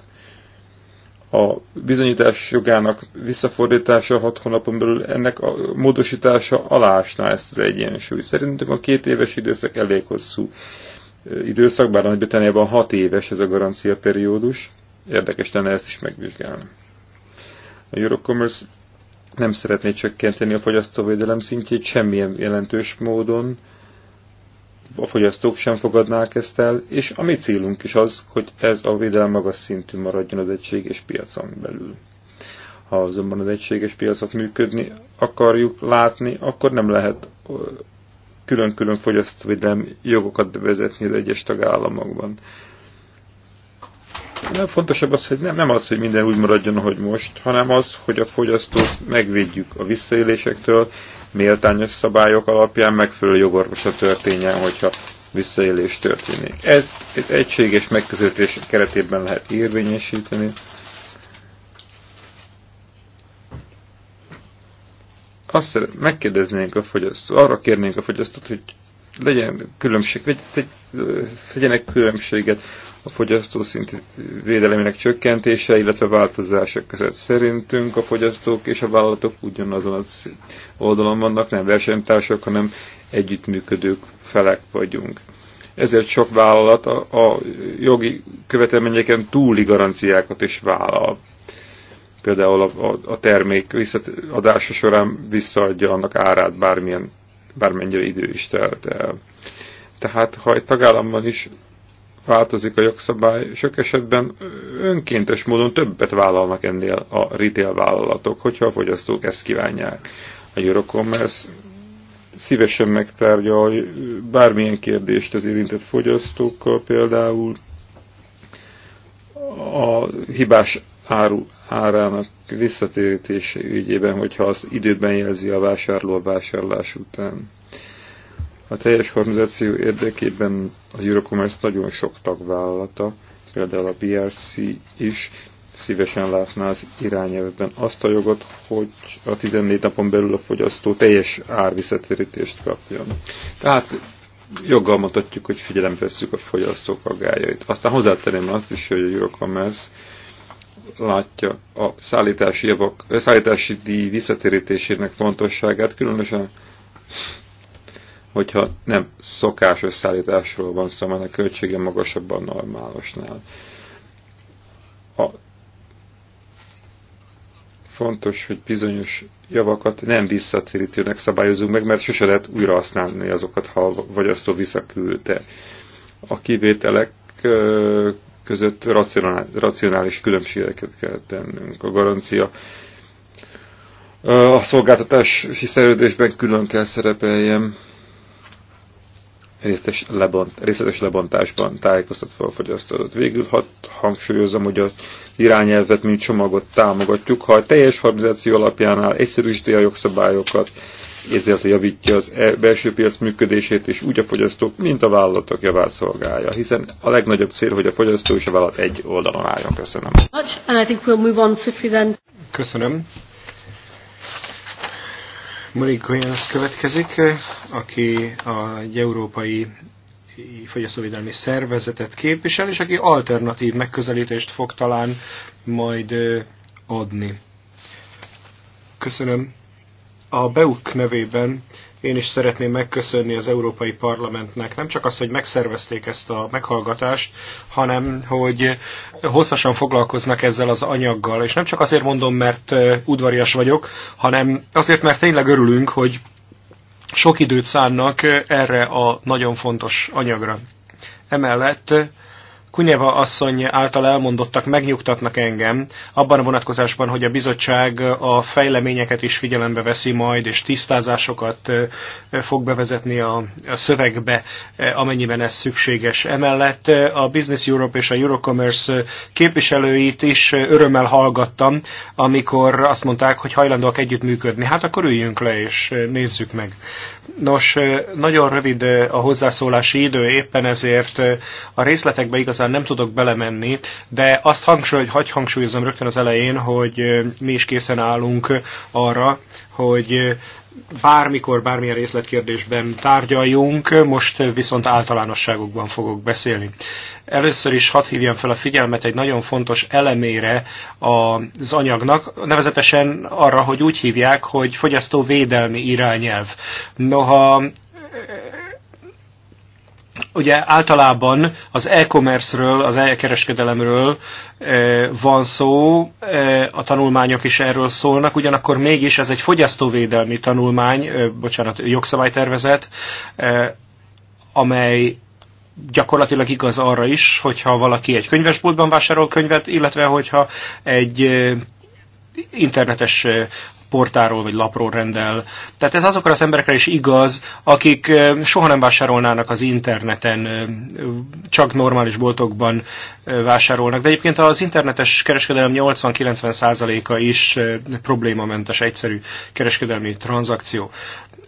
A bizonyítás jogának visszafordítása hat hónapon belül ennek a módosítása alásná ezt az egyensúlyt. Szerintem a két éves időszak elég hosszú időszak, bár Nagy-Britanniában hat éves ez a garancia periódus. Érdekes lenne ezt is megvizsgálni. A Eurocommerce nem szeretné csökkenteni a fogyasztóvédelem szintjét semmilyen jelentős módon, a fogyasztók sem fogadnák ezt el, és a mi célunk is az, hogy ez a védelem magas szintű maradjon az egységes piacon belül. Ha azonban az egységes piacot működni akarjuk látni, akkor nem lehet külön-külön fogyasztóvédelmi jogokat bevezetni az egyes tagállamokban de fontosabb az, hogy nem, nem az, hogy minden úgy maradjon, ahogy most, hanem az, hogy a fogyasztót megvédjük a visszaélésektől, méltányos szabályok alapján megfelelő jogorvosa történjen, hogyha visszaélés történik. Ez egy egységes megközelítés keretében lehet érvényesíteni. Azt szeret, megkérdeznénk a fogyasztót, arra kérnénk a fogyasztót, hogy legyen különbség, legyenek különbséget a fogyasztószint védelemének csökkentése, illetve változások között. Szerintünk a fogyasztók és a vállalatok ugyanazon az oldalon vannak, nem versenytársak, hanem együttműködők felek vagyunk. Ezért sok vállalat a, a jogi követelményeken túli garanciákat is vállal. Például a, a, a termék visszadása során visszaadja annak árát bármilyen bármennyire idő is telt el. Tehát, ha egy tagállamban is változik a jogszabály, sok esetben önkéntes módon többet vállalnak ennél a retail vállalatok, hogyha a fogyasztók ezt kívánják. A Eurocommerce szívesen megtárgyal bármilyen kérdést az érintett fogyasztókkal, például a hibás áru árának visszatérítése ügyében, hogyha az időben jelzi a vásárló a vásárlás után. A teljes harmonizáció érdekében a Eurocommerce nagyon sok tagvállalata, például a BRC is szívesen látná az irányelvben azt a jogot, hogy a 14 napon belül a fogyasztó teljes árvisszatérítést kapjon. Tehát joggal mondhatjuk, hogy figyelembe vesszük a fogyasztók aggájait. Aztán hozzátenném azt is, hogy a Eurocommerce látja a szállítási, javak, a szállítási díj visszatérítésének fontosságát, különösen, hogyha nem szokásos szállításról van szó, mert a költsége magasabb a normálosnál. A fontos, hogy bizonyos javakat nem visszatérítőnek szabályozunk meg, mert sose lehet újra használni azokat, ha a vagyasztó visszaküldte. A kivételek között racionális különbségeket kell tennünk. A garancia a szolgáltatási szerződésben külön kell szerepeljem részletes, lebont, részletes lebontásban tájékoztatva a fogyasztatot. Végül hat hangsúlyozom, hogy a irányelvet, mint csomagot támogatjuk. Ha a teljes harmonizáció alapján áll, egyszerűsíti a jogszabályokat, ezért javítja az e belső piac működését, és úgy a fogyasztók, mint a vállalatok javát szolgálja, hiszen a legnagyobb cél, hogy a fogyasztó és a vállalat egy oldalon álljon. Köszönöm. Köszönöm. Monika Goyens következik, aki egy európai fogyasztóvédelmi szervezetet képvisel, és aki alternatív megközelítést fog talán majd adni. Köszönöm. A BEUK nevében én is szeretném megköszönni az Európai Parlamentnek nem csak azt, hogy megszervezték ezt a meghallgatást, hanem hogy hosszasan foglalkoznak ezzel az anyaggal. És nem csak azért mondom, mert udvarias vagyok, hanem azért, mert tényleg örülünk, hogy sok időt szánnak erre a nagyon fontos anyagra. Emellett Kunyeva asszony által elmondottak megnyugtatnak engem, abban a vonatkozásban, hogy a bizottság a fejleményeket is figyelembe veszi majd, és tisztázásokat fog bevezetni a szövegbe, amennyiben ez szükséges. Emellett a Business Europe és a Eurocommerce képviselőit is örömmel hallgattam, amikor azt mondták, hogy hajlandóak együttműködni. Hát akkor üljünk le és nézzük meg. Nos, nagyon rövid a hozzászólási idő, éppen ezért a részletekbe igazán nem tudok belemenni, de azt hangsúly, hogy hagy hangsúlyozom rögtön az elején, hogy mi is készen állunk arra, hogy bármikor, bármilyen részletkérdésben tárgyaljunk, most viszont általánosságokban fogok beszélni. Először is hadd hívjam fel a figyelmet egy nagyon fontos elemére az anyagnak, nevezetesen arra, hogy úgy hívják, hogy fogyasztóvédelmi irányelv. Noha ugye általában az e-commerce-ről, az e-kereskedelemről eh, van szó, eh, a tanulmányok is erről szólnak, ugyanakkor mégis ez egy fogyasztóvédelmi tanulmány, eh, bocsánat, jogszabálytervezet, amely gyakorlatilag igaz arra is, hogyha valaki egy könyvesboltban vásárol könyvet, illetve hogyha egy internetes portáról vagy lapról rendel. Tehát ez azokra az emberekre is igaz, akik soha nem vásárolnának az interneten, csak normális boltokban vásárolnak. De egyébként az internetes kereskedelem 80-90%-a is problémamentes, egyszerű kereskedelmi tranzakció.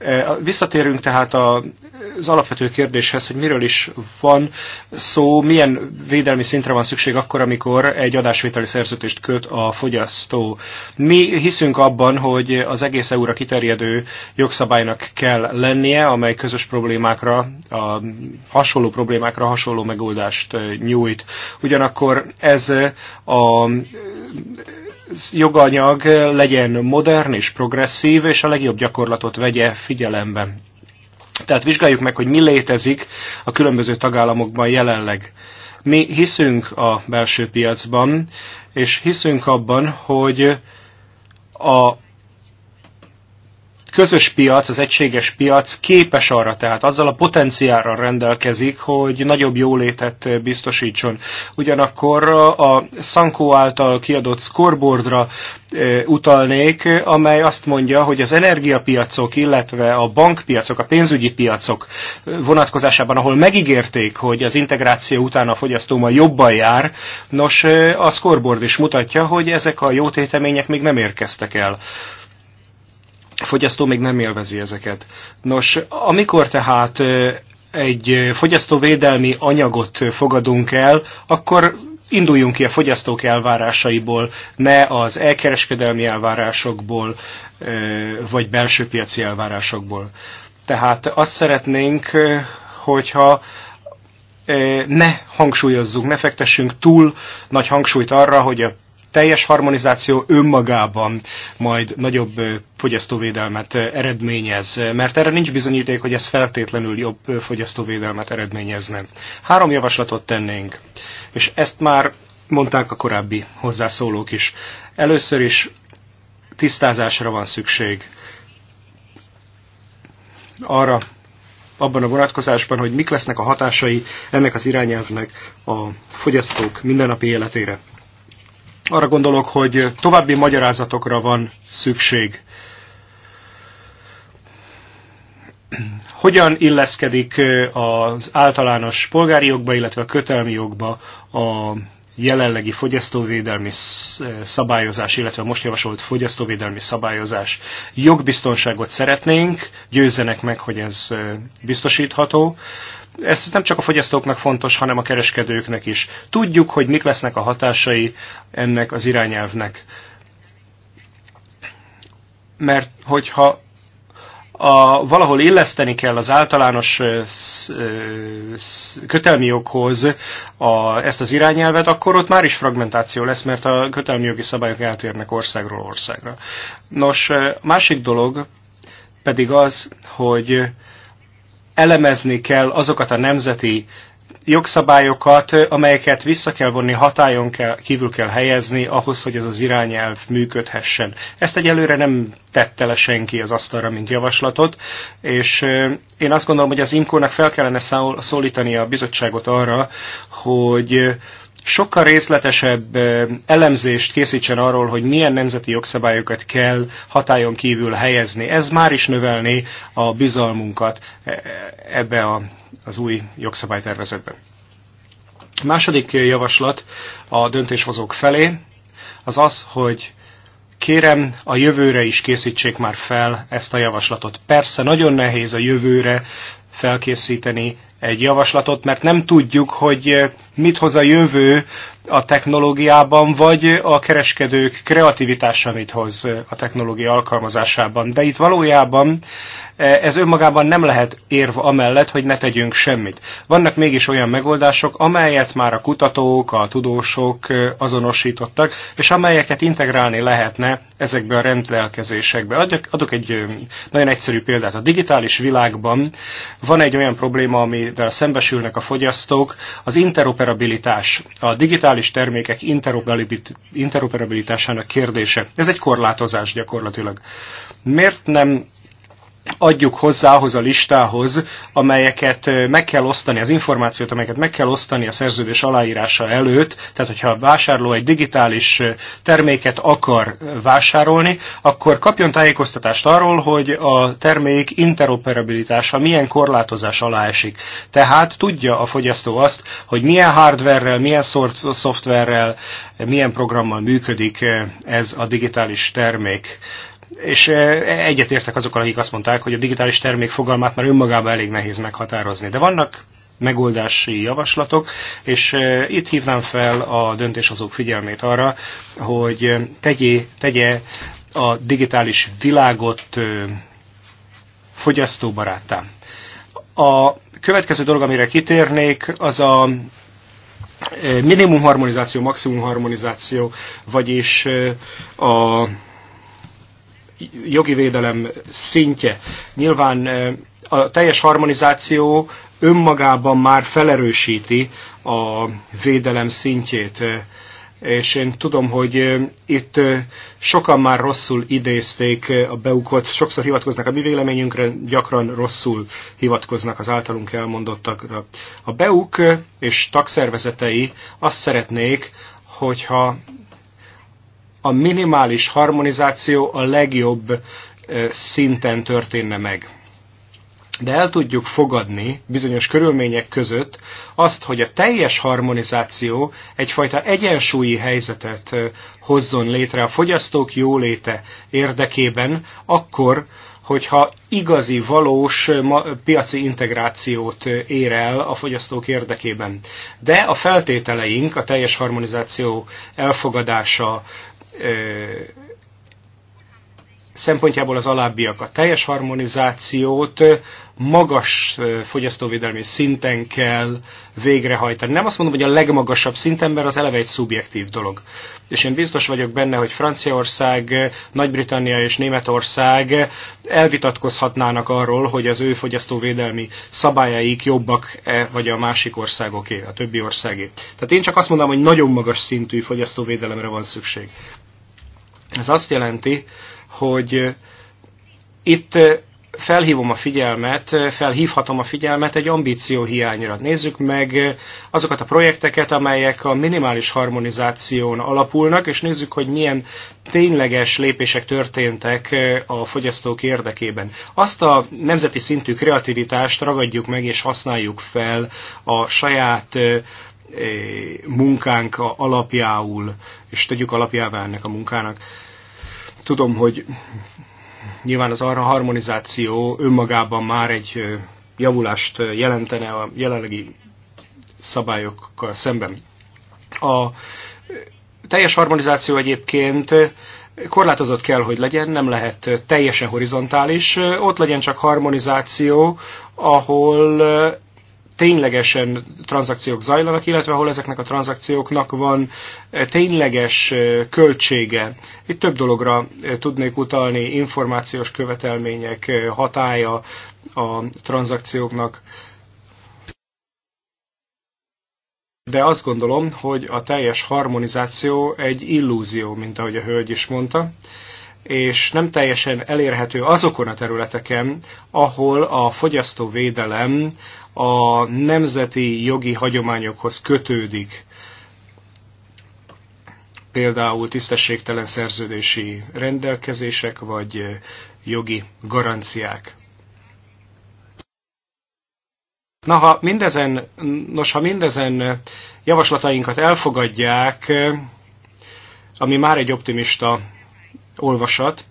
E, visszatérünk tehát az alapvető kérdéshez, hogy miről is van szó, milyen védelmi szintre van szükség akkor, amikor egy adásvételi szerződést köt a fogyasztó. Mi hiszünk abban, hogy az egész EU-ra kiterjedő jogszabálynak kell lennie, amely közös problémákra, a hasonló problémákra hasonló megoldást nyújt. Ugyanakkor ez a joganyag legyen modern és progresszív, és a legjobb gyakorlatot vegye figyelembe. Tehát vizsgáljuk meg, hogy mi létezik a különböző tagállamokban jelenleg. Mi hiszünk a belső piacban, és hiszünk abban, hogy a közös piac, az egységes piac képes arra, tehát azzal a potenciálra rendelkezik, hogy nagyobb jólétet biztosítson. Ugyanakkor a Sanko által kiadott scoreboardra e, utalnék, amely azt mondja, hogy az energiapiacok, illetve a bankpiacok, a pénzügyi piacok vonatkozásában, ahol megígérték, hogy az integráció után a fogyasztó majd jobban jár, nos, e, a scoreboard is mutatja, hogy ezek a jótétemények még nem érkeztek el fogyasztó még nem élvezi ezeket. Nos, amikor tehát egy fogyasztóvédelmi anyagot fogadunk el, akkor induljunk ki a fogyasztók elvárásaiból, ne az elkereskedelmi elvárásokból, vagy belső piaci elvárásokból. Tehát azt szeretnénk, hogyha ne hangsúlyozzunk, ne fektessünk túl nagy hangsúlyt arra, hogy a teljes harmonizáció önmagában majd nagyobb fogyasztóvédelmet eredményez, mert erre nincs bizonyíték, hogy ez feltétlenül jobb fogyasztóvédelmet eredményezne. Három javaslatot tennénk, és ezt már mondták a korábbi hozzászólók is. Először is tisztázásra van szükség arra, abban a vonatkozásban, hogy mik lesznek a hatásai ennek az irányelvnek a fogyasztók mindennapi életére arra gondolok, hogy további magyarázatokra van szükség. Hogyan illeszkedik az általános polgári jogba, illetve a kötelmi jogba a jelenlegi fogyasztóvédelmi szabályozás, illetve a most javasolt fogyasztóvédelmi szabályozás jogbiztonságot szeretnénk, győzzenek meg, hogy ez biztosítható ez nem csak a fogyasztóknak fontos, hanem a kereskedőknek is. Tudjuk, hogy mik lesznek a hatásai ennek az irányelvnek. Mert hogyha a, valahol illeszteni kell az általános kötelmi joghoz a, ezt az irányelvet, akkor ott már is fragmentáció lesz, mert a kötelmi jogi szabályok eltérnek országról országra. Nos, másik dolog pedig az, hogy elemezni kell azokat a nemzeti jogszabályokat, amelyeket vissza kell vonni, hatályon kell, kívül kell helyezni ahhoz, hogy ez az irányelv működhessen. Ezt egyelőre nem tette le senki az asztalra, mint javaslatot, és én azt gondolom, hogy az imkónak fel kellene szólítani a bizottságot arra, hogy sokkal részletesebb elemzést készítsen arról, hogy milyen nemzeti jogszabályokat kell hatályon kívül helyezni. Ez már is növelné a bizalmunkat ebbe a, az új jogszabálytervezetbe. A második javaslat a döntéshozók felé az az, hogy kérem, a jövőre is készítsék már fel ezt a javaslatot. Persze nagyon nehéz a jövőre felkészíteni egy javaslatot, mert nem tudjuk, hogy eh, mit hoz a jövő a technológiában, vagy a kereskedők kreativitása mit hoz eh, a technológia alkalmazásában. De itt valójában eh, ez önmagában nem lehet érv amellett, hogy ne tegyünk semmit. Vannak mégis olyan megoldások, amelyet már a kutatók, a tudósok azonosítottak, és amelyeket integrálni lehetne ezekbe a rendelkezésekbe. Adok, adok egy nagyon egyszerű példát. A digitális világban van egy olyan probléma, ami amivel szembesülnek a fogyasztók, az interoperabilitás, a digitális termékek interoperabilitásának kérdése. Ez egy korlátozás gyakorlatilag. Miért nem adjuk hozzá ahhoz a listához, amelyeket meg kell osztani, az információt, amelyeket meg kell osztani a szerződés aláírása előtt, tehát hogyha a vásárló egy digitális terméket akar vásárolni, akkor kapjon tájékoztatást arról, hogy a termék interoperabilitása milyen korlátozás alá esik. Tehát tudja a fogyasztó azt, hogy milyen hardverrel, milyen szoftverrel, milyen programmal működik ez a digitális termék és egyetértek azokkal, akik azt mondták, hogy a digitális termék fogalmát már önmagában elég nehéz meghatározni. De vannak megoldási javaslatok, és itt hívnám fel a döntéshozók figyelmét arra, hogy tegye, tegye a digitális világot fogyasztóbaráttá. A következő dolog, amire kitérnék, az a minimum harmonizáció, maximum harmonizáció, vagyis a jogi védelem szintje. Nyilván a teljes harmonizáció önmagában már felerősíti a védelem szintjét. És én tudom, hogy itt sokan már rosszul idézték a beukot, sokszor hivatkoznak a mi véleményünkre, gyakran rosszul hivatkoznak az általunk elmondottakra. A beuk és tagszervezetei azt szeretnék, hogyha a minimális harmonizáció a legjobb szinten történne meg. De el tudjuk fogadni bizonyos körülmények között azt, hogy a teljes harmonizáció egyfajta egyensúlyi helyzetet hozzon létre a fogyasztók jóléte érdekében, akkor, hogyha igazi, valós piaci integrációt ér el a fogyasztók érdekében. De a feltételeink, a teljes harmonizáció elfogadása szempontjából az alábbiak a teljes harmonizációt magas fogyasztóvédelmi szinten kell végrehajtani. Nem azt mondom, hogy a legmagasabb szinten, mert az eleve egy szubjektív dolog. És én biztos vagyok benne, hogy Franciaország, Nagy-Britannia és Németország elvitatkozhatnának arról, hogy az ő fogyasztóvédelmi szabályaik jobbak-e, vagy a másik országoké, a többi országé. Tehát én csak azt mondom, hogy nagyon magas szintű fogyasztóvédelemre van szükség. Ez azt jelenti, hogy itt felhívom a figyelmet, felhívhatom a figyelmet egy ambíció hiányra. Nézzük meg azokat a projekteket, amelyek a minimális harmonizáción alapulnak, és nézzük, hogy milyen tényleges lépések történtek a fogyasztók érdekében. Azt a nemzeti szintű kreativitást ragadjuk meg és használjuk fel a saját E, munkánk alapjául, és tegyük alapjává ennek a munkának. Tudom, hogy nyilván az arra harmonizáció önmagában már egy e, javulást e, jelentene a jelenlegi szabályokkal szemben. A teljes harmonizáció egyébként korlátozott kell, hogy legyen, nem lehet teljesen horizontális, ott legyen csak harmonizáció, ahol ténylegesen tranzakciók zajlanak, illetve ahol ezeknek a tranzakcióknak van eh, tényleges eh, költsége. Itt több dologra eh, tudnék utalni, információs követelmények hatája a tranzakcióknak. De azt gondolom, hogy a teljes harmonizáció egy illúzió, mint ahogy a hölgy is mondta és nem teljesen elérhető azokon a területeken, ahol a fogyasztóvédelem a nemzeti jogi hagyományokhoz kötődik, például tisztességtelen szerződési rendelkezések vagy jogi garanciák. Na, ha mindezen, nos, ha mindezen javaslatainkat elfogadják, ami már egy optimista olvasat,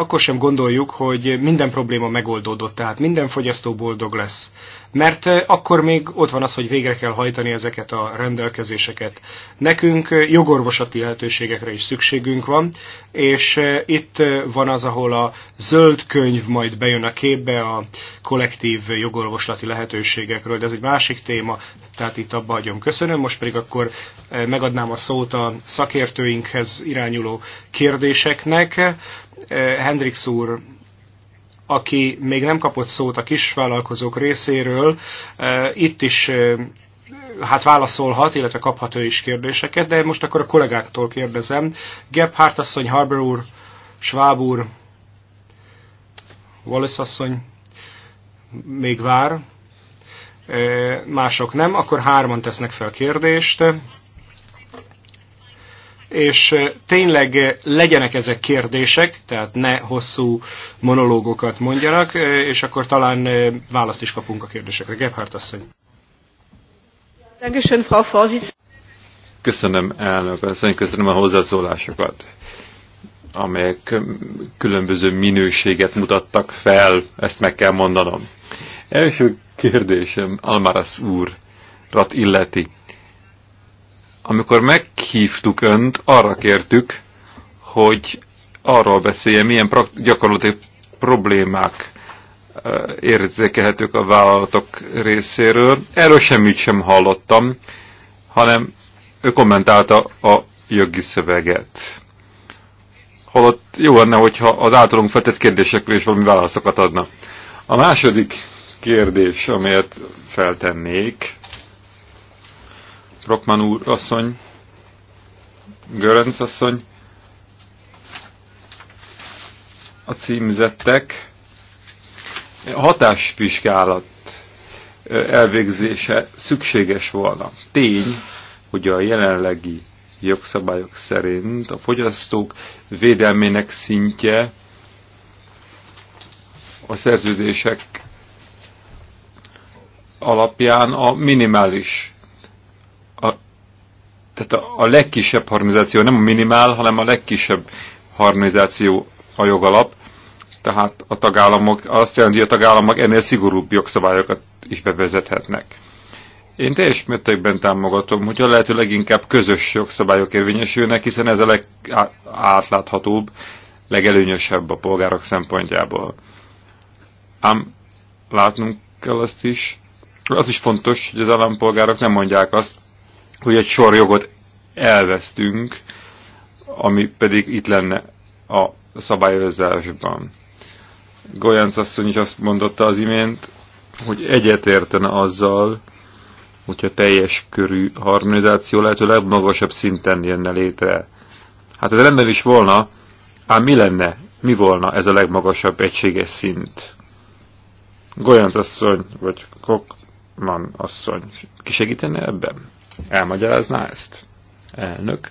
akkor sem gondoljuk, hogy minden probléma megoldódott, tehát minden fogyasztó boldog lesz. Mert eh, akkor még ott van az, hogy végre kell hajtani ezeket a rendelkezéseket. Nekünk eh, jogorvosati lehetőségekre is szükségünk van, és eh, itt van az, ahol a zöld könyv majd bejön a képbe a kollektív jogorvoslati lehetőségekről, de ez egy másik téma, tehát itt abba hagyom. Köszönöm, most pedig akkor megadnám a szót a szakértőinkhez irányuló kérdéseknek. Hendrix úr, aki még nem kapott szót a kisvállalkozók részéről, itt is hát válaszolhat, illetve kaphat ő is kérdéseket, de most akkor a kollégáktól kérdezem. Gebhardt asszony, Harbour úr, Schwab úr, Wallace asszony még vár, mások nem, akkor hárman tesznek fel kérdést és eh, tényleg eh, legyenek ezek kérdések, tehát ne hosszú monológokat mondjanak, eh, és akkor talán választ is kapunk a kérdésekre. Gebhardt asszony. Köszönöm, elnök asszony, köszönöm a hozzászólásokat, amelyek különböző minőséget mutattak fel, ezt meg kell mondanom. Első kérdésem Almaras úrrat illeti amikor meghívtuk Önt, arra kértük, hogy arról beszélje milyen gyakorlati problémák érzékelhetők a vállalatok részéről. Erről semmit sem hallottam, hanem ő kommentálta a jogi szöveget. Holott jó lenne, hogyha az általunk feltett kérdésekről is valami válaszokat adna. A második kérdés, amelyet feltennék, Rokman úr asszony, Görönc asszony, a címzettek hatásvizsgálat elvégzése szükséges volna. Tény, hogy a jelenlegi jogszabályok szerint a fogyasztók védelmének szintje a szerződések alapján a minimális tehát a, a legkisebb harmonizáció, nem a minimál, hanem a legkisebb harmonizáció a jogalap, tehát a tagállamok, azt jelenti, hogy a tagállamok ennél szigorúbb jogszabályokat is bevezethetnek. Én teljes mértékben támogatom, hogyha lehető leginkább közös jogszabályok érvényesülnek, hiszen ez a legátláthatóbb, legelőnyösebb a polgárok szempontjából. Ám látnunk kell azt is, az is fontos, hogy az állampolgárok nem mondják azt, hogy egy sor jogot elvesztünk, ami pedig itt lenne a szabályozásban. Golyánc asszony is azt mondotta az imént, hogy egyetértene azzal, hogyha teljes körű harmonizáció lehető legmagasabb szinten jönne létre. Hát ez rendben is volna, ám mi lenne, mi volna ez a legmagasabb egységes szint? Golyánc asszony, vagy Kokman asszony, ki segítene ebben? Elmagyarázná ezt? Elnök.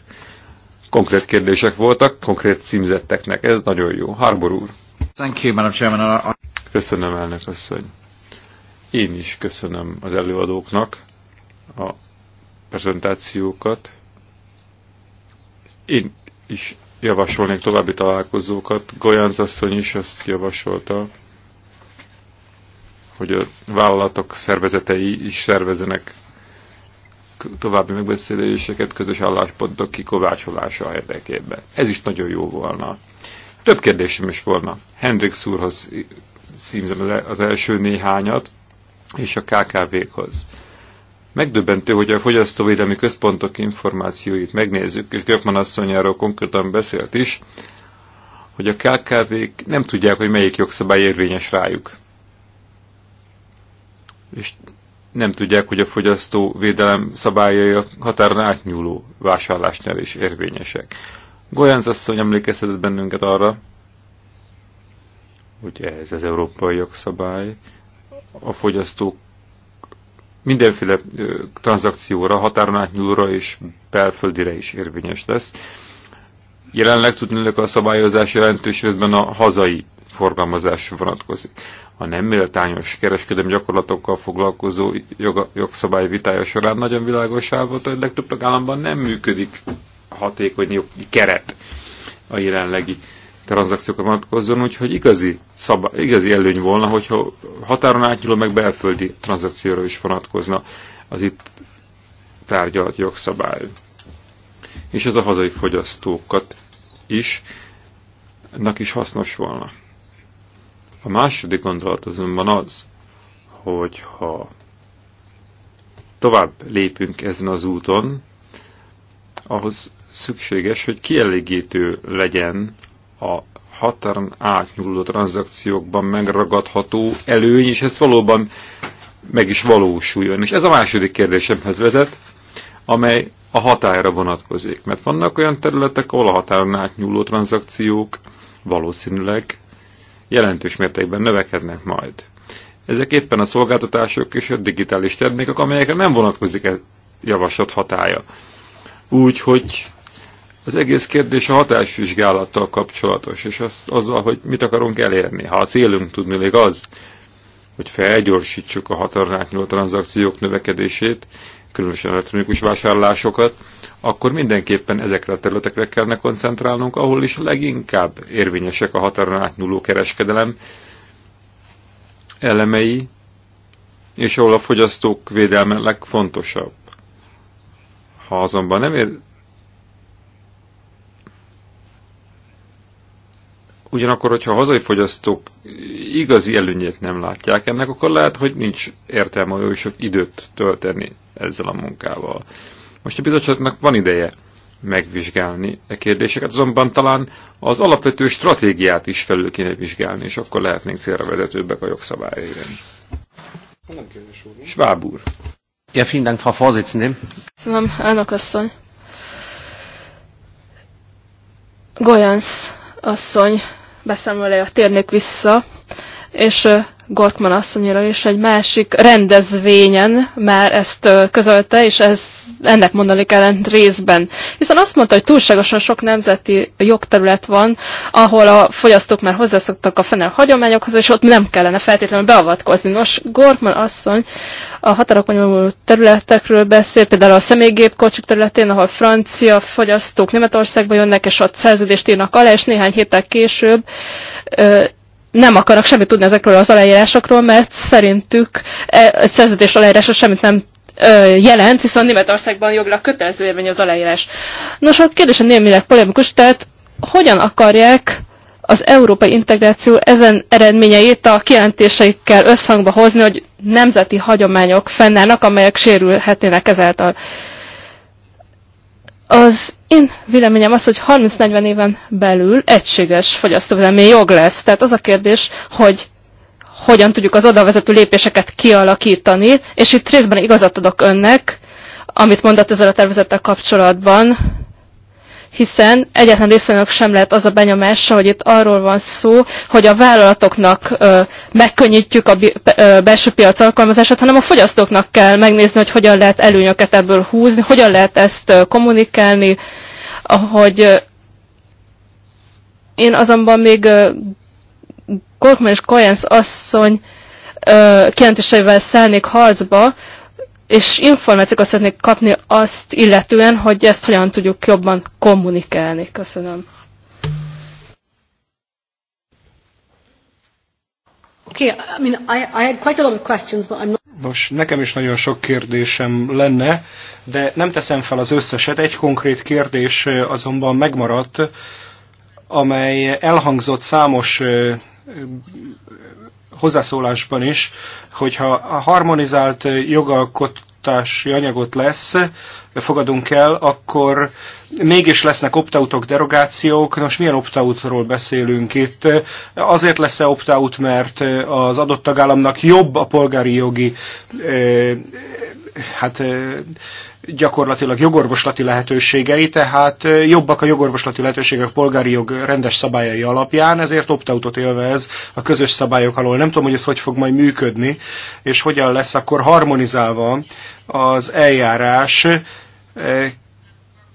Konkrét kérdések voltak, konkrét címzetteknek. Ez nagyon jó. Harbor úr. Thank you, Madam Chairman. Köszönöm, elnök asszony. Én is köszönöm az előadóknak a prezentációkat. Én is javasolnék további találkozókat. Golyánc asszony is azt javasolta, hogy a vállalatok szervezetei is szervezenek további megbeszéléseket, közös álláspontok kikovácsolása érdekében. Ez is nagyon jó volna. Több kérdésem is volna. Hendrix úrhoz szímzem e- az első néhányat, és a KKV-khoz. Megdöbbentő, hogy a fogyasztóvédelmi központok információit megnézzük, és Gökman asszonyáról konkrétan beszélt is, hogy a KKV-k nem tudják, hogy melyik jogszabály érvényes rájuk. És nem tudják, hogy a fogyasztó védelem szabályai a határon átnyúló vásárlásnál is érvényesek. Golyánz asszony emlékeztetett bennünket arra, hogy ez az európai jogszabály a fogyasztók mindenféle tranzakcióra, határon átnyúlóra és belföldire is érvényes lesz. Jelenleg tudnék a szabályozás jelentős részben a hazai forgalmazás vonatkozik a nem méltányos kereskedem gyakorlatokkal foglalkozó joga, jogszabály vitája során nagyon világosá volt, hogy legtöbb tagállamban nem működik hatékony jogi keret a jelenlegi tranzakciókra vonatkozzon, úgyhogy igazi, szabály, igazi előny volna, hogyha határon átnyúló meg belföldi tranzakcióra is vonatkozna az itt tárgyalt jogszabály. És ez a hazai fogyasztókat is, nak is hasznos volna. A második gondolat azonban az, hogy ha tovább lépünk ezen az úton, ahhoz szükséges, hogy kielégítő legyen a határon átnyúló tranzakciókban megragadható előny, és ez valóban meg is valósuljon. És ez a második kérdésemhez vezet, amely a határa vonatkozik. Mert vannak olyan területek, ahol a határon átnyúló tranzakciók valószínűleg jelentős mértékben növekednek majd. Ezek éppen a szolgáltatások és a digitális termékek, amelyekre nem vonatkozik a e javaslat hatája. Úgyhogy az egész kérdés a hatásvizsgálattal kapcsolatos, és az, azzal, hogy mit akarunk elérni. Ha a célunk még az, hogy felgyorsítsuk a határon átnyúló tranzakciók növekedését, különösen elektronikus vásárlásokat, akkor mindenképpen ezekre a területekre kellene koncentrálnunk, ahol is leginkább érvényesek a határon átnyúló kereskedelem elemei, és ahol a fogyasztók védelme legfontosabb. Ha azonban nem ér... Ugyanakkor, hogyha a hazai fogyasztók igazi előnyét nem látják ennek, akkor lehet, hogy nincs értelme hogy sok időt tölteni ezzel a munkával. Most a bizottságnak van ideje megvizsgálni a e kérdéseket, azonban talán az alapvető stratégiát is felül kéne vizsgálni, és akkor lehetnénk célra vezetőbbek a jogszabályaiban. Schwab úr. Ja, vielen Dank, Frau Vorsitzende. Köszönöm, elnök asszony. Goyans asszony a térnék vissza, és Gortman asszonyra is egy másik rendezvényen már ezt közölte, és ez ennek mondanék ellent részben. Hiszen azt mondta, hogy túlságosan sok nemzeti jogterület van, ahol a fogyasztók már hozzászoktak a fenel hagyományokhoz, és ott nem kellene feltétlenül beavatkozni. Nos, Gortman asszony a határokon területekről beszél, például a személygépkocsik területén, ahol francia fogyasztók Németországba jönnek, és ott szerződést írnak alá, és néhány héttel később nem akarnak semmit tudni ezekről az aláírásokról, mert szerintük e, a szerződés aláírása semmit nem jelent, viszont Németországban jogra kötelező érvény az aláírás. Nos, a kérdés a némileg polemikus, tehát hogyan akarják az európai integráció ezen eredményeit a kijelentéseikkel összhangba hozni, hogy nemzeti hagyományok fennállnak, amelyek sérülhetnének ezáltal. Uh, az én véleményem az, hogy 30-40 éven belül egységes fogyasztóvédelmi jog lesz. Tehát az a kérdés, hogy hogyan tudjuk az odavezető lépéseket kialakítani, és itt részben igazat adok önnek, amit mondott ezzel a tervezettel kapcsolatban, hiszen egyetlen részvevőnek sem lehet az a benyomása, hogy itt arról van szó, hogy a vállalatoknak ö, megkönnyítjük a bi, ö, belső piac alkalmazását, hanem a fogyasztóknak kell megnézni, hogy hogyan lehet előnyöket ebből húzni, hogyan lehet ezt ö, kommunikálni, ahogy én azonban még Gorkman és Koyens asszony kijelentéseivel szállnék harcba, és információkat szeretnék kapni azt illetően, hogy ezt hogyan tudjuk jobban kommunikálni. Köszönöm. Okay, I mean, I, I had quite a lot of questions, but I'm not... Nos, nekem is nagyon sok kérdésem lenne, de nem teszem fel az összeset. Egy konkrét kérdés azonban megmaradt, amely elhangzott számos hozzászólásban is, hogyha a harmonizált jogalkotási anyagot lesz, fogadunk el, akkor mégis lesznek optautok, derogációk. Nos, milyen opt-outról beszélünk itt? Azért lesz-e opt-out, mert az adott tagállamnak jobb a polgári jogi eh, hát eh, gyakorlatilag jogorvoslati lehetőségei, tehát eh, jobbak a jogorvoslati lehetőségek a polgári jog rendes szabályai alapján, ezért optautot élvez a közös szabályok alól. Nem tudom, hogy ez hogy fog majd működni, és hogyan lesz akkor harmonizálva az eljárás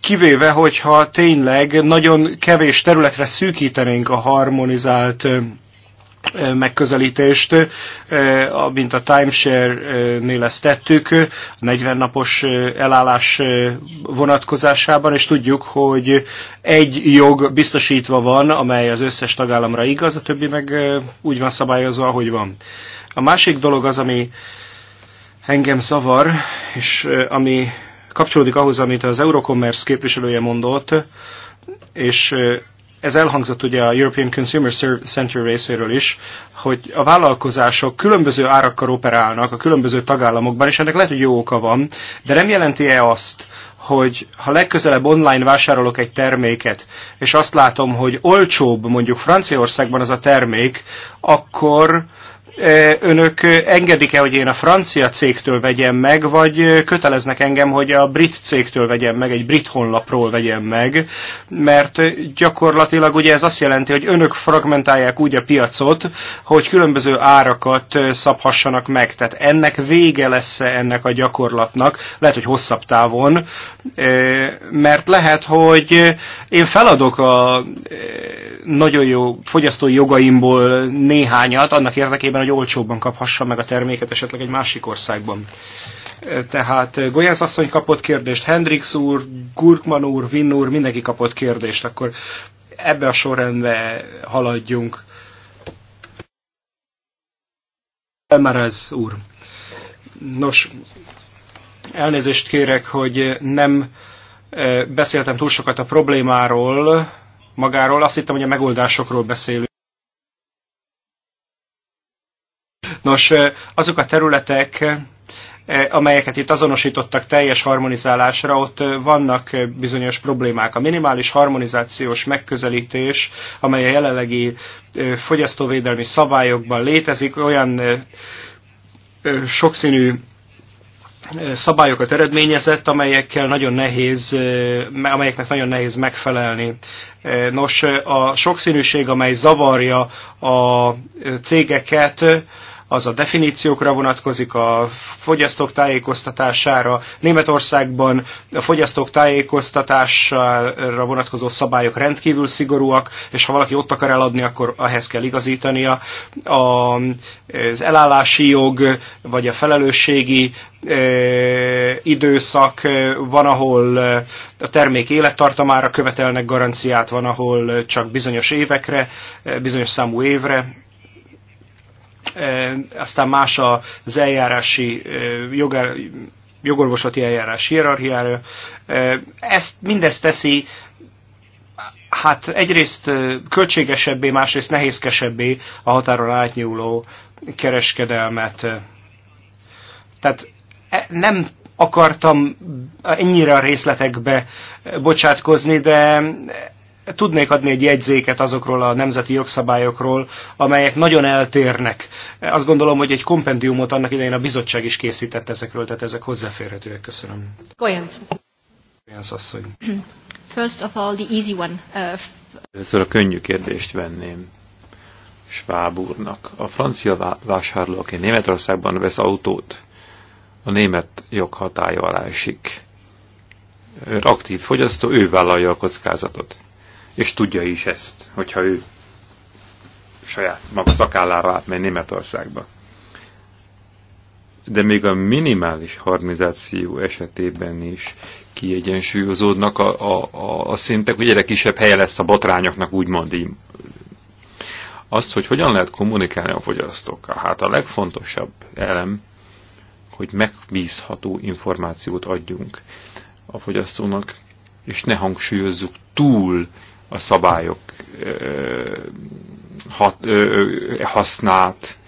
kivéve, hogyha tényleg nagyon kevés területre szűkítenénk a harmonizált megközelítést, mint a timeshare-nél ezt tettük, a 40 napos elállás vonatkozásában, és tudjuk, hogy egy jog biztosítva van, amely az összes tagállamra igaz, a többi meg úgy van szabályozva, ahogy van. A másik dolog az, ami engem zavar, és ami kapcsolódik ahhoz, amit az Eurocommerce képviselője mondott, és ez elhangzott ugye a European Consumer Center részéről is, hogy a vállalkozások különböző árakkal operálnak a különböző tagállamokban, és ennek lehet, hogy jó oka van, de nem jelenti-e azt, hogy ha legközelebb online vásárolok egy terméket, és azt látom, hogy olcsóbb mondjuk Franciaországban az a termék, akkor önök engedik-e, hogy én a francia cégtől vegyem meg, vagy köteleznek engem, hogy a brit cégtől vegyem meg, egy brit honlapról vegyem meg, mert gyakorlatilag ugye ez azt jelenti, hogy önök fragmentálják úgy a piacot, hogy különböző árakat szabhassanak meg. Tehát ennek vége lesz -e ennek a gyakorlatnak, lehet, hogy hosszabb távon, mert lehet, hogy én feladok a nagyon jó fogyasztói jogaimból néhányat annak érdekében, hogy olcsóbban kaphassa meg a terméket esetleg egy másik országban. Tehát Golyász asszony kapott kérdést, Hendrix úr, Gurkman úr, Vinn úr, mindenki kapott kérdést, akkor ebbe a sorrendbe haladjunk. Elmerez úr. Nos, elnézést kérek, hogy nem beszéltem túl sokat a problémáról, magáról. Azt hittem, hogy a megoldásokról beszélünk. Nos, azok a területek, amelyeket itt azonosítottak teljes harmonizálásra, ott vannak bizonyos problémák. A minimális harmonizációs megközelítés, amely a jelenlegi fogyasztóvédelmi szabályokban létezik, olyan sokszínű szabályokat eredményezett, amelyekkel nagyon nehéz, amelyeknek nagyon nehéz megfelelni. Nos, a sokszínűség, amely zavarja a cégeket, az a definíciókra vonatkozik, a fogyasztók tájékoztatására. Németországban a fogyasztók tájékoztatására vonatkozó szabályok rendkívül szigorúak, és ha valaki ott akar eladni, akkor ehhez kell igazítania. A, az elállási jog, vagy a felelősségi e, időszak, e, van, ahol e, a termék élettartamára követelnek garanciát, van, ahol csak bizonyos évekre, bizonyos számú évre, E, aztán más az eljárási e, jogá, jogorvoslati eljárás hierarchiája. E, ezt mindezt teszi hát egyrészt költségesebbé, másrészt nehézkesebbé a határon átnyúló kereskedelmet. Tehát nem akartam ennyire a részletekbe bocsátkozni, de tudnék adni egy jegyzéket azokról a nemzeti jogszabályokról, amelyek nagyon eltérnek. Azt gondolom, hogy egy kompendiumot annak idején a bizottság is készített ezekről, tehát ezek hozzáférhetőek. Köszönöm. Goyens. Goyens asszony. First of all, the easy one. Uh, Először a könnyű kérdést venném Schwab úrnak. A francia vásárló, aki Németországban vesz autót, a német jog hatája alá esik. Ő aktív fogyasztó, ő vállalja a kockázatot és tudja is ezt, hogyha ő saját maga szakállára átmegy Németországba. De még a minimális harmonizáció esetében is kiegyensúlyozódnak a, a, a, a szintek, hogy egyre kisebb helye lesz a botrányoknak, úgymond így. Azt, hogy hogyan lehet kommunikálni a fogyasztókkal, hát a legfontosabb elem, hogy megbízható információt adjunk a fogyasztónak, és ne hangsúlyozzuk túl a szabályok hat, hasznát.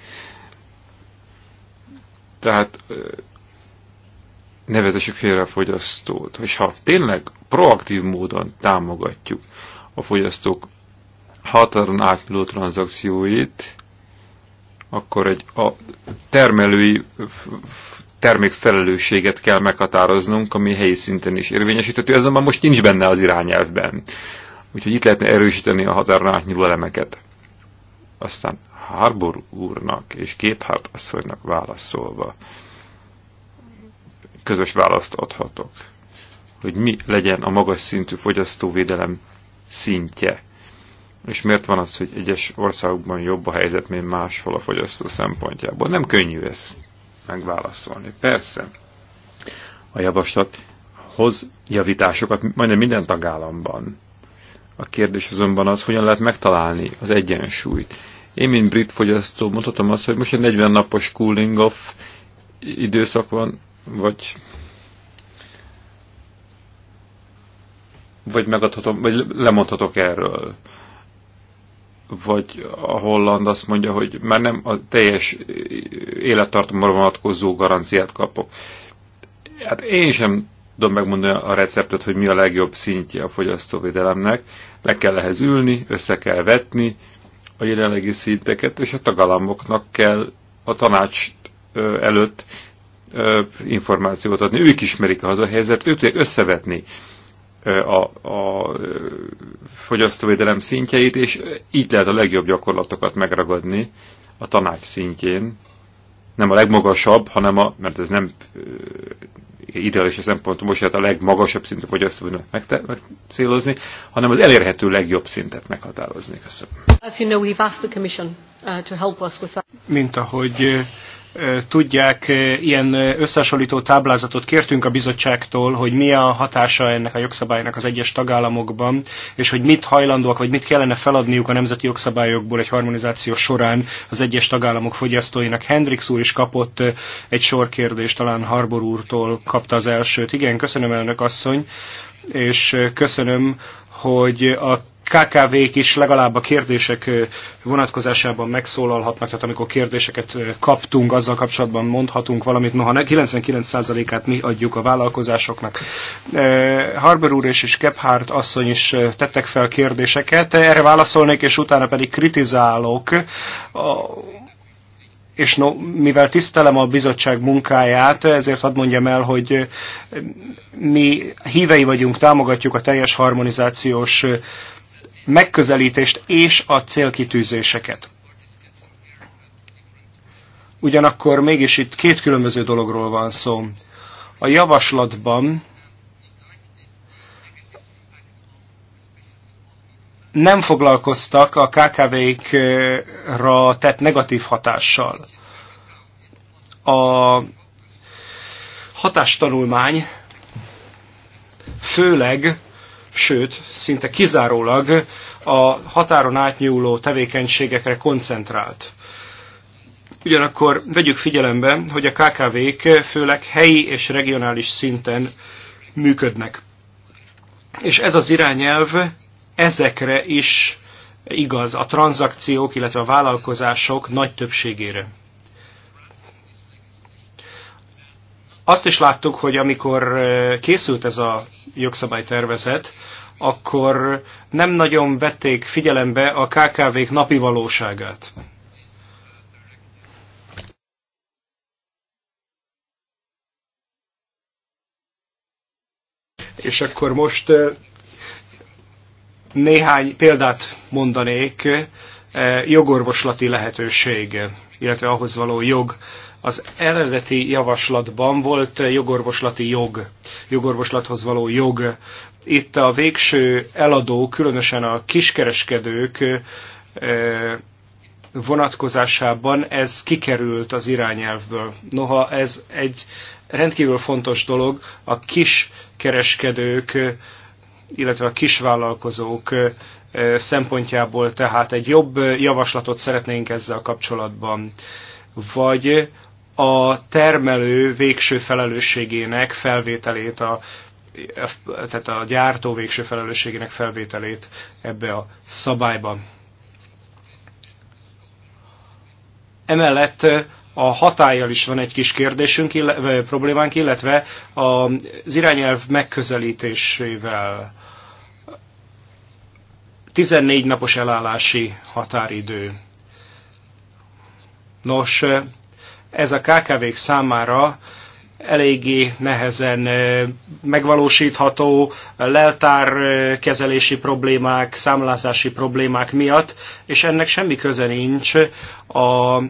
Tehát nevezessük félre a fogyasztót. És ha tényleg proaktív módon támogatjuk a fogyasztók határon átnyúló tranzakcióit, akkor egy a termelői termékfelelősséget kell meghatároznunk, ami helyi szinten is érvényesíthető. Ez már most nincs benne az irányelvben. Úgyhogy itt lehetne erősíteni a határon átnyúló elemeket. Aztán Harbour úrnak és Géphárt asszonynak válaszolva közös választ adhatok, hogy mi legyen a magas szintű fogyasztóvédelem szintje. És miért van az, hogy egyes országokban jobb a helyzet, mint máshol a fogyasztó szempontjából? Nem könnyű ezt megválaszolni. Persze, a javaslat hoz javításokat majdnem minden tagállamban. A kérdés azonban az, hogyan lehet megtalálni az egyensúlyt. Én, mint brit fogyasztó, mondhatom azt, hogy most egy 40 napos cooling off időszak van, vagy vagy megadhatom, vagy lemondhatok erről. Vagy a holland azt mondja, hogy már nem a teljes élettartamra vonatkozó garanciát kapok. Hát én sem tudom megmondani a receptet, hogy mi a legjobb szintje a fogyasztóvédelemnek. Le kell ehhez ülni, össze kell vetni a jelenlegi szinteket, és a tagalamoknak kell a tanács előtt információt adni. Ők ismerik a hazahelyzet, ők tudják összevetni a, a fogyasztóvédelem szintjeit, és így lehet a legjobb gyakorlatokat megragadni a tanács szintjén. Nem a legmagasabb, hanem a, mert ez nem ideális szempont, most hát a legmagasabb szintet, azt tudnak megcélozni, hanem az elérhető legjobb szintet meghatározni. Köszönöm. As you know, we've asked the Commission uh, to help us with that. Mint ahogy uh, tudják, ilyen összehasonlító táblázatot kértünk a bizottságtól, hogy mi a hatása ennek a jogszabálynak az egyes tagállamokban, és hogy mit hajlandóak, vagy mit kellene feladniuk a nemzeti jogszabályokból egy harmonizáció során az egyes tagállamok fogyasztóinak. Hendrix úr is kapott egy sor kérdést, talán Harbor úrtól kapta az elsőt. Igen, köszönöm elnök asszony, és köszönöm, hogy a KKV-k is legalább a kérdések vonatkozásában megszólalhatnak, tehát amikor kérdéseket kaptunk, azzal kapcsolatban mondhatunk valamit, noha 99%-át mi adjuk a vállalkozásoknak. Harber úr és is Gebhardt asszony is tettek fel kérdéseket, erre válaszolnék, és utána pedig kritizálok és no, mivel tisztelem a bizottság munkáját, ezért hadd mondjam el, hogy mi hívei vagyunk, támogatjuk a teljes harmonizációs megközelítést és a célkitűzéseket. Ugyanakkor mégis itt két különböző dologról van szó. A javaslatban nem foglalkoztak a KKV-kra tett negatív hatással. A hatástanulmány főleg sőt, szinte kizárólag a határon átnyúló tevékenységekre koncentrált. Ugyanakkor vegyük figyelembe, hogy a KKV-k főleg helyi és regionális szinten működnek. És ez az irányelv ezekre is igaz, a tranzakciók, illetve a vállalkozások nagy többségére. Azt is láttuk, hogy amikor készült ez a jogszabálytervezet, akkor nem nagyon vették figyelembe a KKV-k napi valóságát. És akkor most néhány példát mondanék jogorvoslati lehetőség, illetve ahhoz való jog az eredeti javaslatban volt jogorvoslati jog, jogorvoslathoz való jog. Itt a végső eladó, különösen a kiskereskedők vonatkozásában ez kikerült az irányelvből. Noha ez egy rendkívül fontos dolog, a kiskereskedők, illetve a kisvállalkozók szempontjából tehát egy jobb javaslatot szeretnénk ezzel kapcsolatban. Vagy a termelő végső felelősségének felvételét, a, tehát a gyártó végső felelősségének felvételét ebbe a szabályba. Emellett a hatállyal is van egy kis kérdésünk, illetve, problémánk, illetve az irányelv megközelítésével 14 napos elállási határidő. Nos, ez a KKV-k számára eléggé nehezen megvalósítható leltárkezelési problémák, számlázási problémák miatt, és ennek semmi köze nincs a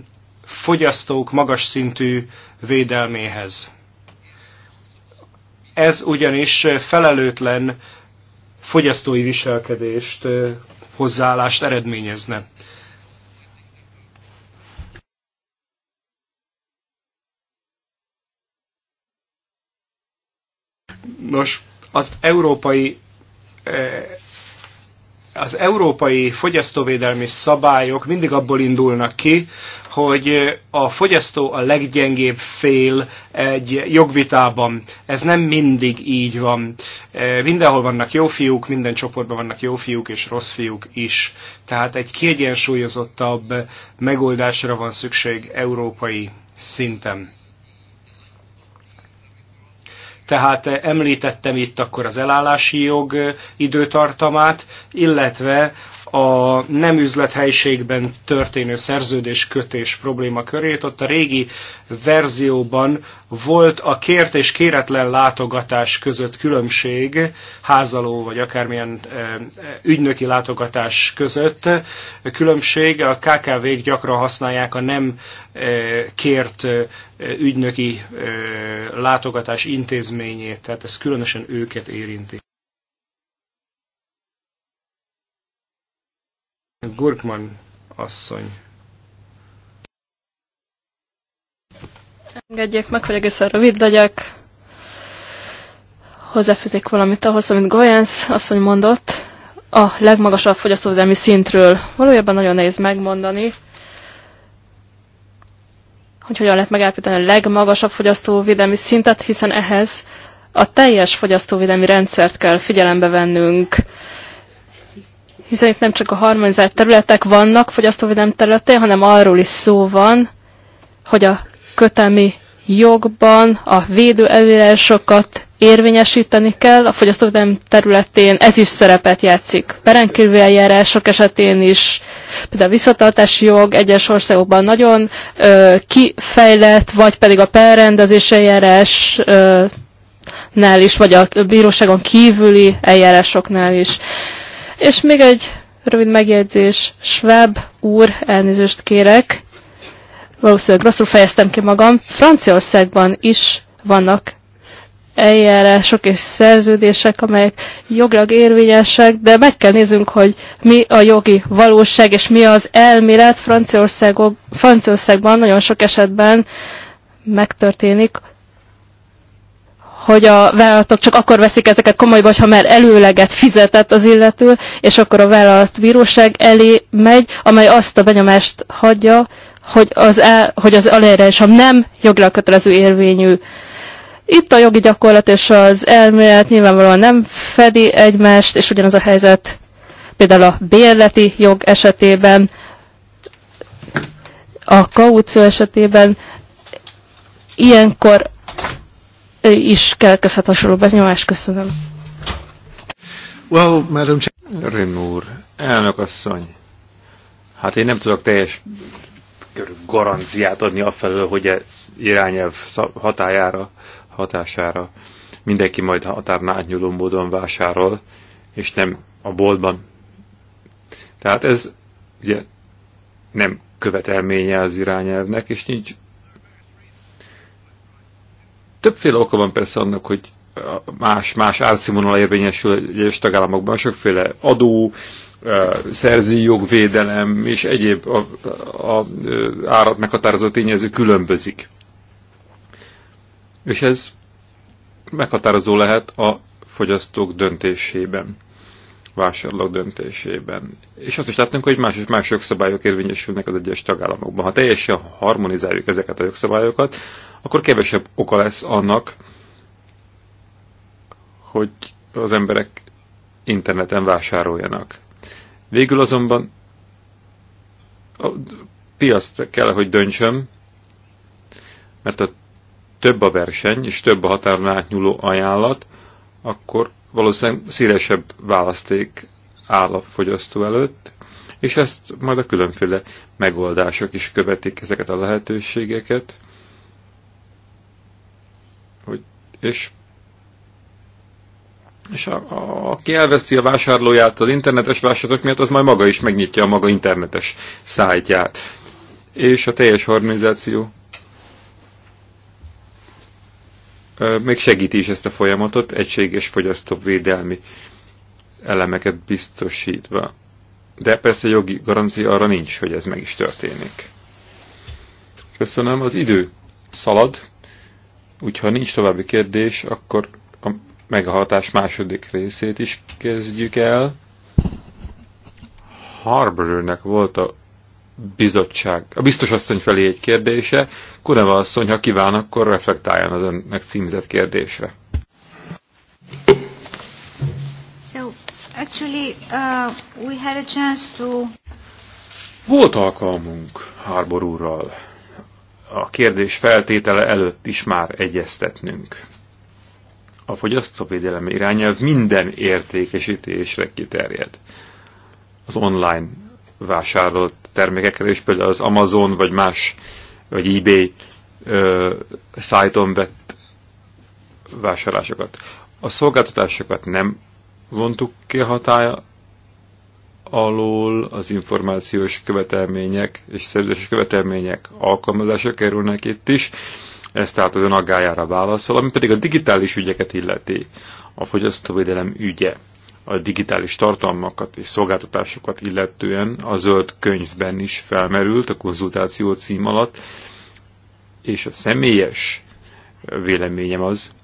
fogyasztók magas szintű védelméhez. Ez ugyanis felelőtlen fogyasztói viselkedést, hozzáállást eredményezne. Nos, az európai eh, az európai fogyasztóvédelmi szabályok mindig abból indulnak ki, hogy a fogyasztó a leggyengébb fél egy jogvitában. Ez nem mindig így van. Eh, mindenhol vannak jó fiúk, minden csoportban vannak jó fiúk és rossz fiúk is. Tehát egy kiegyensúlyozottabb megoldásra van szükség európai szinten. Tehát eh, említettem itt akkor az elállási jog eh, időtartamát, illetve a nem üzlethelyiségben történő szerződéskötés körét. Ott a régi verzióban volt a kért és kéretlen látogatás között különbség, házaló vagy akármilyen e, e, ügynöki látogatás között különbség. A KKV-k gyakran használják a nem e, kért ügynöki látogatás intézményét, tehát ez különösen őket érinti. Gurkman asszony. Engedjék meg, hogy egészen rövid legyek. Hozzáfűzik valamit ahhoz, amit Goyens asszony mondott. A legmagasabb fogyasztóvédelmi szintről valójában nagyon nehéz megmondani, hogy hogyan lehet megállapítani a legmagasabb fogyasztóvédelmi szintet, hiszen ehhez a teljes fogyasztóvédelmi rendszert kell figyelembe vennünk hiszen itt nem csak a harmonizált területek vannak fogyasztóvédelem területén, hanem arról is szó van, hogy a kötelmi jogban a védő előírásokat érvényesíteni kell, a fogyasztóvédelem területén ez is szerepet játszik. Perenkívül eljárások esetén is, például a visszatartási jog egyes országokban nagyon ö, kifejlett, vagy pedig a perrendezés eljárás ö, nál is, vagy a bíróságon kívüli eljárásoknál is. És még egy rövid megjegyzés. Schwab úr, elnézést kérek. Valószínűleg rosszul fejeztem ki magam. Franciaországban is vannak eljárások és szerződések, amelyek jogilag érvényesek, de meg kell néznünk, hogy mi a jogi valóság, és mi az elmélet Franciaországban nagyon sok esetben megtörténik, hogy a vállalatok csak akkor veszik ezeket komolyba, ha már előleget fizetett az illető, és akkor a vállalat bíróság elé megy, amely azt a benyomást hagyja, hogy az, el, hogy az ha nem jogra kötelező érvényű. Itt a jogi gyakorlat és az elmélet nyilvánvalóan nem fedi egymást, és ugyanaz a helyzet például a bérleti jog esetében, a kaució esetében, ilyenkor is keletkezhet hasonló benyomás. Köszönöm. Well, Madam Renúr, elnök asszony, hát én nem tudok teljes garanciát adni afelől, hogy e irányelv hatájára, hatására mindenki majd határnál átnyúló módon vásárol, és nem a boltban. Tehát ez ugye nem követelménye az irányelvnek, és nincs Többféle oka van persze annak, hogy más, más árszínvonal érvényesül egyes tagállamokban, sokféle adó, szerzői jogvédelem és egyéb a, a, a árat meghatározó tényező különbözik. És ez meghatározó lehet a fogyasztók döntésében, vásárlók döntésében. És azt is láttunk, hogy más és más jogszabályok érvényesülnek az egyes tagállamokban. Ha teljesen harmonizáljuk ezeket a jogszabályokat, akkor kevesebb oka lesz annak, hogy az emberek interneten vásároljanak. Végül azonban a piaszt kell, hogy döntsem, mert a több a verseny és több a határon átnyúló ajánlat, akkor valószínűleg szélesebb választék áll a fogyasztó előtt, és ezt majd a különféle megoldások is követik ezeket a lehetőségeket hogy, és, és a, a, aki elveszi a vásárlóját az internetes vásárlók miatt, az majd maga is megnyitja a maga internetes szájtját. És a teljes harmonizáció még segíti is ezt a folyamatot, egységes fogyasztóvédelmi elemeket biztosítva. De persze jogi garancia arra nincs, hogy ez meg is történik. Köszönöm, az idő szalad. Úgyha nincs további kérdés, akkor a megahatás második részét is kezdjük el. Harborőrnek volt a bizottság, a biztos asszony felé egy kérdése. Kuneva asszony, ha kíván, akkor reflektáljon az önnek címzett kérdésre. So, actually, uh, we had a chance to... Volt alkalmunk Harbor úrral a kérdés feltétele előtt is már egyeztetnünk. A fogyasztóvédelem irányelv minden értékesítésre kiterjed. Az online vásárolt termékekre is, például az Amazon vagy más, vagy eBay ö, szájton vett vásárlásokat. A szolgáltatásokat nem vontuk ki a hatája alól az információs követelmények és szerződéses követelmények alkalmazása kerülnek itt is, ez tehát az ön válaszol, ami pedig a digitális ügyeket illeti, a fogyasztóvédelem ügye, a digitális tartalmakat és szolgáltatásokat illetően a zöld könyvben is felmerült a konzultáció cím alatt, és a személyes véleményem az,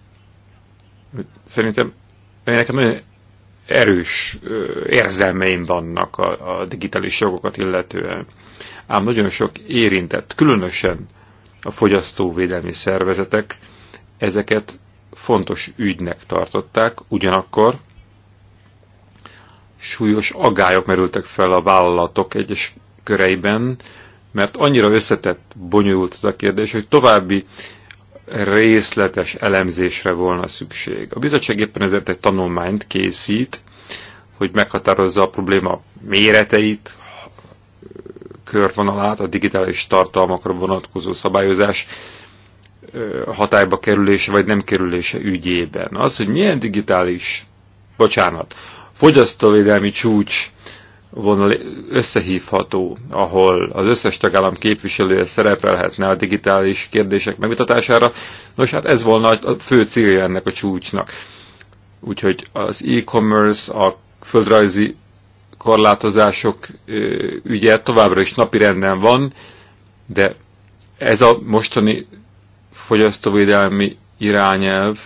hogy szerintem nekem nagyon erős érzelmeim vannak a, a digitális jogokat illetően. Ám nagyon sok érintett, különösen a fogyasztóvédelmi szervezetek ezeket fontos ügynek tartották, ugyanakkor súlyos agályok merültek fel a vállalatok egyes köreiben, mert annyira összetett, bonyolult ez a kérdés, hogy további részletes elemzésre volna szükség. A bizottság éppen ezért egy tanulmányt készít, hogy meghatározza a probléma méreteit, körvonalát, a digitális tartalmakra vonatkozó szabályozás hatályba kerülése vagy nem kerülése ügyében. Az, hogy milyen digitális, bocsánat, fogyasztóvédelmi csúcs vonal összehívható, ahol az összes tagállam képviselője szerepelhetne a digitális kérdések megvitatására. Nos, hát ez volna a fő célja ennek a csúcsnak. Úgyhogy az e-commerce, a földrajzi korlátozások ügye továbbra is napi renden van, de ez a mostani fogyasztóvédelmi irányelv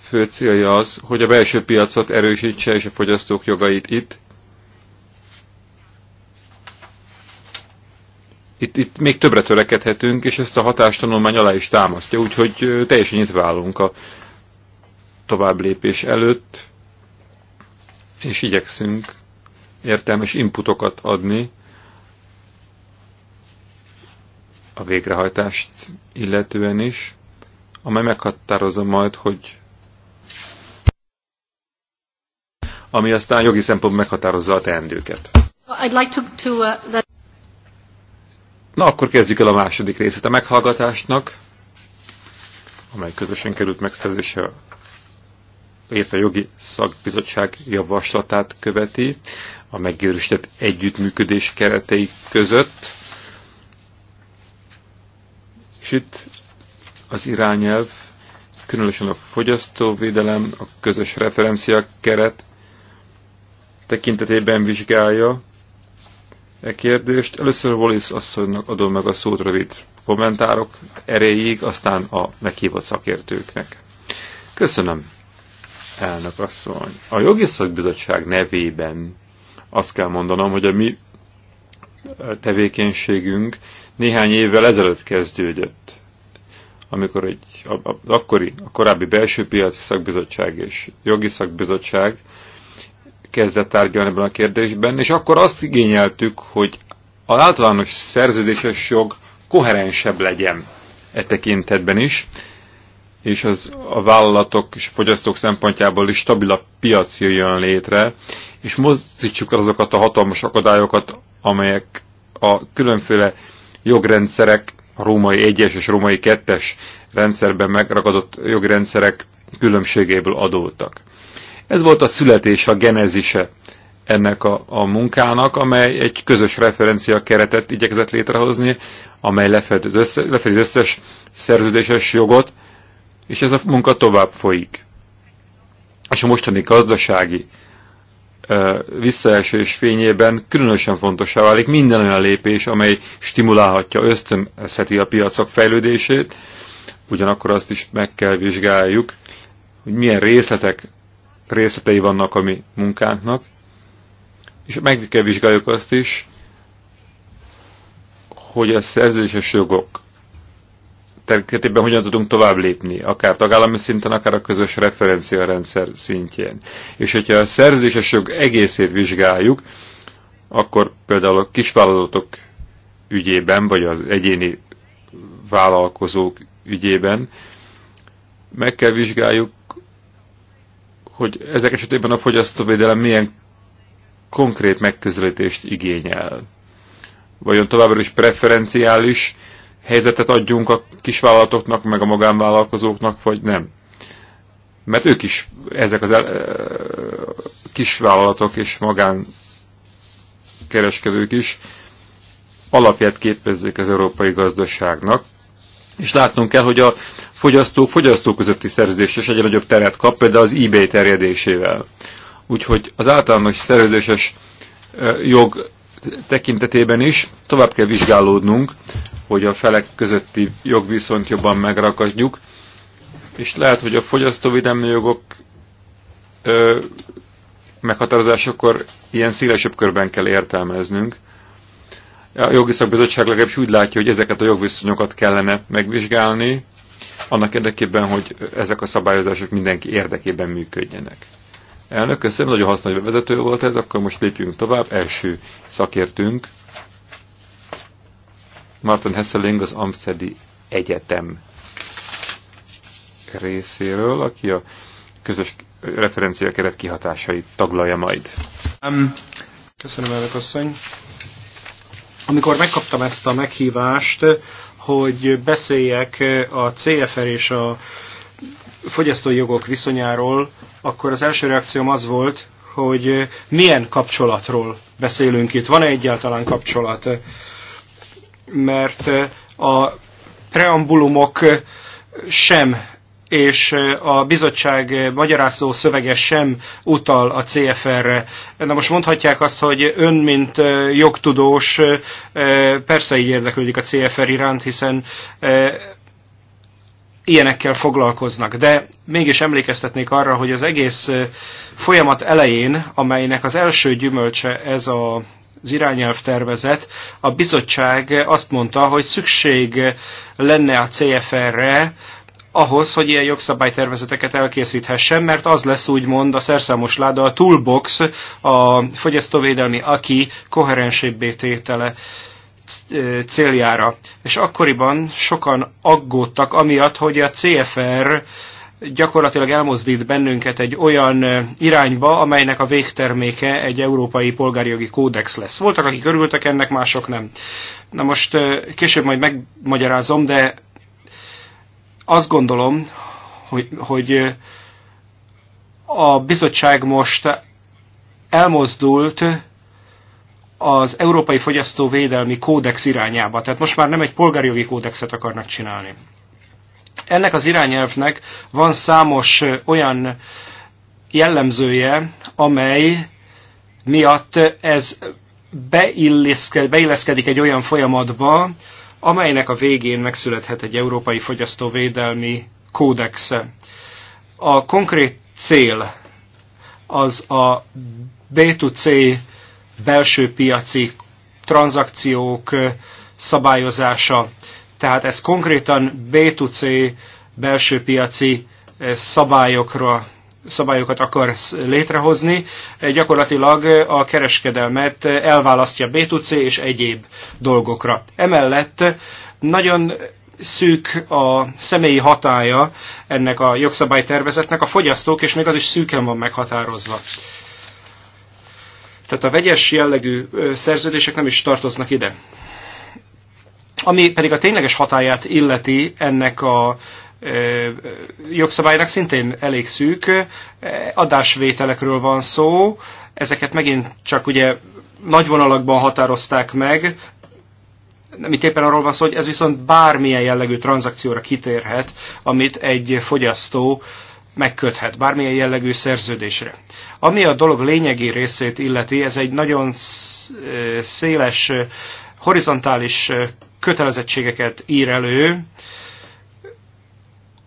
fő célja az, hogy a belső piacot erősítse és a fogyasztók jogait itt. Itt, itt még többre törekedhetünk, és ezt a hatástanulmány alá is támasztja, úgyhogy teljesen nyitva állunk a tovább lépés előtt, és igyekszünk értelmes inputokat adni a végrehajtást illetően is, amely meghatározza majd, hogy ami aztán jogi szempontból meghatározza a teendőket. Uh, Na, akkor kezdjük el a második részét a meghallgatásnak, amely közösen került megszerzése illetve jogi szakbizottság javaslatát követi a megőrösített együttműködés keretei között. És itt az irányelv, különösen a fogyasztóvédelem, a közös referencia keret tekintetében vizsgálja e kérdést. Először Wallis asszonynak adom meg a szót rövid kommentárok erejéig, aztán a meghívott szakértőknek. Köszönöm, elnök asszony. A jogi szakbizottság nevében azt kell mondanom, hogy a mi tevékenységünk néhány évvel ezelőtt kezdődött, amikor egy, a, a, akkori, a korábbi belső piaci szakbizottság és jogi szakbizottság kezdett tárgyalni ebben a kérdésben, és akkor azt igényeltük, hogy az általános szerződéses jog koherensebb legyen e tekintetben is, és az a vállalatok és fogyasztók szempontjából is stabilabb piac jöjjön létre, és mozdítsuk azokat a hatalmas akadályokat, amelyek a különféle jogrendszerek, a római 1-es és római 2-es rendszerben megragadott jogrendszerek különbségéből adódtak. Ez volt a születés, a genezise ennek a, a munkának, amely egy közös referencia keretet igyekezett létrehozni, amely lefedi az össze, lefed összes szerződéses jogot, és ez a munka tovább folyik. És a mostani gazdasági visszaesés fényében különösen fontosá válik minden olyan lépés, amely stimulálhatja, ösztönözheti a piacok fejlődését, ugyanakkor azt is meg kell vizsgáljuk, hogy milyen részletek részletei vannak a mi munkánknak, és meg kell vizsgáljuk azt is, hogy a szerződéses jogok tekintetében hogyan tudunk tovább lépni, akár tagállami szinten, akár a közös referenciarendszer szintjén. És hogyha a szerződéses jog egészét vizsgáljuk, akkor például a kisvállalatok ügyében, vagy az egyéni vállalkozók ügyében meg kell vizsgáljuk, hogy ezek esetében a fogyasztóvédelem milyen konkrét megközelítést igényel. Vajon továbbra is preferenciális helyzetet adjunk a kisvállalatoknak, meg a magánvállalkozóknak, vagy nem? Mert ők is, ezek az el, e, kisvállalatok és magánkereskedők is alapját képezzék az európai gazdaságnak, és látnunk kell, hogy a, fogyasztók, fogyasztók közötti szerződés is egyre nagyobb teret kap, például az eBay terjedésével. Úgyhogy az általános szerződéses jog tekintetében is tovább kell vizsgálódnunk, hogy a felek közötti jogviszont jobban megrakadjuk, és lehet, hogy a fogyasztóvédelmi jogok ö, meghatározásakor ilyen szélesebb körben kell értelmeznünk. A jogi szakbizottság legalábbis úgy látja, hogy ezeket a jogviszonyokat kellene megvizsgálni, annak érdekében, hogy ezek a szabályozások mindenki érdekében működjenek. Elnök, köszönöm, nagyon hasznos bevezető volt ez, akkor most lépjünk tovább. Első szakértünk, Martin Hesseling az Amsterdami Egyetem részéről, aki a közös keret kihatásait taglalja majd. Um, köszönöm, elnök asszony. Amikor megkaptam ezt a meghívást, hogy beszéljek eh, a CFR és a fogyasztói jogok viszonyáról, akkor az első reakcióm az volt, hogy eh, milyen kapcsolatról beszélünk itt. Van-e egyáltalán kapcsolat? Mert eh, a preambulumok sem és a bizottság magyarázó szövege sem utal a CFR-re. Na most mondhatják azt, hogy ön, mint jogtudós, persze így érdeklődik a CFR iránt, hiszen ilyenekkel foglalkoznak. De mégis emlékeztetnék arra, hogy az egész folyamat elején, amelynek az első gyümölcse ez a az irányelv tervezet, a bizottság azt mondta, hogy szükség lenne a CFR-re, ahhoz, hogy ilyen jogszabálytervezeteket elkészíthessen, mert az lesz úgymond a szerszámos láda, a toolbox, a fogyasztóvédelmi aki koherensébbé tétele céljára. És akkoriban sokan aggódtak amiatt, hogy a CFR gyakorlatilag elmozdít bennünket egy olyan irányba, amelynek a végterméke egy európai polgári jogi kódex lesz. Voltak, akik örültek ennek, mások nem. Na most később majd megmagyarázom, de azt gondolom, hogy, hogy a bizottság most elmozdult az Európai Fogyasztóvédelmi Kódex irányába. Tehát most már nem egy polgárjogi kódexet akarnak csinálni. Ennek az irányelvnek van számos olyan jellemzője, amely miatt ez beilleszkedik egy olyan folyamatba, amelynek a végén megszülethet egy európai fogyasztóvédelmi kódexe. A konkrét cél az a B2C belső piaci tranzakciók szabályozása. Tehát ez konkrétan B2C belső piaci szabályokra szabályokat akarsz létrehozni, gyakorlatilag a kereskedelmet elválasztja B2C és egyéb dolgokra. Emellett nagyon szűk a személyi hatája ennek a jogszabálytervezetnek, a fogyasztók, és még az is szűken van meghatározva. Tehát a vegyes jellegű szerződések nem is tartoznak ide. Ami pedig a tényleges hatáját illeti ennek a jogszabálynak szintén elég szűk. Adásvételekről van szó, ezeket megint csak ugye nagy vonalakban határozták meg, nem itt éppen arról van szó, hogy ez viszont bármilyen jellegű tranzakcióra kitérhet, amit egy fogyasztó megköthet, bármilyen jellegű szerződésre. Ami a dolog lényegi részét illeti, ez egy nagyon széles, horizontális kötelezettségeket ír elő,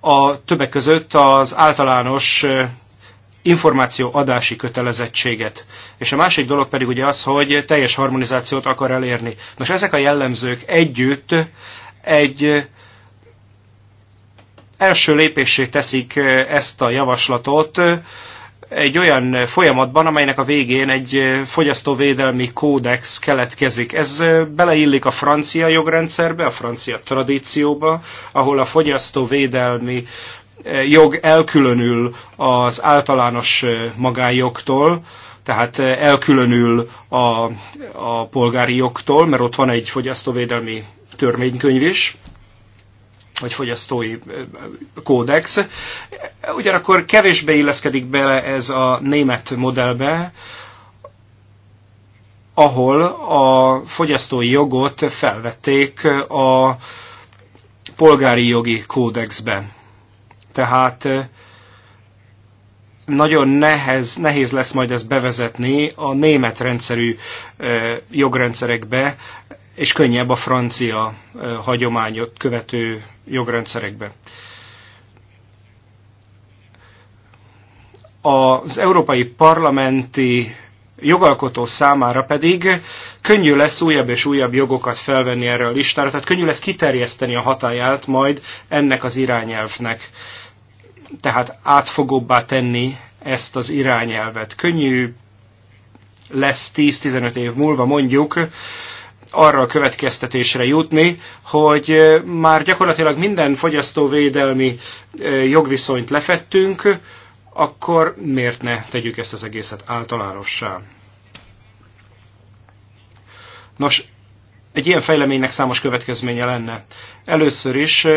a többek között az általános információ adási kötelezettséget. És a másik dolog pedig ugye az, hogy teljes harmonizációt akar elérni. Nos, ezek a jellemzők együtt egy első lépését teszik ezt a javaslatot egy olyan folyamatban, amelynek a végén egy fogyasztóvédelmi kódex keletkezik. Ez beleillik a francia jogrendszerbe, a francia tradícióba, ahol a fogyasztóvédelmi jog elkülönül az általános magánjogtól, tehát elkülönül a, a polgári jogtól, mert ott van egy fogyasztóvédelmi törvénykönyv is, vagy fogyasztói kódex. Ugyanakkor kevésbé illeszkedik bele ez a német modellbe, ahol a fogyasztói jogot felvették a polgári jogi kódexbe. Tehát nagyon nehez, nehéz lesz majd ezt bevezetni a német rendszerű jogrendszerekbe, és könnyebb a francia hagyományot követő jogrendszerekbe. Az európai parlamenti jogalkotó számára pedig könnyű lesz újabb és újabb jogokat felvenni erre a listára, tehát könnyű lesz kiterjeszteni a hatáját majd ennek az irányelvnek. Tehát átfogóbbá tenni ezt az irányelvet. Könnyű lesz 10-15 év múlva mondjuk arra a következtetésre jutni, hogy már gyakorlatilag minden fogyasztóvédelmi jogviszonyt lefettünk, akkor miért ne tegyük ezt az egészet általánossá? Nos, egy ilyen fejleménynek számos következménye lenne. Először is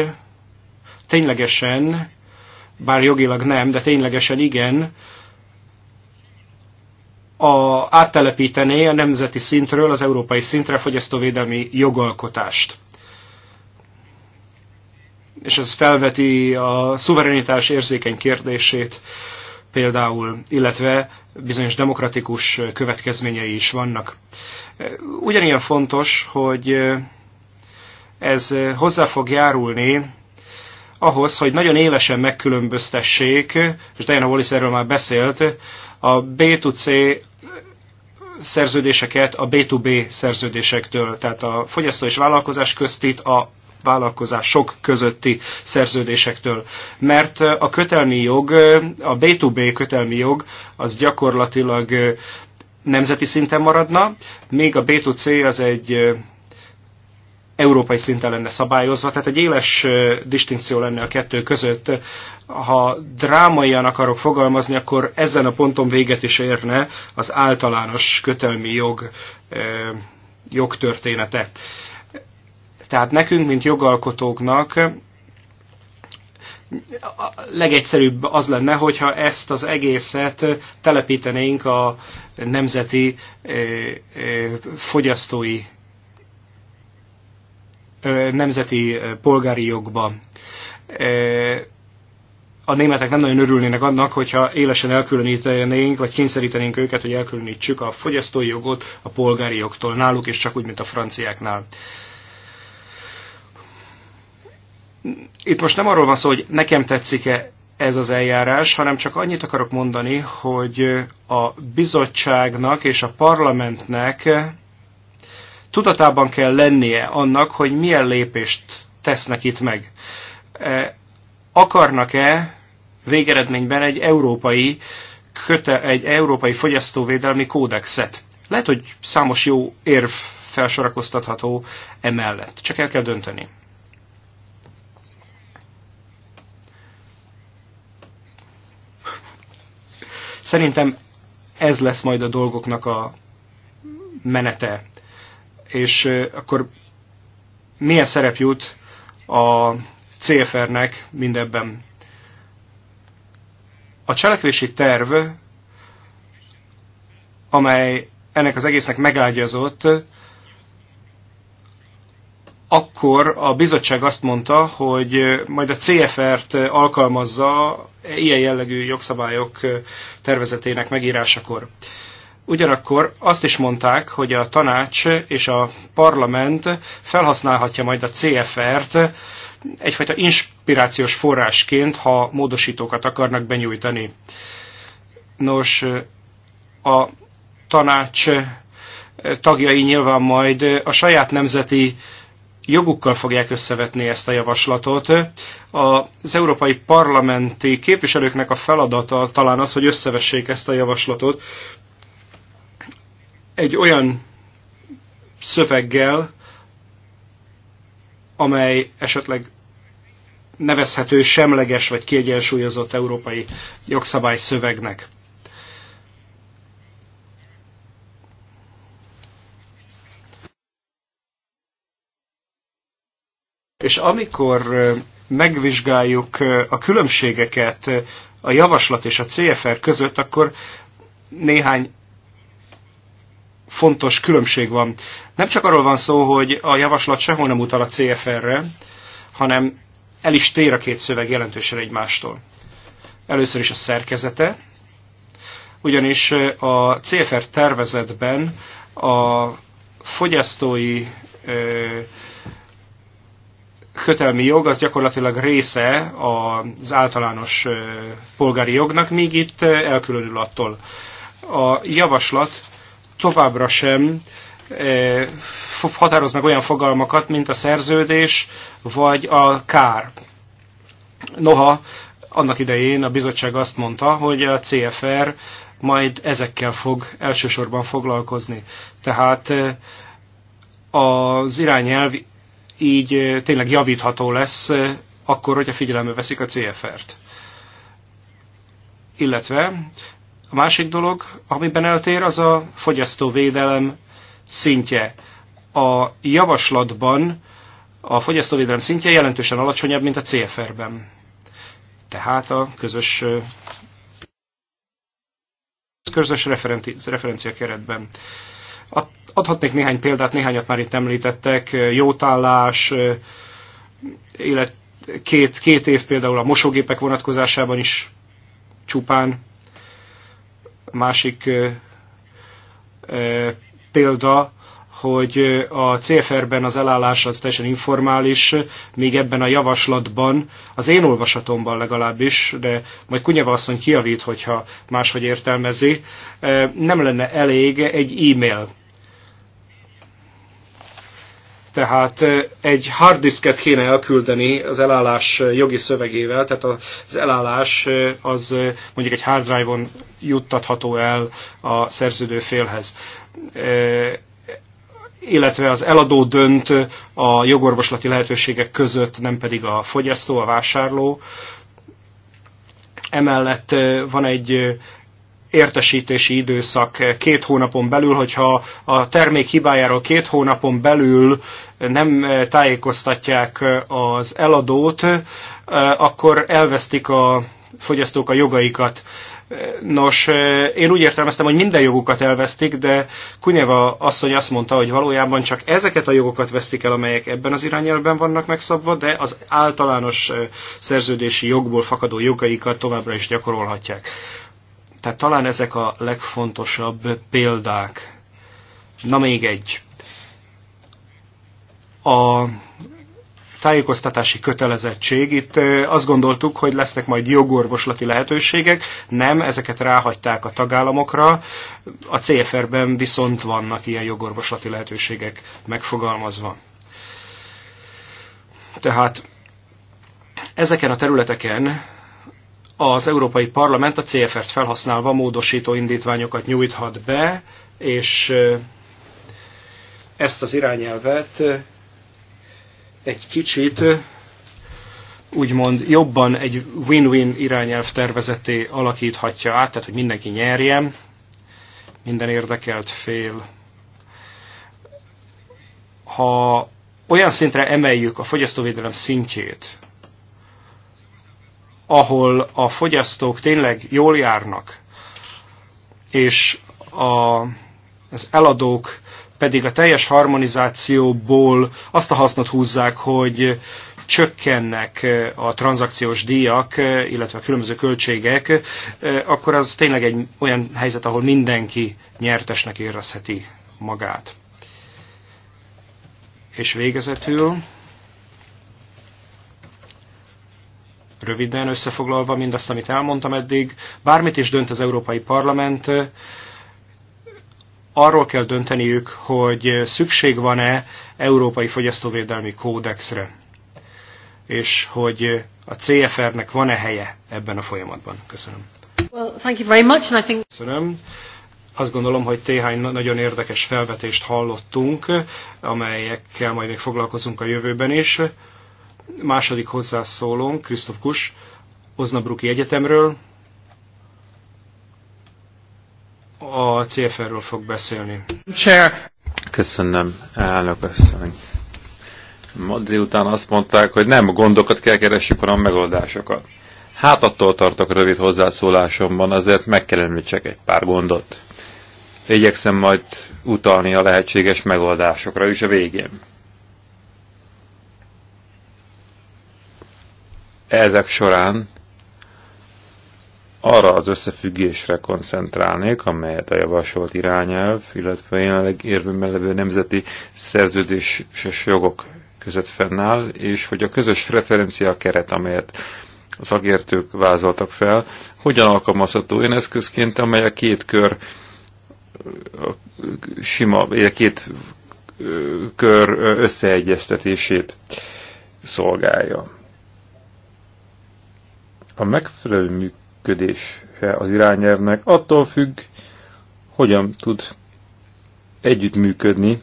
ténylegesen, bár jogilag nem, de ténylegesen igen, a, áttelepítené a nemzeti szintről az európai szintre fogyasztóvédelmi jogalkotást. És ez felveti a szuverenitás érzékeny kérdését például, illetve bizonyos demokratikus következményei is vannak. Ugyanilyen fontos, hogy ez hozzá fog járulni ahhoz, hogy nagyon élesen megkülönböztessék, és Diana Wallis erről már beszélt, a B2C szerződéseket a B2B szerződésektől, tehát a fogyasztó és vállalkozás köztit a vállalkozások közötti szerződésektől. Mert a kötelmi jog, a B2B kötelmi jog, az gyakorlatilag nemzeti szinten maradna, még a B2C az egy európai szinten lenne szabályozva, tehát egy éles distinció lenne a kettő között. Ha drámaian akarok fogalmazni, akkor ezen a ponton véget is érne az általános kötelmi jog jogtörténete. Tehát nekünk, mint jogalkotóknak a legegyszerűbb az lenne, hogyha ezt az egészet telepítenénk a nemzeti fogyasztói nemzeti polgári jogba. A németek nem nagyon örülnének annak, hogyha élesen elkülönítenénk, vagy kényszerítenénk őket, hogy elkülönítsük a fogyasztói jogot a polgári jogtól náluk, és csak úgy, mint a franciáknál itt most nem arról van szó, hogy nekem tetszik-e ez az eljárás, hanem csak annyit akarok mondani, hogy a bizottságnak és a parlamentnek tudatában kell lennie annak, hogy milyen lépést tesznek itt meg. E, akarnak-e végeredményben egy európai, köte, egy európai fogyasztóvédelmi kódexet? Lehet, hogy számos jó érv felsorakoztatható emellett. Csak el kell dönteni. Szerintem ez lesz majd a dolgoknak a menete és akkor milyen szerep jut a CFR-nek mindebben? A cselekvési terv, amely ennek az egésznek megágyazott, akkor a bizottság azt mondta, hogy majd a CFR-t alkalmazza ilyen jellegű jogszabályok tervezetének megírásakor. Ugyanakkor azt is mondták, hogy a tanács és a parlament felhasználhatja majd a CFR-t egyfajta inspirációs forrásként, ha módosítókat akarnak benyújtani. Nos, a tanács tagjai nyilván majd a saját nemzeti jogukkal fogják összevetni ezt a javaslatot. Az európai parlamenti képviselőknek a feladata talán az, hogy összevessék ezt a javaslatot egy olyan szöveggel, amely esetleg nevezhető semleges vagy kiegyensúlyozott európai jogszabály szövegnek. És amikor megvizsgáljuk a különbségeket a javaslat és a CFR között, akkor néhány fontos különbség van. Nem csak arról van szó, hogy a javaslat sehol nem utal a CFR-re, hanem el is tér a két szöveg jelentősen egymástól. Először is a szerkezete, ugyanis a CFR tervezetben a fogyasztói kötelmi jog az gyakorlatilag része az általános polgári jognak, míg itt elkülönül attól. A javaslat továbbra sem e, határoz meg olyan fogalmakat, mint a szerződés vagy a kár. Noha annak idején a bizottság azt mondta, hogy a CFR majd ezekkel fog elsősorban foglalkozni. Tehát e, az irányelv így e, tényleg javítható lesz akkor, hogyha figyelembe veszik a CFR-t. Illetve a másik dolog, amiben eltér, az a fogyasztóvédelem szintje. A javaslatban a fogyasztóvédelem szintje jelentősen alacsonyabb, mint a CFR-ben. Tehát a közös közös referenci, referencia keretben. Adhatnék néhány példát, néhányat már itt említettek, jótállás, illetve két, két év például a mosógépek vonatkozásában is csupán másik példa, hogy a CFR-ben az elállás az teljesen informális, még ebben a javaslatban, az én olvasatomban legalábbis, de majd Kunyava asszony kiavít, hogyha máshogy értelmezi, nem lenne elég egy e-mail tehát egy harddisket kéne elküldeni az elállás jogi szövegével, tehát az elállás az mondjuk egy hard drive-on juttatható el a szerződő félhez illetve az eladó dönt a jogorvoslati lehetőségek között, nem pedig a fogyasztó, a vásárló. Emellett van egy értesítési időszak két hónapon belül, hogyha a termék hibájáról két hónapon belül nem tájékoztatják az eladót, akkor elvesztik a fogyasztók a jogaikat. Nos, én úgy értelmeztem, hogy minden jogukat elvesztik, de Kunyeva asszony azt mondta, hogy valójában csak ezeket a jogokat vesztik el, amelyek ebben az irányelben vannak megszabva, de az általános szerződési jogból fakadó jogaikat továbbra is gyakorolhatják. Tehát talán ezek a legfontosabb példák. Na még egy. A tájékoztatási kötelezettség. Itt azt gondoltuk, hogy lesznek majd jogorvoslati lehetőségek, nem, ezeket ráhagyták a tagállamokra. A CFR-ben viszont vannak ilyen jogorvoslati lehetőségek megfogalmazva. Tehát ezeken a területeken az Európai Parlament a CFR-t felhasználva módosító indítványokat nyújthat be, és ezt az irányelvet egy kicsit úgymond jobban egy win-win irányelv tervezeté alakíthatja át, tehát hogy mindenki nyerjen, minden érdekelt fél. Ha olyan szintre emeljük a fogyasztóvédelem szintjét, ahol a fogyasztók tényleg jól járnak, és a, az eladók pedig a teljes harmonizációból azt a hasznot húzzák, hogy csökkennek a tranzakciós díjak, illetve a különböző költségek, akkor az tényleg egy olyan helyzet, ahol mindenki nyertesnek érezheti magát. És végezetül Röviden összefoglalva mindazt, amit elmondtam eddig, bármit is dönt az Európai Parlament, arról kell dönteniük, hogy szükség van-e Európai Fogyasztóvédelmi Kódexre, és hogy a CFR-nek van-e helye ebben a folyamatban. Köszönöm. Well, thank you very much, and I think... Köszönöm. Azt gondolom, hogy téhány nagyon érdekes felvetést hallottunk, amelyekkel majd még foglalkozunk a jövőben is. Második hozzászólónk, Krisztof Kus, Oznabruki Egyetemről, a CFR-ről fog beszélni. Chair. Köszönöm, elnök asszony. Madri után azt mondták, hogy nem gondokat kell keressük, hanem megoldásokat. Hát attól tartok rövid hozzászólásomban, azért meg kell említsek egy pár gondot. Igyekszem majd utalni a lehetséges megoldásokra is a végén. ezek során arra az összefüggésre koncentrálnék, amelyet a javasolt irányelv, illetve jelenleg érvényben levő nemzeti szerződéses jogok között fennáll, és hogy a közös referencia keret, amelyet a szakértők vázoltak fel, hogyan alkalmazható én eszközként, amely a két kör a sima, a két kör összeegyeztetését szolgálja a megfelelő működése az irányelvnek attól függ, hogyan tud együttműködni,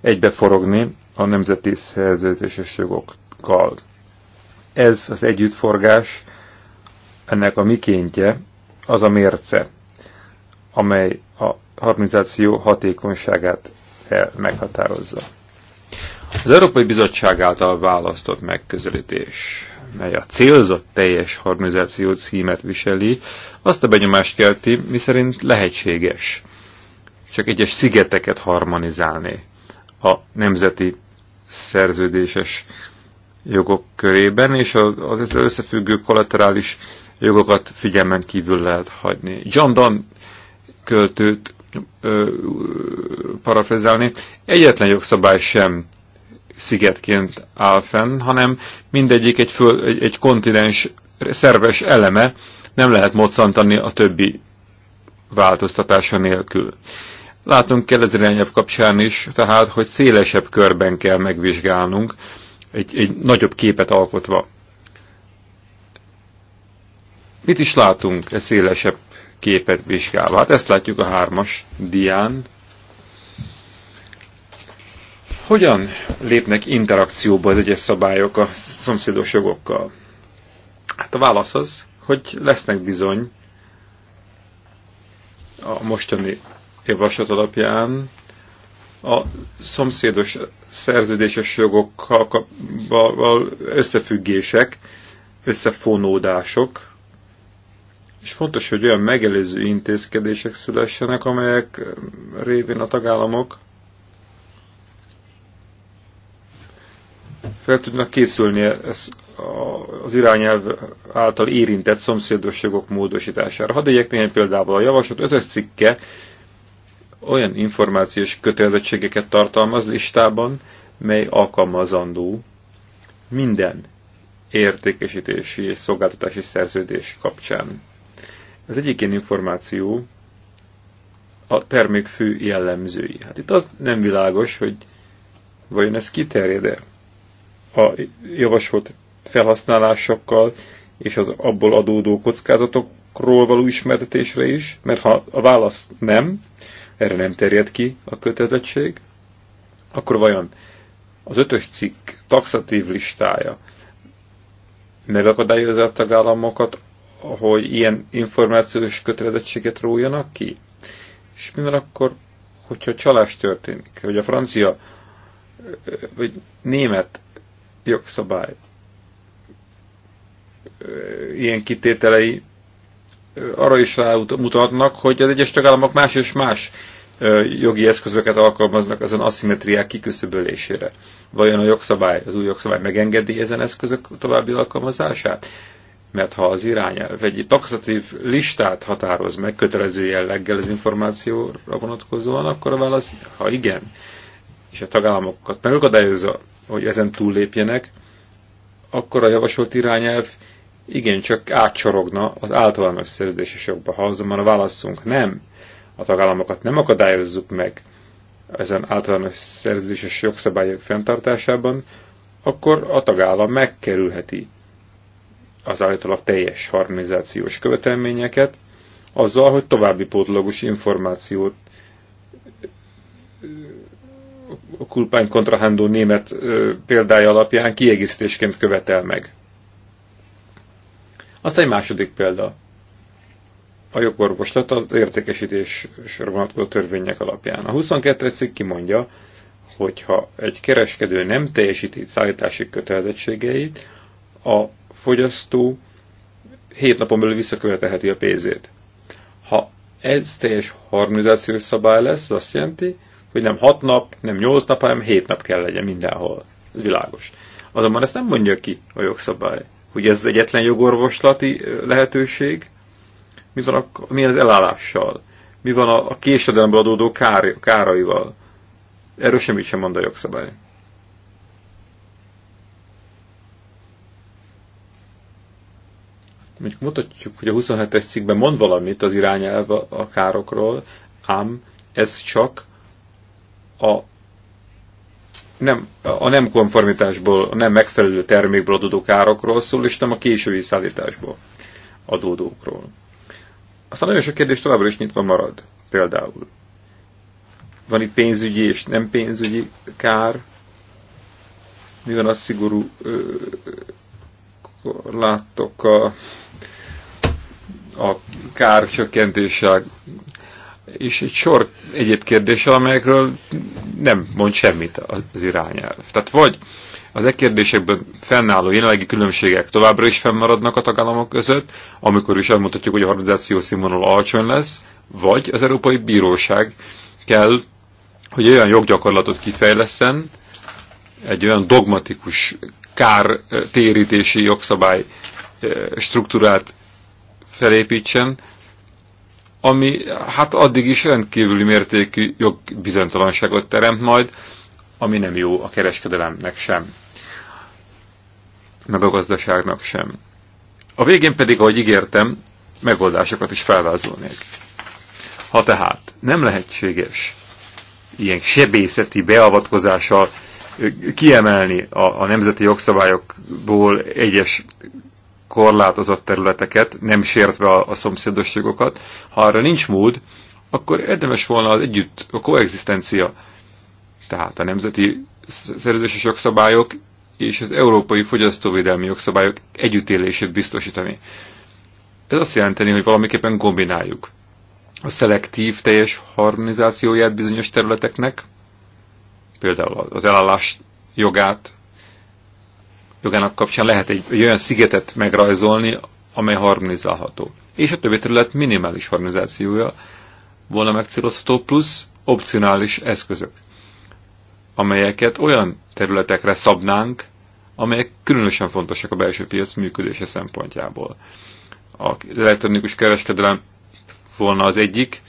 egybeforogni a nemzeti szerződéses jogokkal. Ez az együttforgás, ennek a mikéntje, az a mérce, amely a harmonizáció hatékonyságát meghatározza. Az Európai Bizottság által választott megközelítés mely a célzott teljes harmonizáció címet viseli, azt a benyomást kelti, miszerint lehetséges csak egyes szigeteket harmonizálni a nemzeti szerződéses jogok körében, és az ezzel összefüggő kollaterális jogokat figyelmen kívül lehet hagyni. John Donne költőt ö, parafrazálni, egyetlen jogszabály sem szigetként áll fenn, hanem mindegyik egy, föl, egy, egy kontinens szerves eleme, nem lehet moccantani a többi változtatása nélkül. Látunk kell az kapcsán is, tehát, hogy szélesebb körben kell megvizsgálnunk, egy, egy nagyobb képet alkotva. Mit is látunk e szélesebb képet vizsgálva? Hát ezt látjuk a hármas dián. Hogyan lépnek interakcióba az egyes szabályok a szomszédos jogokkal? Hát a válasz az, hogy lesznek bizony a mostani javaslat alapján a szomszédos szerződéses jogokkal összefüggések, összefonódások, és fontos, hogy olyan megelőző intézkedések szülessenek, amelyek révén a tagállamok fel tudnak készülni ez az irányelv által érintett szomszédos jogok módosítására. Hadd egyek néhány példával a javaslat. Ötös cikke olyan információs kötelezettségeket tartalmaz listában, mely alkalmazandó minden értékesítési és szolgáltatási szerződés kapcsán. Az egyik ilyen információ a termék fő jellemzői. Hát itt az nem világos, hogy vajon ez kiterjed-e a javasolt felhasználásokkal és az abból adódó kockázatokról való ismertetésre is, mert ha a válasz nem, erre nem terjed ki a kötelezettség, akkor vajon az ötös cikk taxatív listája megakadályozza a tagállamokat, hogy ilyen információs kötelezettséget rójanak ki? És minden akkor, hogyha csalás történik, hogy a francia vagy német jogszabály ilyen kitételei arra is rámutatnak, hogy az egyes tagállamok más és más jogi eszközöket alkalmaznak ezen aszimetriák kiküszöbölésére. Vajon a jogszabály, az új jogszabály megengedi ezen eszközök további alkalmazását? Mert ha az irányelv egy taxatív listát határoz meg kötelező jelleggel az információra vonatkozóan, akkor a válasz, ha igen, és a tagállamokat megakadályozza hogy ezen túllépjenek, akkor a javasolt irányelv igencsak átsorogna az általános szerződéses jogba. Ha azonban a válaszunk nem, a tagállamokat nem akadályozzuk meg ezen általános szerződéses jogszabályok fenntartásában, akkor a tagállam megkerülheti az állítólag teljes harmonizációs követelményeket, azzal, hogy további pótlagos információt a kulpány kontrahandó német példája alapján kiegészítésként követel meg. Aztán egy második példa. A jogorvoslat az értékesítésre vonatkozó törvények alapján. A 22. cikk kimondja, hogyha egy kereskedő nem teljesíti szállítási kötelezettségeit, a fogyasztó 7 napon belül visszakövetelheti a pénzét. Ha ez teljes harmonizációs szabály lesz, az azt jelenti, hogy nem hat nap, nem nyolc nap, hanem hét nap kell legyen mindenhol. Ez világos. Azonban ezt nem mondja ki a jogszabály, hogy ez egyetlen jogorvoslati lehetőség, mi, van a, mi az elállással, mi van a, a késedelemből adódó kár, káraival. Erről semmit sem mond a jogszabály. Mondjuk mutatjuk, hogy a 27-es cikkben mond valamit az irányelv a károkról, ám ez csak a nem, a nem konformitásból, a nem megfelelő termékből adódó károkról szól, és nem a késői szállításból adódókról. Aztán nagyon sok kérdés továbbra is nyitva marad. Például van itt pénzügyi és nem pénzügyi kár, mi van a szigorú láttok a, a csökkentéssel és egy sor egyéb kérdéssel, amelyekről nem mond semmit az irányelv. Tehát vagy az e kérdésekben fennálló jelenlegi különbségek továbbra is fennmaradnak a tagállamok között, amikor is elmondhatjuk, hogy a harmonizáció színvonal alacsony lesz, vagy az Európai Bíróság kell, hogy olyan joggyakorlatot kifejleszen, egy olyan dogmatikus kártérítési jogszabály struktúrát felépítsen, ami hát addig is rendkívüli mértékű jogbizonytalanságot teremt majd, ami nem jó a kereskedelemnek sem, meg a gazdaságnak sem. A végén pedig, ahogy ígértem, megoldásokat is felvázolnék. Ha tehát nem lehetséges ilyen sebészeti beavatkozással kiemelni a, a nemzeti jogszabályokból egyes korlátozott területeket, nem sértve a, a szomszédos jogokat, ha arra nincs mód, akkor érdemes volna az együtt, a koexisztencia, tehát a nemzeti szerződéses jogszabályok és az európai fogyasztóvédelmi jogszabályok együttélését biztosítani. Ez azt jelenteni, hogy valamiképpen kombináljuk a szelektív teljes harmonizációját bizonyos területeknek, például az elállás jogát, jogának kapcsán lehet egy, egy olyan szigetet megrajzolni, amely harmonizálható. És a többi terület minimális harmonizációja volna megcélozható, plusz opcionális eszközök, amelyeket olyan területekre szabnánk, amelyek különösen fontosak a belső piac működése szempontjából. Az elektronikus kereskedelem volna az egyik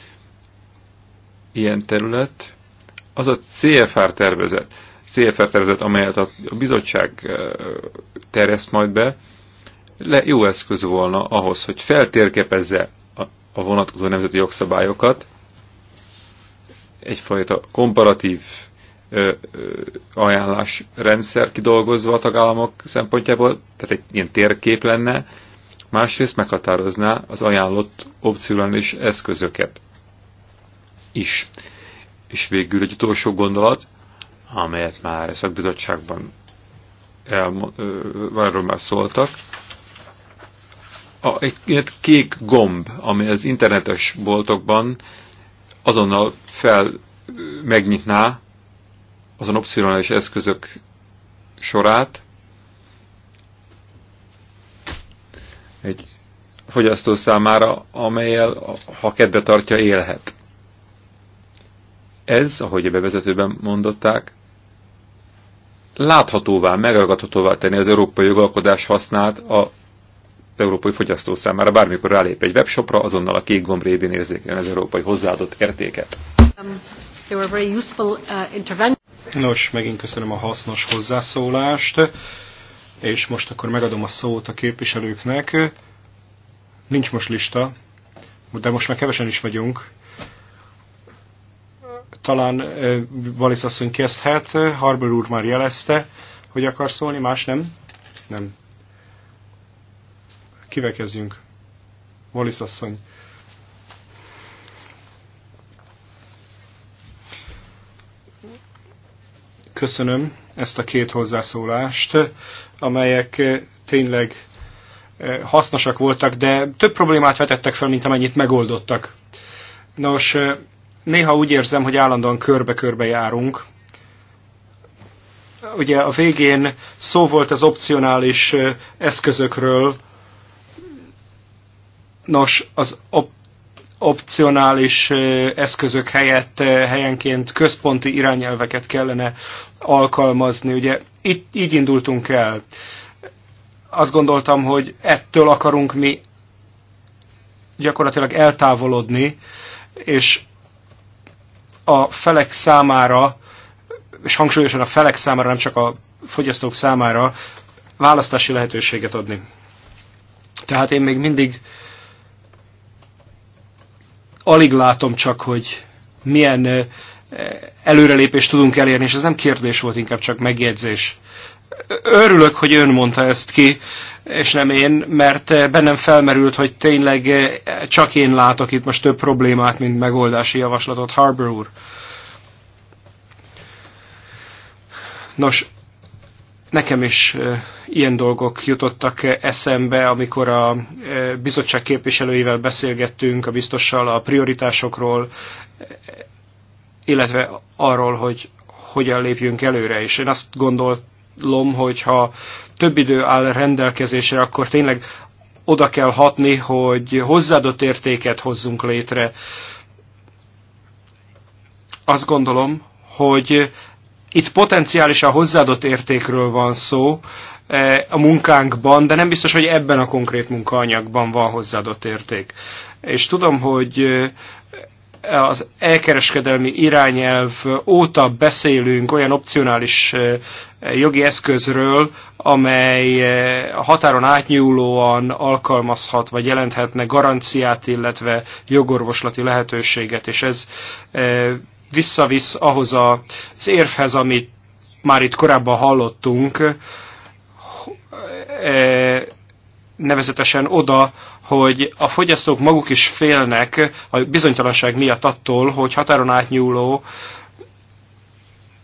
ilyen terület, az a CFR tervezet, célfeltervezet, amelyet a bizottság terjeszt majd be, le jó eszköz volna ahhoz, hogy feltérképezze a vonatkozó nemzeti jogszabályokat, egyfajta komparatív ö, ö, ajánlásrendszer kidolgozva a tagállamok szempontjából, tehát egy ilyen térkép lenne, másrészt meghatározná az ajánlott opcionális eszközöket is. És végül egy utolsó gondolat, amelyet már a szakbizottságban arról már szóltak. A, egy kék gomb, ami az internetes boltokban azonnal fel megnyitná azon opcionális eszközök sorát, egy fogyasztó számára, amelyel, ha kedve tartja, élhet. Ez, ahogy a bevezetőben mondották, láthatóvá, megragadhatóvá tenni az európai jogalkodás használt a európai fogyasztó számára. Bármikor rálép egy webshopra, azonnal a kék gomb révén érzékelni az európai hozzáadott értéket. Um, uh, Nos, megint köszönöm a hasznos hozzászólást, és most akkor megadom a szót a képviselőknek. Nincs most lista, de most már kevesen is vagyunk, talán Valisz asszony kezdhet, Harbour úr már jelezte, hogy akar szólni, más nem? Nem. Kivel kezdjünk? Valisz asszony. Köszönöm ezt a két hozzászólást, amelyek tényleg hasznosak voltak, de több problémát vetettek fel, mint amennyit megoldottak. Nos, néha úgy érzem, hogy állandóan körbe-körbe járunk. Ugye a végén szó volt az opcionális eszközökről. Nos, az op opcionális eszközök helyett helyenként központi irányelveket kellene alkalmazni. Ugye itt így indultunk el. Azt gondoltam, hogy ettől akarunk mi gyakorlatilag eltávolodni, és a felek számára, és hangsúlyosan a felek számára, nem csak a fogyasztók számára választási lehetőséget adni. Tehát én még mindig alig látom csak, hogy milyen eh, előrelépést tudunk elérni, és ez nem kérdés volt, inkább csak megjegyzés örülök, hogy ön mondta ezt ki, és nem én, mert bennem felmerült, hogy tényleg csak én látok itt most több problémát, mint megoldási javaslatot, Harbour úr. Nos, nekem is ilyen dolgok jutottak eszembe, amikor a bizottság képviselőivel beszélgettünk, a biztossal a prioritásokról, illetve arról, hogy hogyan lépjünk előre, és én azt gondolt, gondolom, hogyha több idő áll rendelkezésre, akkor tényleg oda kell hatni, hogy hozzáadott értéket hozzunk létre. Azt gondolom, hogy itt potenciálisan hozzáadott értékről van szó e, a munkánkban, de nem biztos, hogy ebben a konkrét munkaanyagban van hozzáadott érték. És tudom, hogy az elkereskedelmi irányelv óta beszélünk olyan opcionális jogi eszközről, amely határon átnyúlóan alkalmazhat, vagy jelenthetne garanciát, illetve jogorvoslati lehetőséget, és ez visszavisz ahhoz az érvhez, amit már itt korábban hallottunk, nevezetesen oda, hogy a fogyasztók maguk is félnek a bizonytalanság miatt attól, hogy határon átnyúló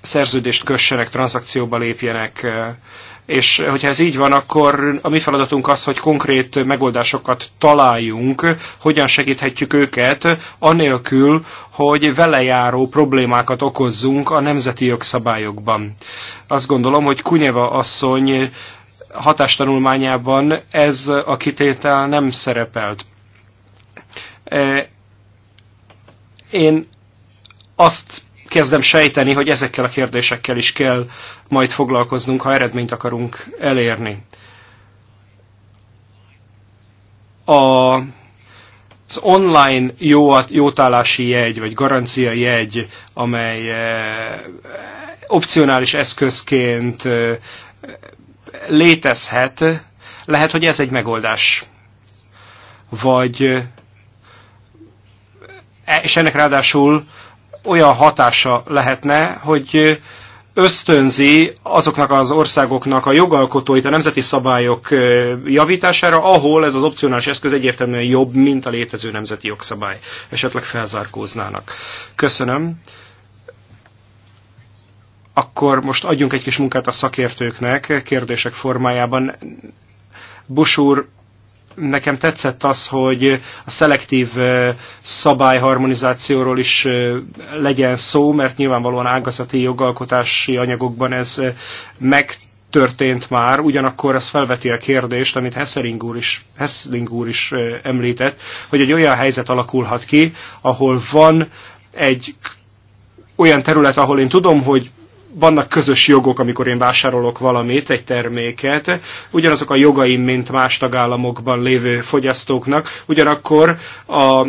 szerződést kössenek, tranzakcióba lépjenek, és hogyha ez így van, akkor a mi feladatunk az, hogy konkrét megoldásokat találjunk, hogyan segíthetjük őket, anélkül, hogy velejáró problémákat okozzunk a nemzeti jogszabályokban. Azt gondolom, hogy Kunyeva asszony hatástanulmányában ez a kitétel nem szerepelt. E, én azt kezdem sejteni, hogy ezekkel a kérdésekkel is kell majd foglalkoznunk, ha eredményt akarunk elérni. A, az online jó, jótállási jegy, vagy garancia jegy, amely e, opcionális eszközként e, létezhet, lehet, hogy ez egy megoldás. Vagy, e, és ennek ráadásul olyan hatása lehetne, hogy ösztönzi azoknak az országoknak a jogalkotóit a nemzeti szabályok e, javítására, ahol ez az opcionális eszköz egyértelműen jobb, mint a létező nemzeti jogszabály. Esetleg felzárkóznának. Köszönöm akkor most adjunk egy kis munkát a szakértőknek kérdések formájában. Busúr, nekem tetszett az, hogy a szelektív szabályharmonizációról is legyen szó, mert nyilvánvalóan ágazati jogalkotási anyagokban ez meg történt már, ugyanakkor ez felveti a kérdést, amit Hessering úr is, Hessling úr is említett, hogy egy olyan helyzet alakulhat ki, ahol van egy olyan terület, ahol én tudom, hogy vannak közös jogok, amikor én vásárolok valamit, egy terméket, ugyanazok a jogaim, mint más tagállamokban lévő fogyasztóknak, ugyanakkor a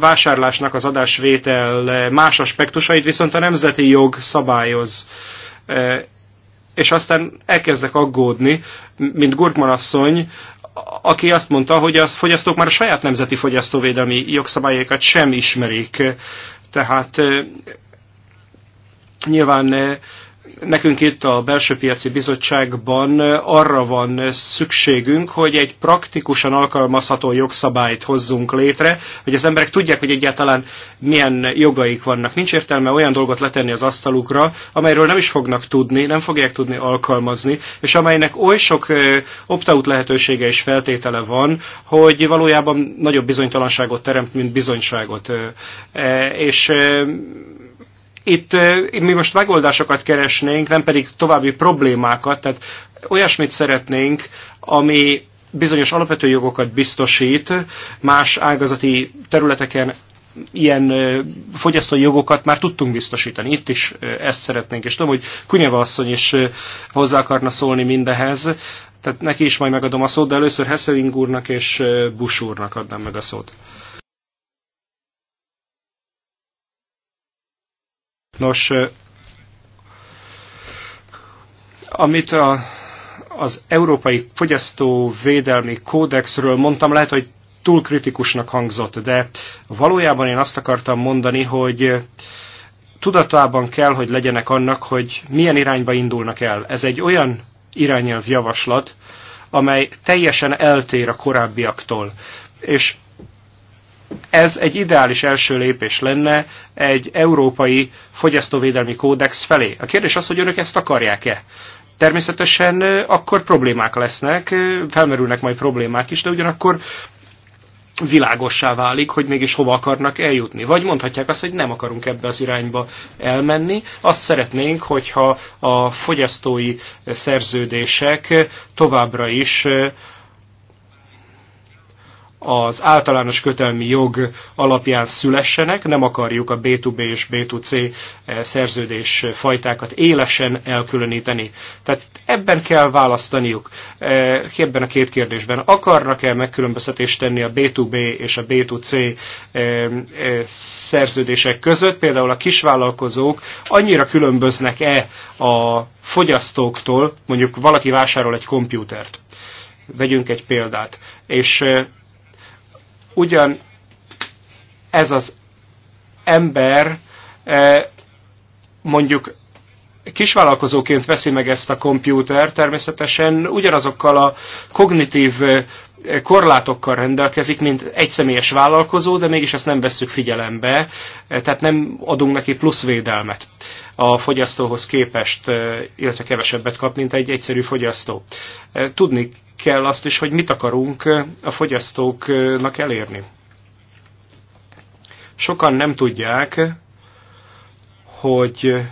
vásárlásnak az adásvétel más aspektusait viszont a nemzeti jog szabályoz. E, és aztán elkezdek aggódni, mint Gurkman asszony, aki azt mondta, hogy a fogyasztók már a saját nemzeti fogyasztóvédelmi jogszabályokat sem ismerik. Tehát e, Nyilván eh, nekünk itt a Belső Piaci Bizottságban eh, arra van eh, szükségünk, hogy egy praktikusan alkalmazható jogszabályt hozzunk létre, hogy az emberek tudják, hogy egyáltalán milyen jogaik vannak. Nincs értelme olyan dolgot letenni az asztalukra, amelyről nem is fognak tudni, nem fogják tudni alkalmazni, és amelynek oly sok opt-out lehetősége és feltétele van, hogy valójában nagyobb bizonytalanságot teremt, mint bizonyságot. És itt mi most megoldásokat keresnénk, nem pedig további problémákat, tehát olyasmit szeretnénk, ami bizonyos alapvető jogokat biztosít, más ágazati területeken ilyen fogyasztói jogokat már tudtunk biztosítani. Itt is ezt szeretnénk, és tudom, hogy Kunyava asszony is hozzá akarna szólni mindehez, tehát neki is majd megadom a szót, de először Hesseling úrnak és Bush úrnak adnám meg a szót. Nos, amit a, az Európai Fogyasztóvédelmi Kódexről mondtam, lehet, hogy túl kritikusnak hangzott, de valójában én azt akartam mondani, hogy tudatában kell, hogy legyenek annak, hogy milyen irányba indulnak el. Ez egy olyan irányelv javaslat, amely teljesen eltér a korábbiaktól. És ez egy ideális első lépés lenne egy európai fogyasztóvédelmi kódex felé. A kérdés az, hogy önök ezt akarják-e? Természetesen akkor problémák lesznek, felmerülnek majd problémák is, de ugyanakkor világossá válik, hogy mégis hova akarnak eljutni. Vagy mondhatják azt, hogy nem akarunk ebbe az irányba elmenni. Azt szeretnénk, hogyha a fogyasztói szerződések továbbra is az általános kötelmi jog alapján szülessenek, nem akarjuk a B2B és B2C eh, szerződés fajtákat élesen elkülöníteni. Tehát ebben kell választaniuk, eh, ebben a két kérdésben. Akarnak-e megkülönböztetést tenni a B2B és a B2C eh, szerződések között? Például a kisvállalkozók annyira különböznek-e a fogyasztóktól, mondjuk valaki vásárol egy kompjútert, vegyünk egy példát, és ugyan ez az ember eh, mondjuk kisvállalkozóként veszi meg ezt a kompjúter, természetesen ugyanazokkal a kognitív eh, korlátokkal rendelkezik, mint egy személyes vállalkozó, de mégis ezt nem vesszük figyelembe, eh, tehát nem adunk neki plusz védelmet a fogyasztóhoz képest, eh, illetve kevesebbet kap, mint egy egyszerű fogyasztó. Tudni kell azt is, hogy mit akarunk a fogyasztóknak elérni. Sokan nem tudják, hogy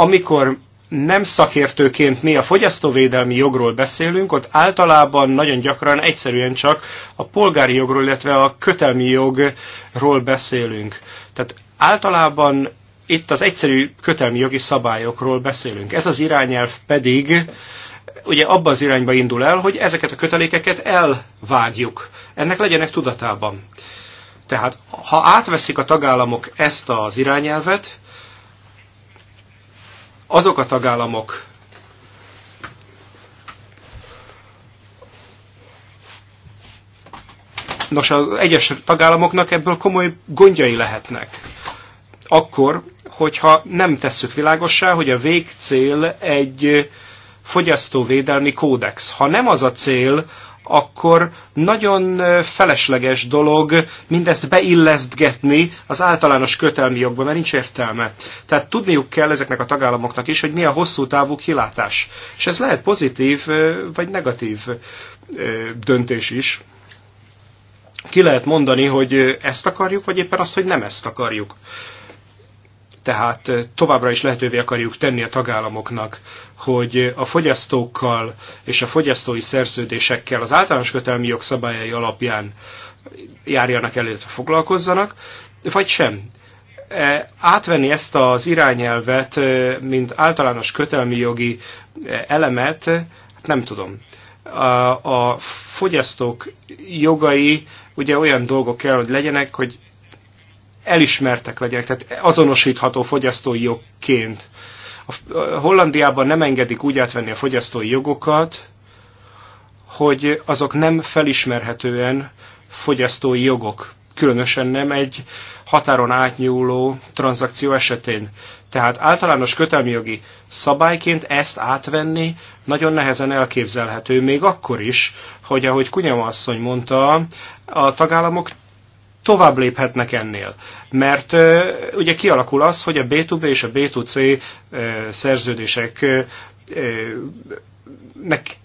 amikor nem szakértőként mi a fogyasztóvédelmi jogról beszélünk, ott általában nagyon gyakran egyszerűen csak a polgári jogról, illetve a kötelmi jogról beszélünk. Tehát általában itt az egyszerű kötelmi jogi szabályokról beszélünk. Ez az irányelv pedig ugye abba az irányba indul el, hogy ezeket a kötelékeket elvágjuk. Ennek legyenek tudatában. Tehát ha átveszik a tagállamok ezt az irányelvet, azok a tagállamok, Nos, az egyes tagállamoknak ebből komoly gondjai lehetnek. Akkor, hogyha nem tesszük világossá, hogy a végcél egy fogyasztóvédelmi kódex. Ha nem az a cél, akkor nagyon felesleges dolog mindezt beillesztgetni az általános kötelmi jogba, mert nincs értelme. Tehát tudniuk kell ezeknek a tagállamoknak is, hogy mi a hosszú távú kilátás. És ez lehet pozitív vagy negatív döntés is. Ki lehet mondani, hogy ezt akarjuk, vagy éppen azt, hogy nem ezt akarjuk. Tehát továbbra is lehetővé akarjuk tenni a tagállamoknak, hogy a fogyasztókkal és a fogyasztói szerződésekkel az általános kötelmi jogszabályai alapján járjanak előtt, foglalkozzanak, vagy sem e, átvenni ezt az irányelvet, mint általános kötelmi jogi elemet, hát nem tudom. A, a fogyasztók jogai ugye olyan dolgok kell, hogy legyenek, hogy elismertek legyenek, tehát azonosítható fogyasztói jogként. A Hollandiában nem engedik úgy átvenni a fogyasztói jogokat, hogy azok nem felismerhetően fogyasztói jogok, különösen nem egy határon átnyúló tranzakció esetén. Tehát általános kötelmi jogi szabályként ezt átvenni nagyon nehezen elképzelhető, még akkor is, hogy ahogy Kunyama asszony mondta, a tagállamok tovább léphetnek ennél. Mert ugye kialakul az, hogy a B2B és a B2C szerződések nek,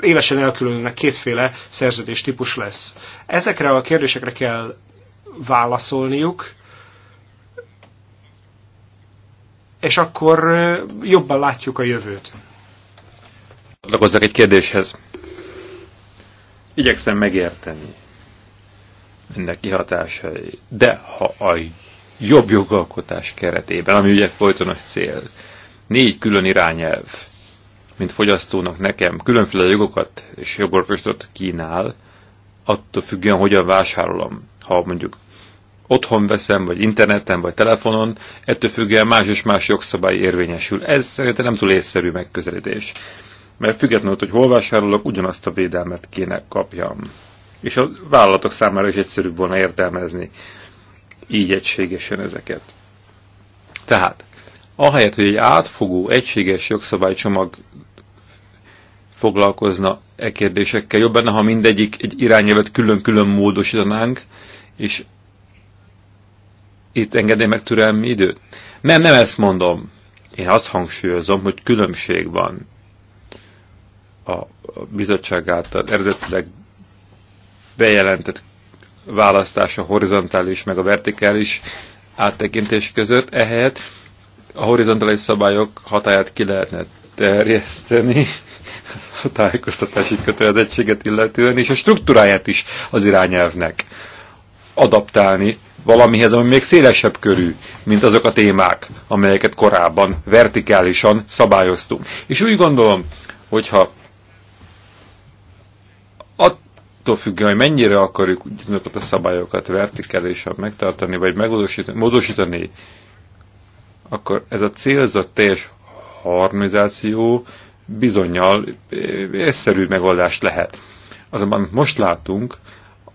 élesen elkülönülnek kétféle szerződés típus lesz. Ezekre a kérdésekre kell válaszolniuk, és akkor jobban látjuk a jövőt. Adlakozzak egy kérdéshez. Igyekszem megérteni ennek kihatásai. De ha a jobb jogalkotás keretében, ami ugye folytonos cél, négy külön irányelv, mint fogyasztónak nekem különféle jogokat és jogorvostot kínál, attól függően, hogyan vásárolom. Ha mondjuk otthon veszem, vagy interneten, vagy telefonon, ettől függően más és más jogszabály érvényesül. Ez szerintem nem túl észszerű megközelítés. Mert függetlenül, hogy hol vásárolok, ugyanazt a védelmet kéne kapjam és a vállalatok számára is egyszerűbb volna értelmezni így egységesen ezeket. Tehát, ahelyett, hogy egy átfogó, egységes jogszabálycsomag foglalkozna e kérdésekkel, jobb benne, ha mindegyik egy irányelvet külön-külön módosítanánk, és itt engedné meg türelmi időt? Nem, nem ezt mondom. Én azt hangsúlyozom, hogy különbség van a bizottság által eredetileg bejelentett választás a horizontális meg a vertikális áttekintés között. Ehelyett a horizontális szabályok hatáját ki lehetne terjeszteni a tájékoztatási kötelezettséget illetően, és a struktúráját is az irányelvnek adaptálni valamihez, ami még szélesebb körű, mint azok a témák, amelyeket korábban vertikálisan szabályoztunk. És úgy gondolom, hogyha függően, hogy mennyire akarjuk ezeket a szabályokat vertikálisan megtartani, vagy megmódosítani, módosítani, akkor ez a célzott teljes harmonizáció bizonyal észszerű megoldás lehet. Azonban most látunk,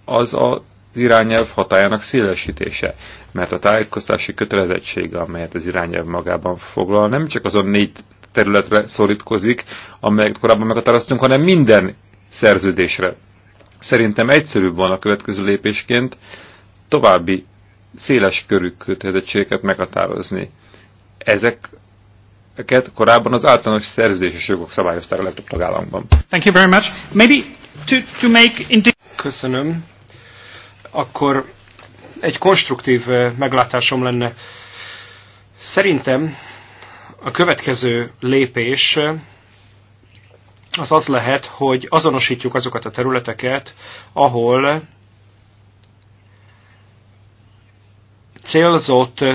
az a irányelv hatájának szélesítése, mert a tájékoztási kötelezettsége, amelyet az irányelv magában foglal, nem csak azon négy területre szorítkozik, amelyet korábban meghatároztunk, hanem minden szerződésre szerintem egyszerűbb van a következő lépésként további széles körű kötelezettségeket meghatározni. Ezeket korábban az általános szerződéses jogok szabályozták a legtöbb tagállamban. Thank you very much. Maybe to, to make Köszönöm. Akkor egy konstruktív eh, meglátásom lenne. Szerintem a következő lépés eh, az az lehet, hogy azonosítjuk azokat a területeket, ahol célzott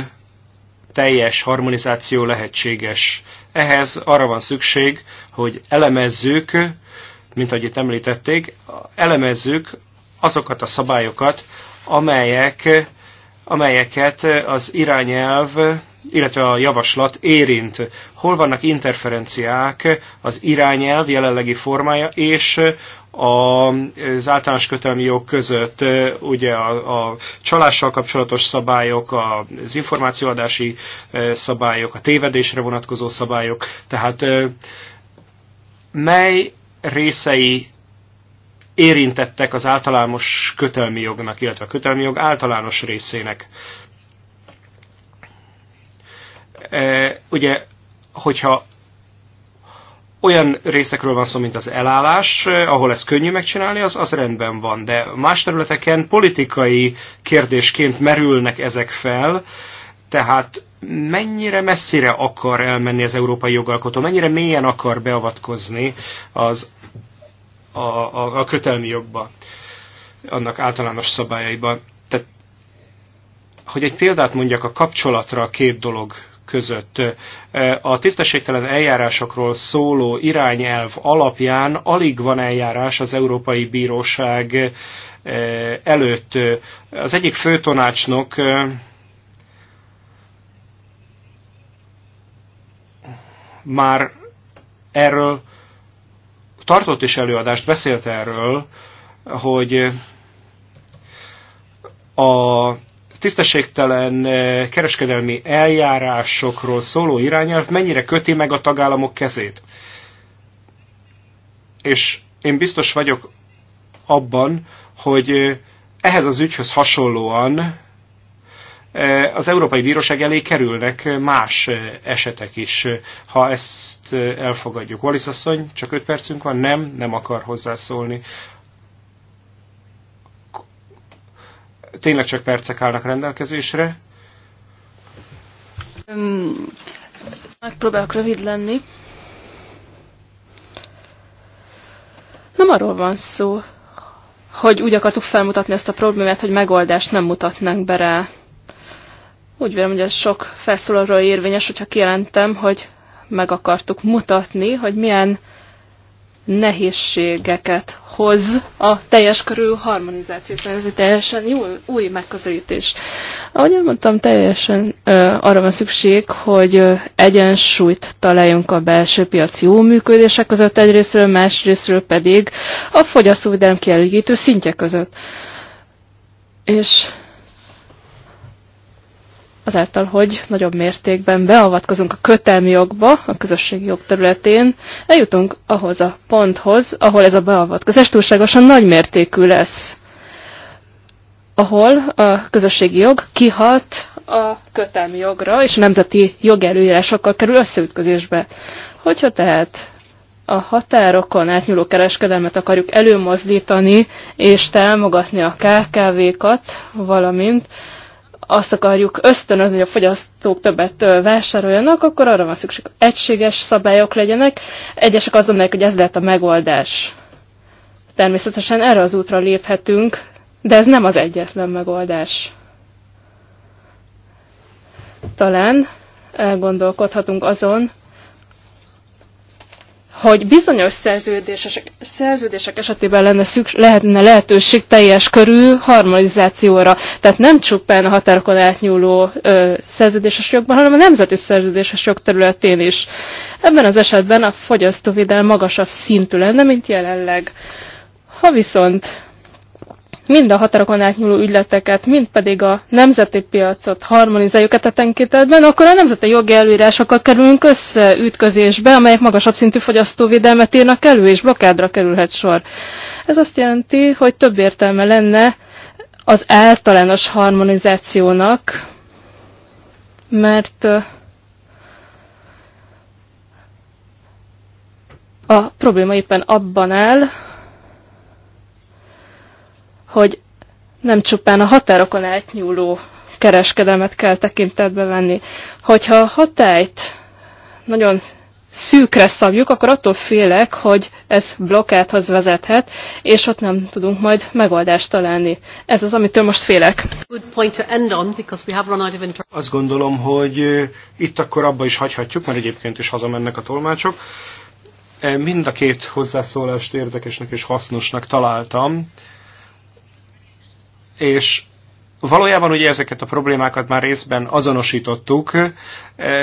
teljes harmonizáció lehetséges. Ehhez arra van szükség, hogy elemezzük, mint ahogy itt említették, elemezzük azokat a szabályokat, amelyek, amelyeket az irányelv illetve a javaslat érint. Hol vannak interferenciák az irányelv jelenlegi formája és az általános kötelmi jog között, ugye a, a csalással kapcsolatos szabályok, az információadási eh, szabályok, a tévedésre vonatkozó szabályok, tehát eh, mely részei érintettek az általános kötelmi jognak, illetve a kötelmi jog általános részének. Eh, ugye, hogyha olyan részekről van szó, mint az elállás, eh, ahol ez könnyű megcsinálni, az, az rendben van. De más területeken politikai kérdésként merülnek ezek fel, tehát mennyire messzire akar elmenni az európai jogalkotó, mennyire mélyen akar beavatkozni az, a, a, a kötelmi jogba, annak általános szabályaiban. Tehát, hogy egy példát mondjak a kapcsolatra a két dolog között. E, a tisztességtelen eljárásokról szóló irányelv alapján alig van eljárás az Európai Bíróság e, előtt. Az egyik főtanácsnok e, már erről tartott is előadást, beszélt erről, hogy a tisztességtelen eh, kereskedelmi eljárásokról szóló irányelv mennyire köti meg a tagállamok kezét. És én biztos vagyok abban, hogy eh, ehhez az ügyhöz hasonlóan eh, az Európai Bíróság elé kerülnek más esetek is, ha ezt elfogadjuk. Wallis asszony, csak öt percünk van, nem, nem akar hozzászólni. tényleg csak percek állnak rendelkezésre. Um, megpróbálok rövid lenni. Nem arról van szó, hogy úgy akartuk felmutatni ezt a problémát, hogy megoldást nem mutatnánk be rá. Úgy vélem, hogy ez sok felszólalról érvényes, hogyha kijelentem, hogy meg akartuk mutatni, hogy milyen nehézségeket hoz a teljes körű harmonizáció, szóval ez egy teljesen jó, új megközelítés. Ahogy mondtam, teljesen ö, arra van szükség, hogy ö, egyensúlyt találjunk a belső piac jó működése között egyrésztről, másrésztről pedig a fogyasztóvédelem kielégítő szintje között. És azáltal, hogy nagyobb mértékben beavatkozunk a kötelmi jogba, a közösségi jog területén, eljutunk ahhoz a ponthoz, ahol ez a beavatkozás túlságosan nagy mértékű lesz, ahol a közösségi jog kihat a kötelmi jogra, és a nemzeti jogerőírásokkal kerül összeütközésbe. Hogyha tehát a határokon átnyúló kereskedelmet akarjuk előmozdítani és támogatni a KKV-kat, valamint azt akarjuk ösztönözni, hogy a fogyasztók többet vásároljanak, akkor arra van szükség, hogy egységes szabályok legyenek. Egyesek azt gondolják, hogy ez lehet a megoldás. Természetesen erre az útra léphetünk, de ez nem az egyetlen megoldás. Talán elgondolkodhatunk azon, hogy bizonyos szerződések, szerződések esetében lenne szüks lehetne lehetőség teljes körű harmonizációra. Tehát nem csupán a határokon átnyúló ö, szerződéses jogban, hanem a nemzeti szerződéses jog területén is. Ebben az esetben a fogyasztóvédelem magasabb szintű lenne, mint jelenleg. Ha viszont mind a határokon átnyúló ügyleteket, mind pedig a nemzeti piacot harmonizáljuk etetenkételben, akkor a nemzeti jogi előírásokat kerülünk összeütközésbe, amelyek magasabb szintű fogyasztóvédelmet írnak elő, és blokádra kerülhet sor. Ez azt jelenti, hogy több értelme lenne az általános harmonizációnak, mert a probléma éppen abban áll, hogy nem csupán a határokon átnyúló kereskedelmet kell tekintetbe venni. Hogyha a hatályt nagyon szűkre szabjuk, akkor attól félek, hogy ez blokkádhoz vezethet, és ott nem tudunk majd megoldást találni. Ez az, amitől most félek. Azt gondolom, hogy itt akkor abba is hagyhatjuk, mert egyébként is hazamennek a tolmácsok. Mind a két hozzászólást érdekesnek és hasznosnak találtam és Valójában ugye ezeket a problémákat már részben azonosítottuk, eh,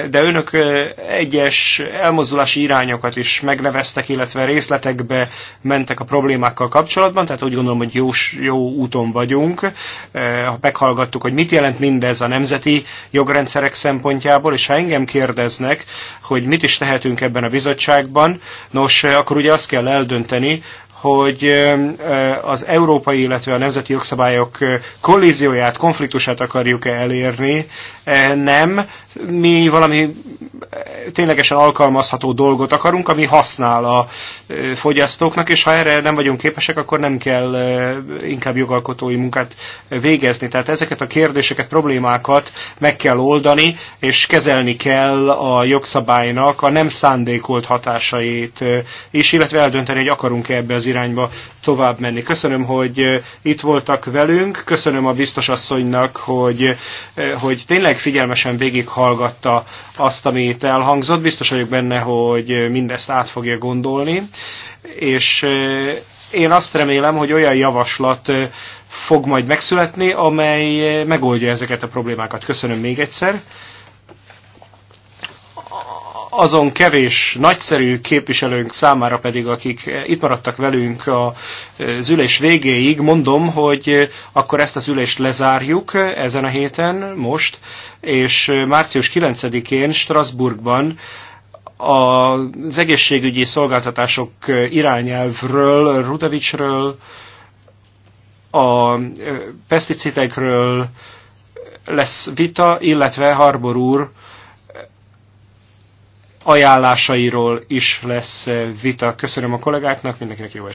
de önök eh, egyes elmozdulási irányokat is megneveztek, illetve részletekbe mentek a problémákkal kapcsolatban, tehát úgy gondolom, hogy jó, jó úton vagyunk. Eh, meghallgattuk, hogy mit jelent mindez a nemzeti jogrendszerek szempontjából, és ha engem kérdeznek, hogy mit is tehetünk ebben a bizottságban, nos, akkor ugye azt kell eldönteni, hogy az európai, illetve a nemzeti jogszabályok kollízióját, konfliktusát akarjuk-e elérni. Nem, mi valami eh, ténylegesen alkalmazható dolgot akarunk, ami használ a eh, fogyasztóknak, és ha erre nem vagyunk képesek, akkor nem kell eh, inkább jogalkotói munkát végezni. Tehát ezeket a kérdéseket, problémákat meg kell oldani, és kezelni kell a jogszabálynak a nem szándékolt hatásait is, illetve eldönteni, hogy akarunk-e ebbe az irányba tovább menni. Köszönöm, hogy itt voltak velünk, köszönöm a biztosasszonynak, hogy, hogy tényleg figyelmesen végighallgatta azt, itt elhangzott. Biztos vagyok benne, hogy mindezt át fogja gondolni, és én azt remélem, hogy olyan javaslat fog majd megszületni, amely megoldja ezeket a problémákat. Köszönöm még egyszer azon kevés nagyszerű képviselőnk számára pedig, akik itt maradtak velünk az ülés végéig, mondom, hogy akkor ezt az ülést lezárjuk ezen a héten, most, és március 9-én Strasbourgban az egészségügyi szolgáltatások irányelvről, Rudavicsről, a peszticidekről lesz vita, illetve Harbor úr ajánlásairól is lesz vita. Köszönöm a kollégáknak, mindenkinek jó